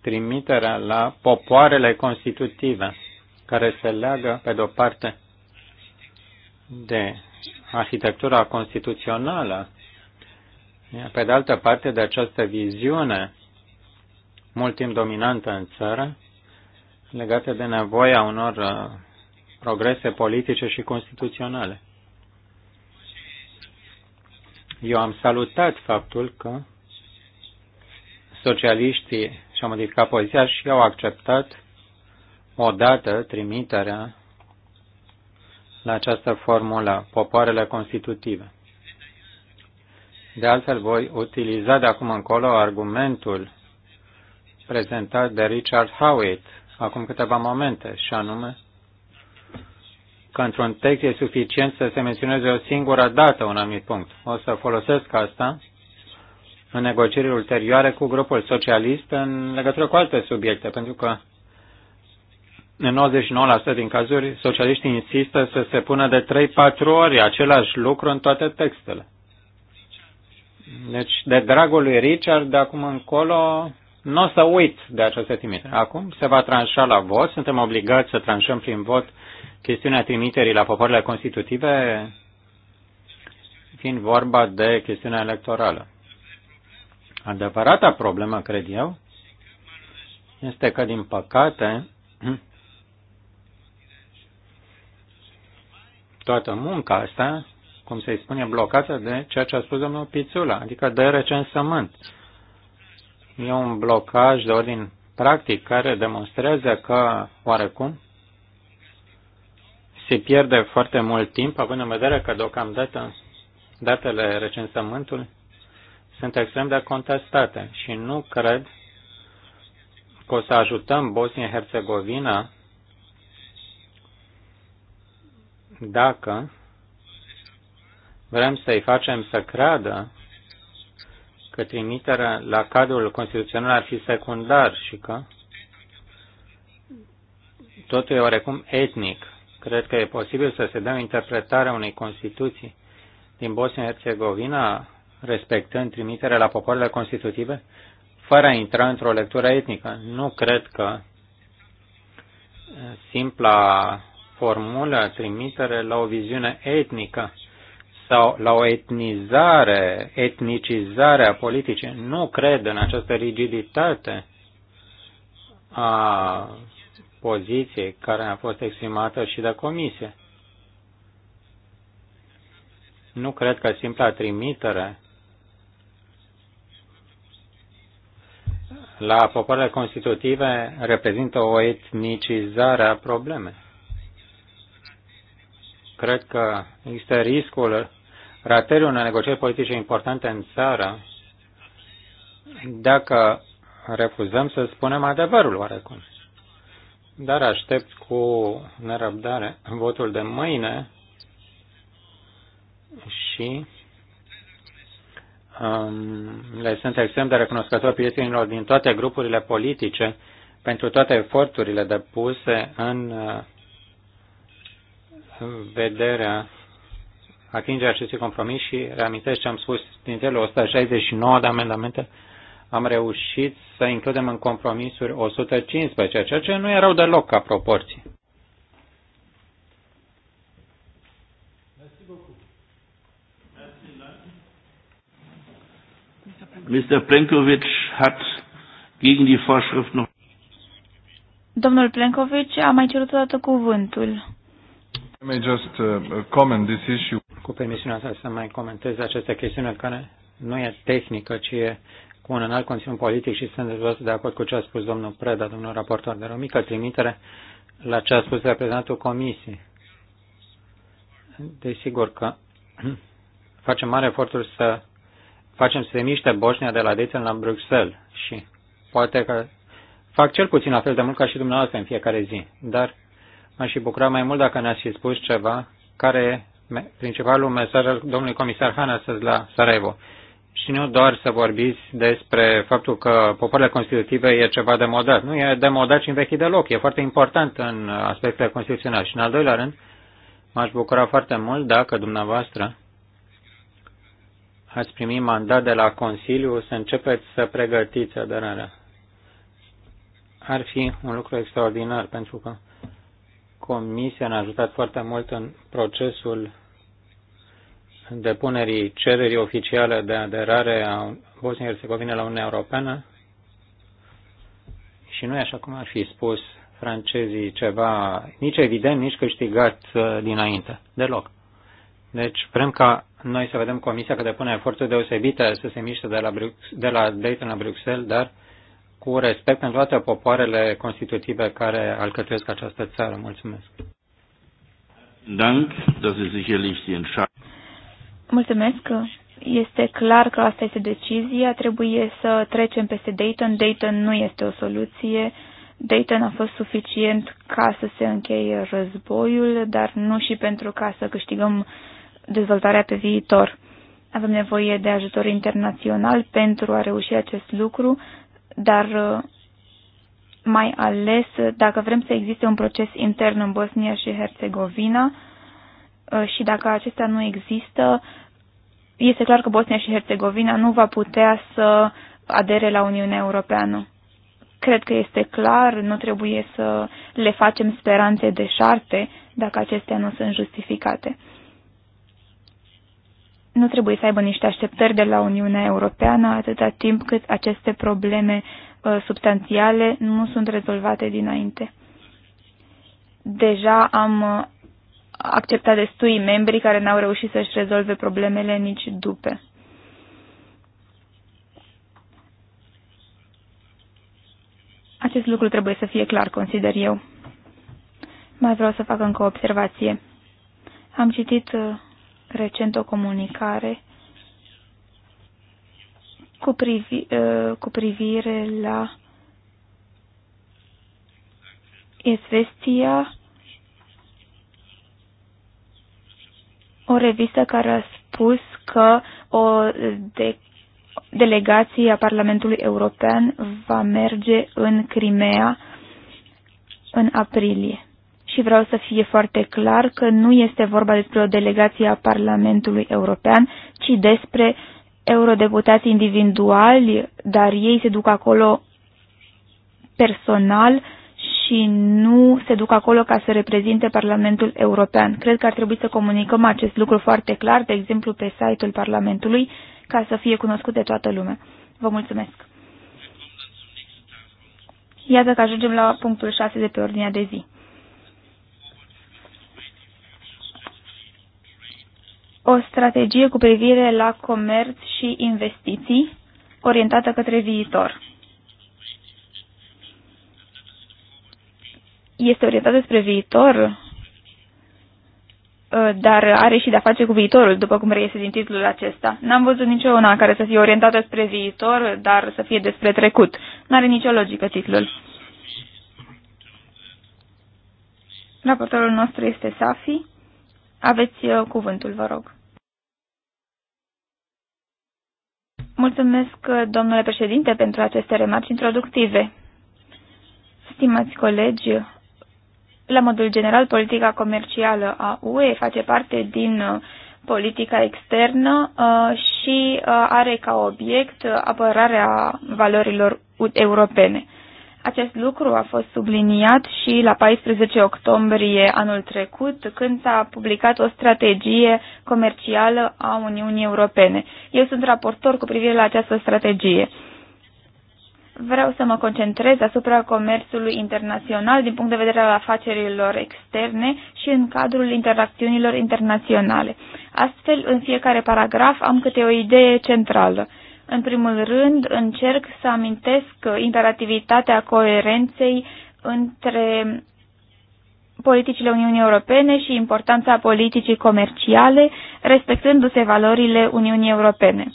trimiterea la popoarele constitutive, care se leagă, pe de-o parte, de arhitectura constituțională pe de altă parte, de această viziune mult timp dominantă în țară, legată de nevoia unor uh, progrese politice și constituționale. Eu am salutat faptul că socialiștii și-au modificat poziția și au acceptat odată trimiterea la această formulă, popoarele constitutive. De altfel, voi utiliza de acum încolo argumentul prezentat de Richard Howitt acum câteva momente, și anume că într-un text e suficient să se menționeze o singură dată un anumit punct. O să folosesc asta în negocieri ulterioare cu grupul socialist în legătură cu alte subiecte, pentru că în 99% din cazuri socialiștii insistă să se pună de 3-4 ori același lucru în toate textele. Deci, de dragul lui Richard, de acum încolo, nu o să uit de această trimitere. Acum se va tranșa la vot, suntem obligați să tranșăm prin vot chestiunea trimiterii la popoarele constitutive, fiind vorba de chestiunea electorală. Adevărata problemă, cred eu, este că, din păcate, toată munca asta cum se spune, blocată de ceea ce a spus domnul Pițula, adică de recensământ. E un blocaj de ordin practic care demonstrează că, oarecum, se pierde foarte mult timp, având în vedere că, deocamdată, datele recensământului sunt extrem de contestate și nu cred că o să ajutăm Bosnia-Herzegovina dacă Vrem să-i facem să creadă că trimiterea la cadrul constituțional ar fi secundar și că totul e oarecum etnic. Cred că e posibil să se dea o interpretare unei Constituții din Bosnia-Herzegovina respectând trimiterea la popoarele constitutive, fără a intra într-o lectură etnică. Nu cred că simpla formulă trimitere la o viziune etnică sau la o etnizare, etnicizare a politicii. Nu cred în această rigiditate a poziției care a fost exprimată și de comisie. Nu cred că simpla trimitere la popoarele constitutive reprezintă o etnicizare a problemei. Cred că există riscul ratării unei negocieri politice importante în țară dacă refuzăm să spunem adevărul oarecum. Dar aștept cu nerăbdare votul de mâine și um, le sunt extrem de recunoscători prietenilor din toate grupurile politice pentru toate eforturile depuse în uh, vederea atingerea acestui compromis și reamintesc ce am spus din cele 169 de amendamente, am reușit să includem în compromisuri 115, ceea ce nu erau deloc ca proporții. Mr. Plenkovic hat gegen die Vorschrift noch Domnul Plenković a mai cerut dată cuvântul. May just uh, comment this issue. Cu permisiunea sa să mai comentez această chestiune care nu e tehnică, ci e cu un înalt conținut politic și sunt de acord cu ce a spus domnul Preda, domnul raportor, dar o mică trimitere la ce a spus reprezentantul comisiei. Desigur că facem mare eforturi să facem să miște Bosnia de la Dayton la Bruxelles și poate că fac cel puțin la fel de mult ca și dumneavoastră în fiecare zi, dar M-aș fi bucurat mai mult dacă ne-ați fi spus ceva care e principalul mesaj al domnului comisar Han astăzi la Sarajevo. Și nu doar să vorbiți despre faptul că poporul constitutive e ceva de modat. Nu e de modat și învechit deloc. E foarte important în aspectele constituționale. Și în al doilea rând, m-aș bucura foarte mult dacă dumneavoastră ați primit mandat de la Consiliu să începeți să pregătiți aderarea. Ar fi un lucru extraordinar pentru că Comisia ne-a ajutat foarte mult în procesul depunerii cererii oficiale de aderare a Bosniei Herzegovine la Uniunea Europeană și nu e așa cum ar fi spus francezii ceva nici evident, nici câștigat uh, dinainte. Deloc. Deci vrem ca noi să vedem Comisia că depune eforturi deosebite să se miște de la, Brux- de la Dayton la Bruxelles, dar cu respect pentru toate popoarele constitutive care alcătuiesc această țară. Mulțumesc. Dank, das ist sicherlich die Entscheidung. Mulțumesc. Este clar că asta este decizia. Trebuie să trecem peste Dayton. Dayton nu este o soluție. Dayton a fost suficient ca să se încheie războiul, dar nu și pentru ca să câștigăm dezvoltarea pe viitor. Avem nevoie de ajutor internațional pentru a reuși acest lucru dar uh, mai ales dacă vrem să existe un proces intern în Bosnia și Herțegovina uh, și dacă acesta nu există, este clar că Bosnia și Herțegovina nu va putea să adere la Uniunea Europeană. Cred că este clar, nu trebuie să le facem speranțe de șarte dacă acestea nu sunt justificate nu trebuie să aibă niște așteptări de la Uniunea Europeană atâta timp cât aceste probleme uh, substanțiale nu sunt rezolvate dinainte. Deja am uh, acceptat destui membri care n-au reușit să-și rezolve problemele nici după. Acest lucru trebuie să fie clar, consider eu. Mai vreau să fac încă o observație. Am citit uh, recent o comunicare cu, privi, uh, cu privire la Esvestia, o revistă care a spus că o de, delegație a Parlamentului European va merge în Crimea în aprilie și vreau să fie foarte clar că nu este vorba despre o delegație a Parlamentului European, ci despre eurodeputați individuali, dar ei se duc acolo personal și nu se duc acolo ca să reprezinte Parlamentul European. Cred că ar trebui să comunicăm acest lucru foarte clar, de exemplu pe site-ul Parlamentului, ca să fie cunoscut de toată lumea. Vă mulțumesc! Iată că ajungem la punctul 6 de pe ordinea de zi. o strategie cu privire la comerț și investiții orientată către viitor. Este orientată spre viitor, ă, dar are și de-a face cu viitorul, după cum reiese din titlul acesta. N-am văzut nicio una care să fie orientată spre viitor, dar să fie despre trecut. N-are nicio logică titlul. Raportorul nostru este Safi. Aveți uh, cuvântul, vă rog. Mulțumesc, uh, domnule președinte, pentru aceste remarci introductive. Stimați colegi, la modul general, politica comercială a UE face parte din uh, politica externă și are ca obiect apărarea valorilor europene. Acest lucru a fost subliniat și la 14 octombrie anul trecut, când s-a publicat o strategie comercială a Uniunii Europene. Eu sunt raportor cu privire la această strategie. Vreau să mă concentrez asupra comerțului internațional din punct de vedere al afacerilor externe și în cadrul interacțiunilor internaționale. Astfel, în fiecare paragraf am câte o idee centrală. În primul rând, încerc să amintesc imperativitatea coerenței între politicile Uniunii Europene și importanța politicii comerciale, respectându-se valorile Uniunii Europene.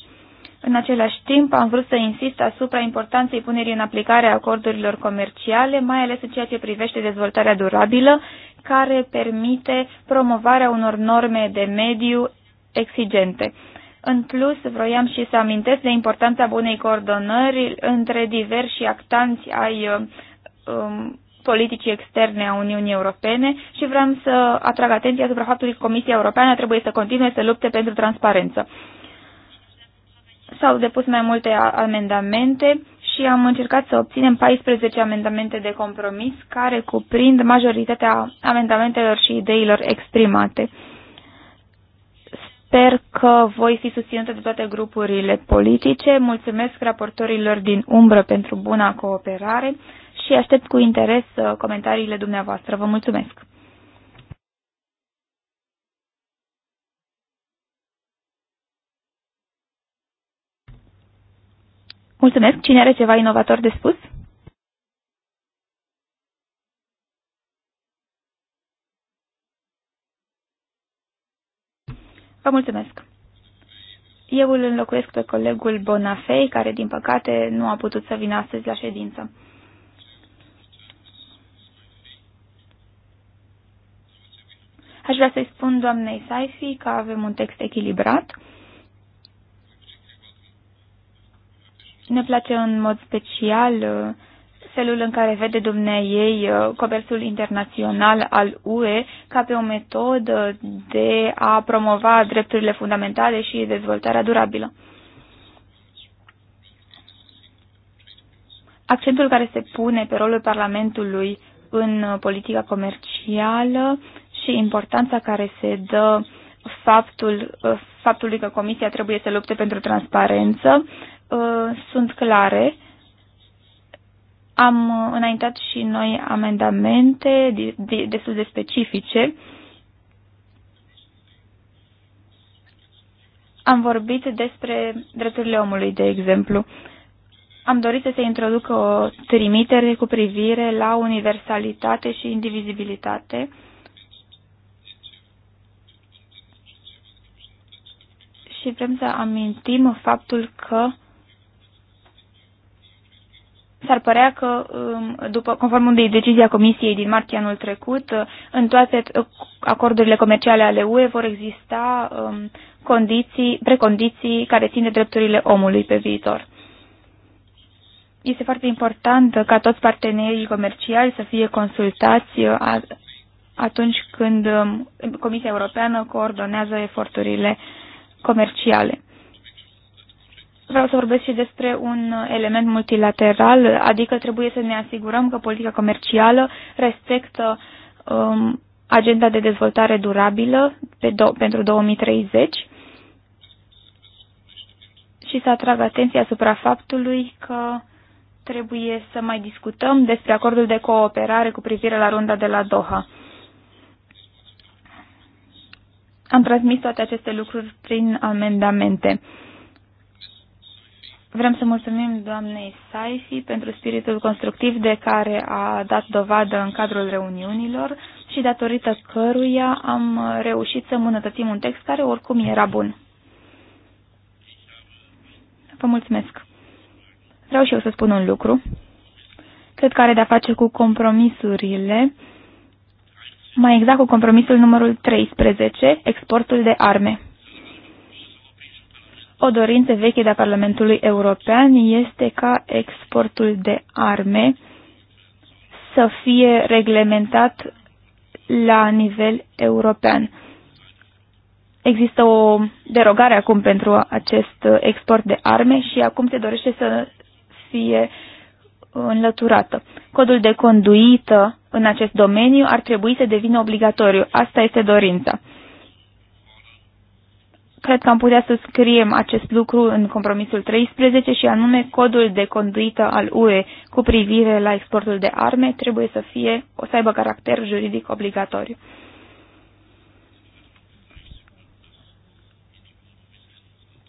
În același timp, am vrut să insist asupra importanței punerii în aplicare a acordurilor comerciale, mai ales în ceea ce privește dezvoltarea durabilă, care permite promovarea unor norme de mediu exigente. În plus, vroiam și să amintesc de importanța bunei coordonări între diversi actanți ai um, politicii externe a Uniunii Europene și vreau să atrag atenția asupra faptului că Comisia Europeană trebuie să continue să lupte pentru transparență. S-au depus mai multe amendamente și am încercat să obținem 14 amendamente de compromis care cuprind majoritatea amendamentelor și ideilor exprimate. Sper că voi fi susținută de toate grupurile politice. Mulțumesc raportorilor din umbră pentru buna cooperare și aștept cu interes uh, comentariile dumneavoastră. Vă mulțumesc! Mulțumesc! Cine are ceva inovator de spus? Vă mulțumesc! Eu îl înlocuiesc pe colegul Bonafei, care din păcate nu a putut să vină astăzi la ședință. Aș vrea să-i spun doamnei Saifi că avem un text echilibrat. Ne place în mod special uh, felul în care vede dumnea ei uh, comerțul internațional al UE ca pe o metodă de a promova drepturile fundamentale și dezvoltarea durabilă. Accentul care se pune pe rolul Parlamentului în uh, politica comercială și importanța care se dă faptul, uh, faptului că Comisia trebuie să lupte pentru transparență sunt clare am uh, înaintat și noi amendamente destul de specifice. Am vorbit despre drepturile omului, de exemplu. Am dorit să se introducă o trimitere cu privire la universalitate și indivizibilitate. Și vrem să amintim faptul că uh, s-ar părea că, um, după, conform unei decizii a Comisiei din martie anul trecut, în toate uh, acordurile comerciale ale UE vor exista um, condiții, precondiții care țin de drepturile omului pe viitor. Este foarte important ca toți partenerii comerciali să fie consultați uh, atunci când um, Comisia Europeană coordonează eforturile comerciale. Vreau să vorbesc și despre un element multilateral, adică trebuie să ne asigurăm că politica comercială respectă um, agenda de dezvoltare durabilă pe do- pentru 2030 și să atrag atenția asupra faptului că trebuie să mai discutăm despre acordul de cooperare cu privire la runda de la Doha. Am transmis toate aceste lucruri prin amendamente. Vrem să mulțumim doamnei Saifi pentru spiritul constructiv de care a dat dovadă în cadrul reuniunilor și datorită căruia am reușit să îmbunătățim un text care oricum era bun. Vă mulțumesc. Vreau și eu să spun un lucru. Cred că are de-a face cu compromisurile, mai exact cu compromisul numărul 13, exportul de arme. O dorință veche de-a Parlamentului European este ca exportul de arme să fie reglementat la nivel european. Există o derogare acum pentru acest export de arme și acum se dorește să fie înlăturată. Codul de conduită în acest domeniu ar trebui să devină obligatoriu. Asta este dorința cred că am putea să scriem acest lucru în compromisul 13 și anume codul de conduită al UE cu privire la exportul de arme trebuie să fie, o să aibă caracter juridic obligatoriu.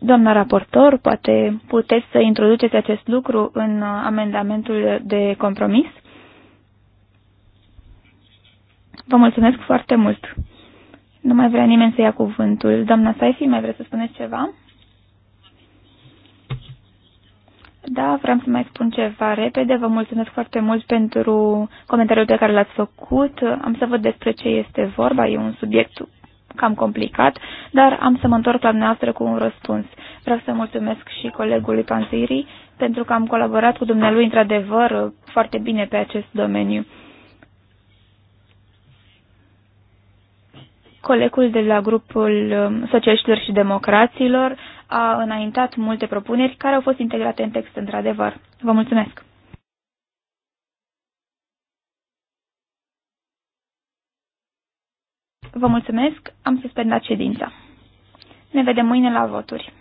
Doamna raportor, poate puteți să introduceți acest lucru în uh, amendamentul de compromis? Vă mulțumesc foarte mult! Nu mai vrea nimeni să ia cuvântul. Doamna Saifi, mai vreți să spuneți ceva? Da, vreau să mai spun ceva repede. Vă mulțumesc foarte mult pentru comentariul pe care l-ați făcut. Am să văd despre ce este vorba. E un subiect cam complicat, dar am să mă întorc la dumneavoastră cu un răspuns. Vreau să mulțumesc și colegului Panziri pentru că am colaborat cu dumnealui într-adevăr foarte bine pe acest domeniu. Colegul de la grupul um, Socialiștilor și Democraților a înaintat multe propuneri care au fost integrate în text, într-adevăr. Vă mulțumesc! Vă mulțumesc, am suspendat ședința. Ne vedem mâine la voturi.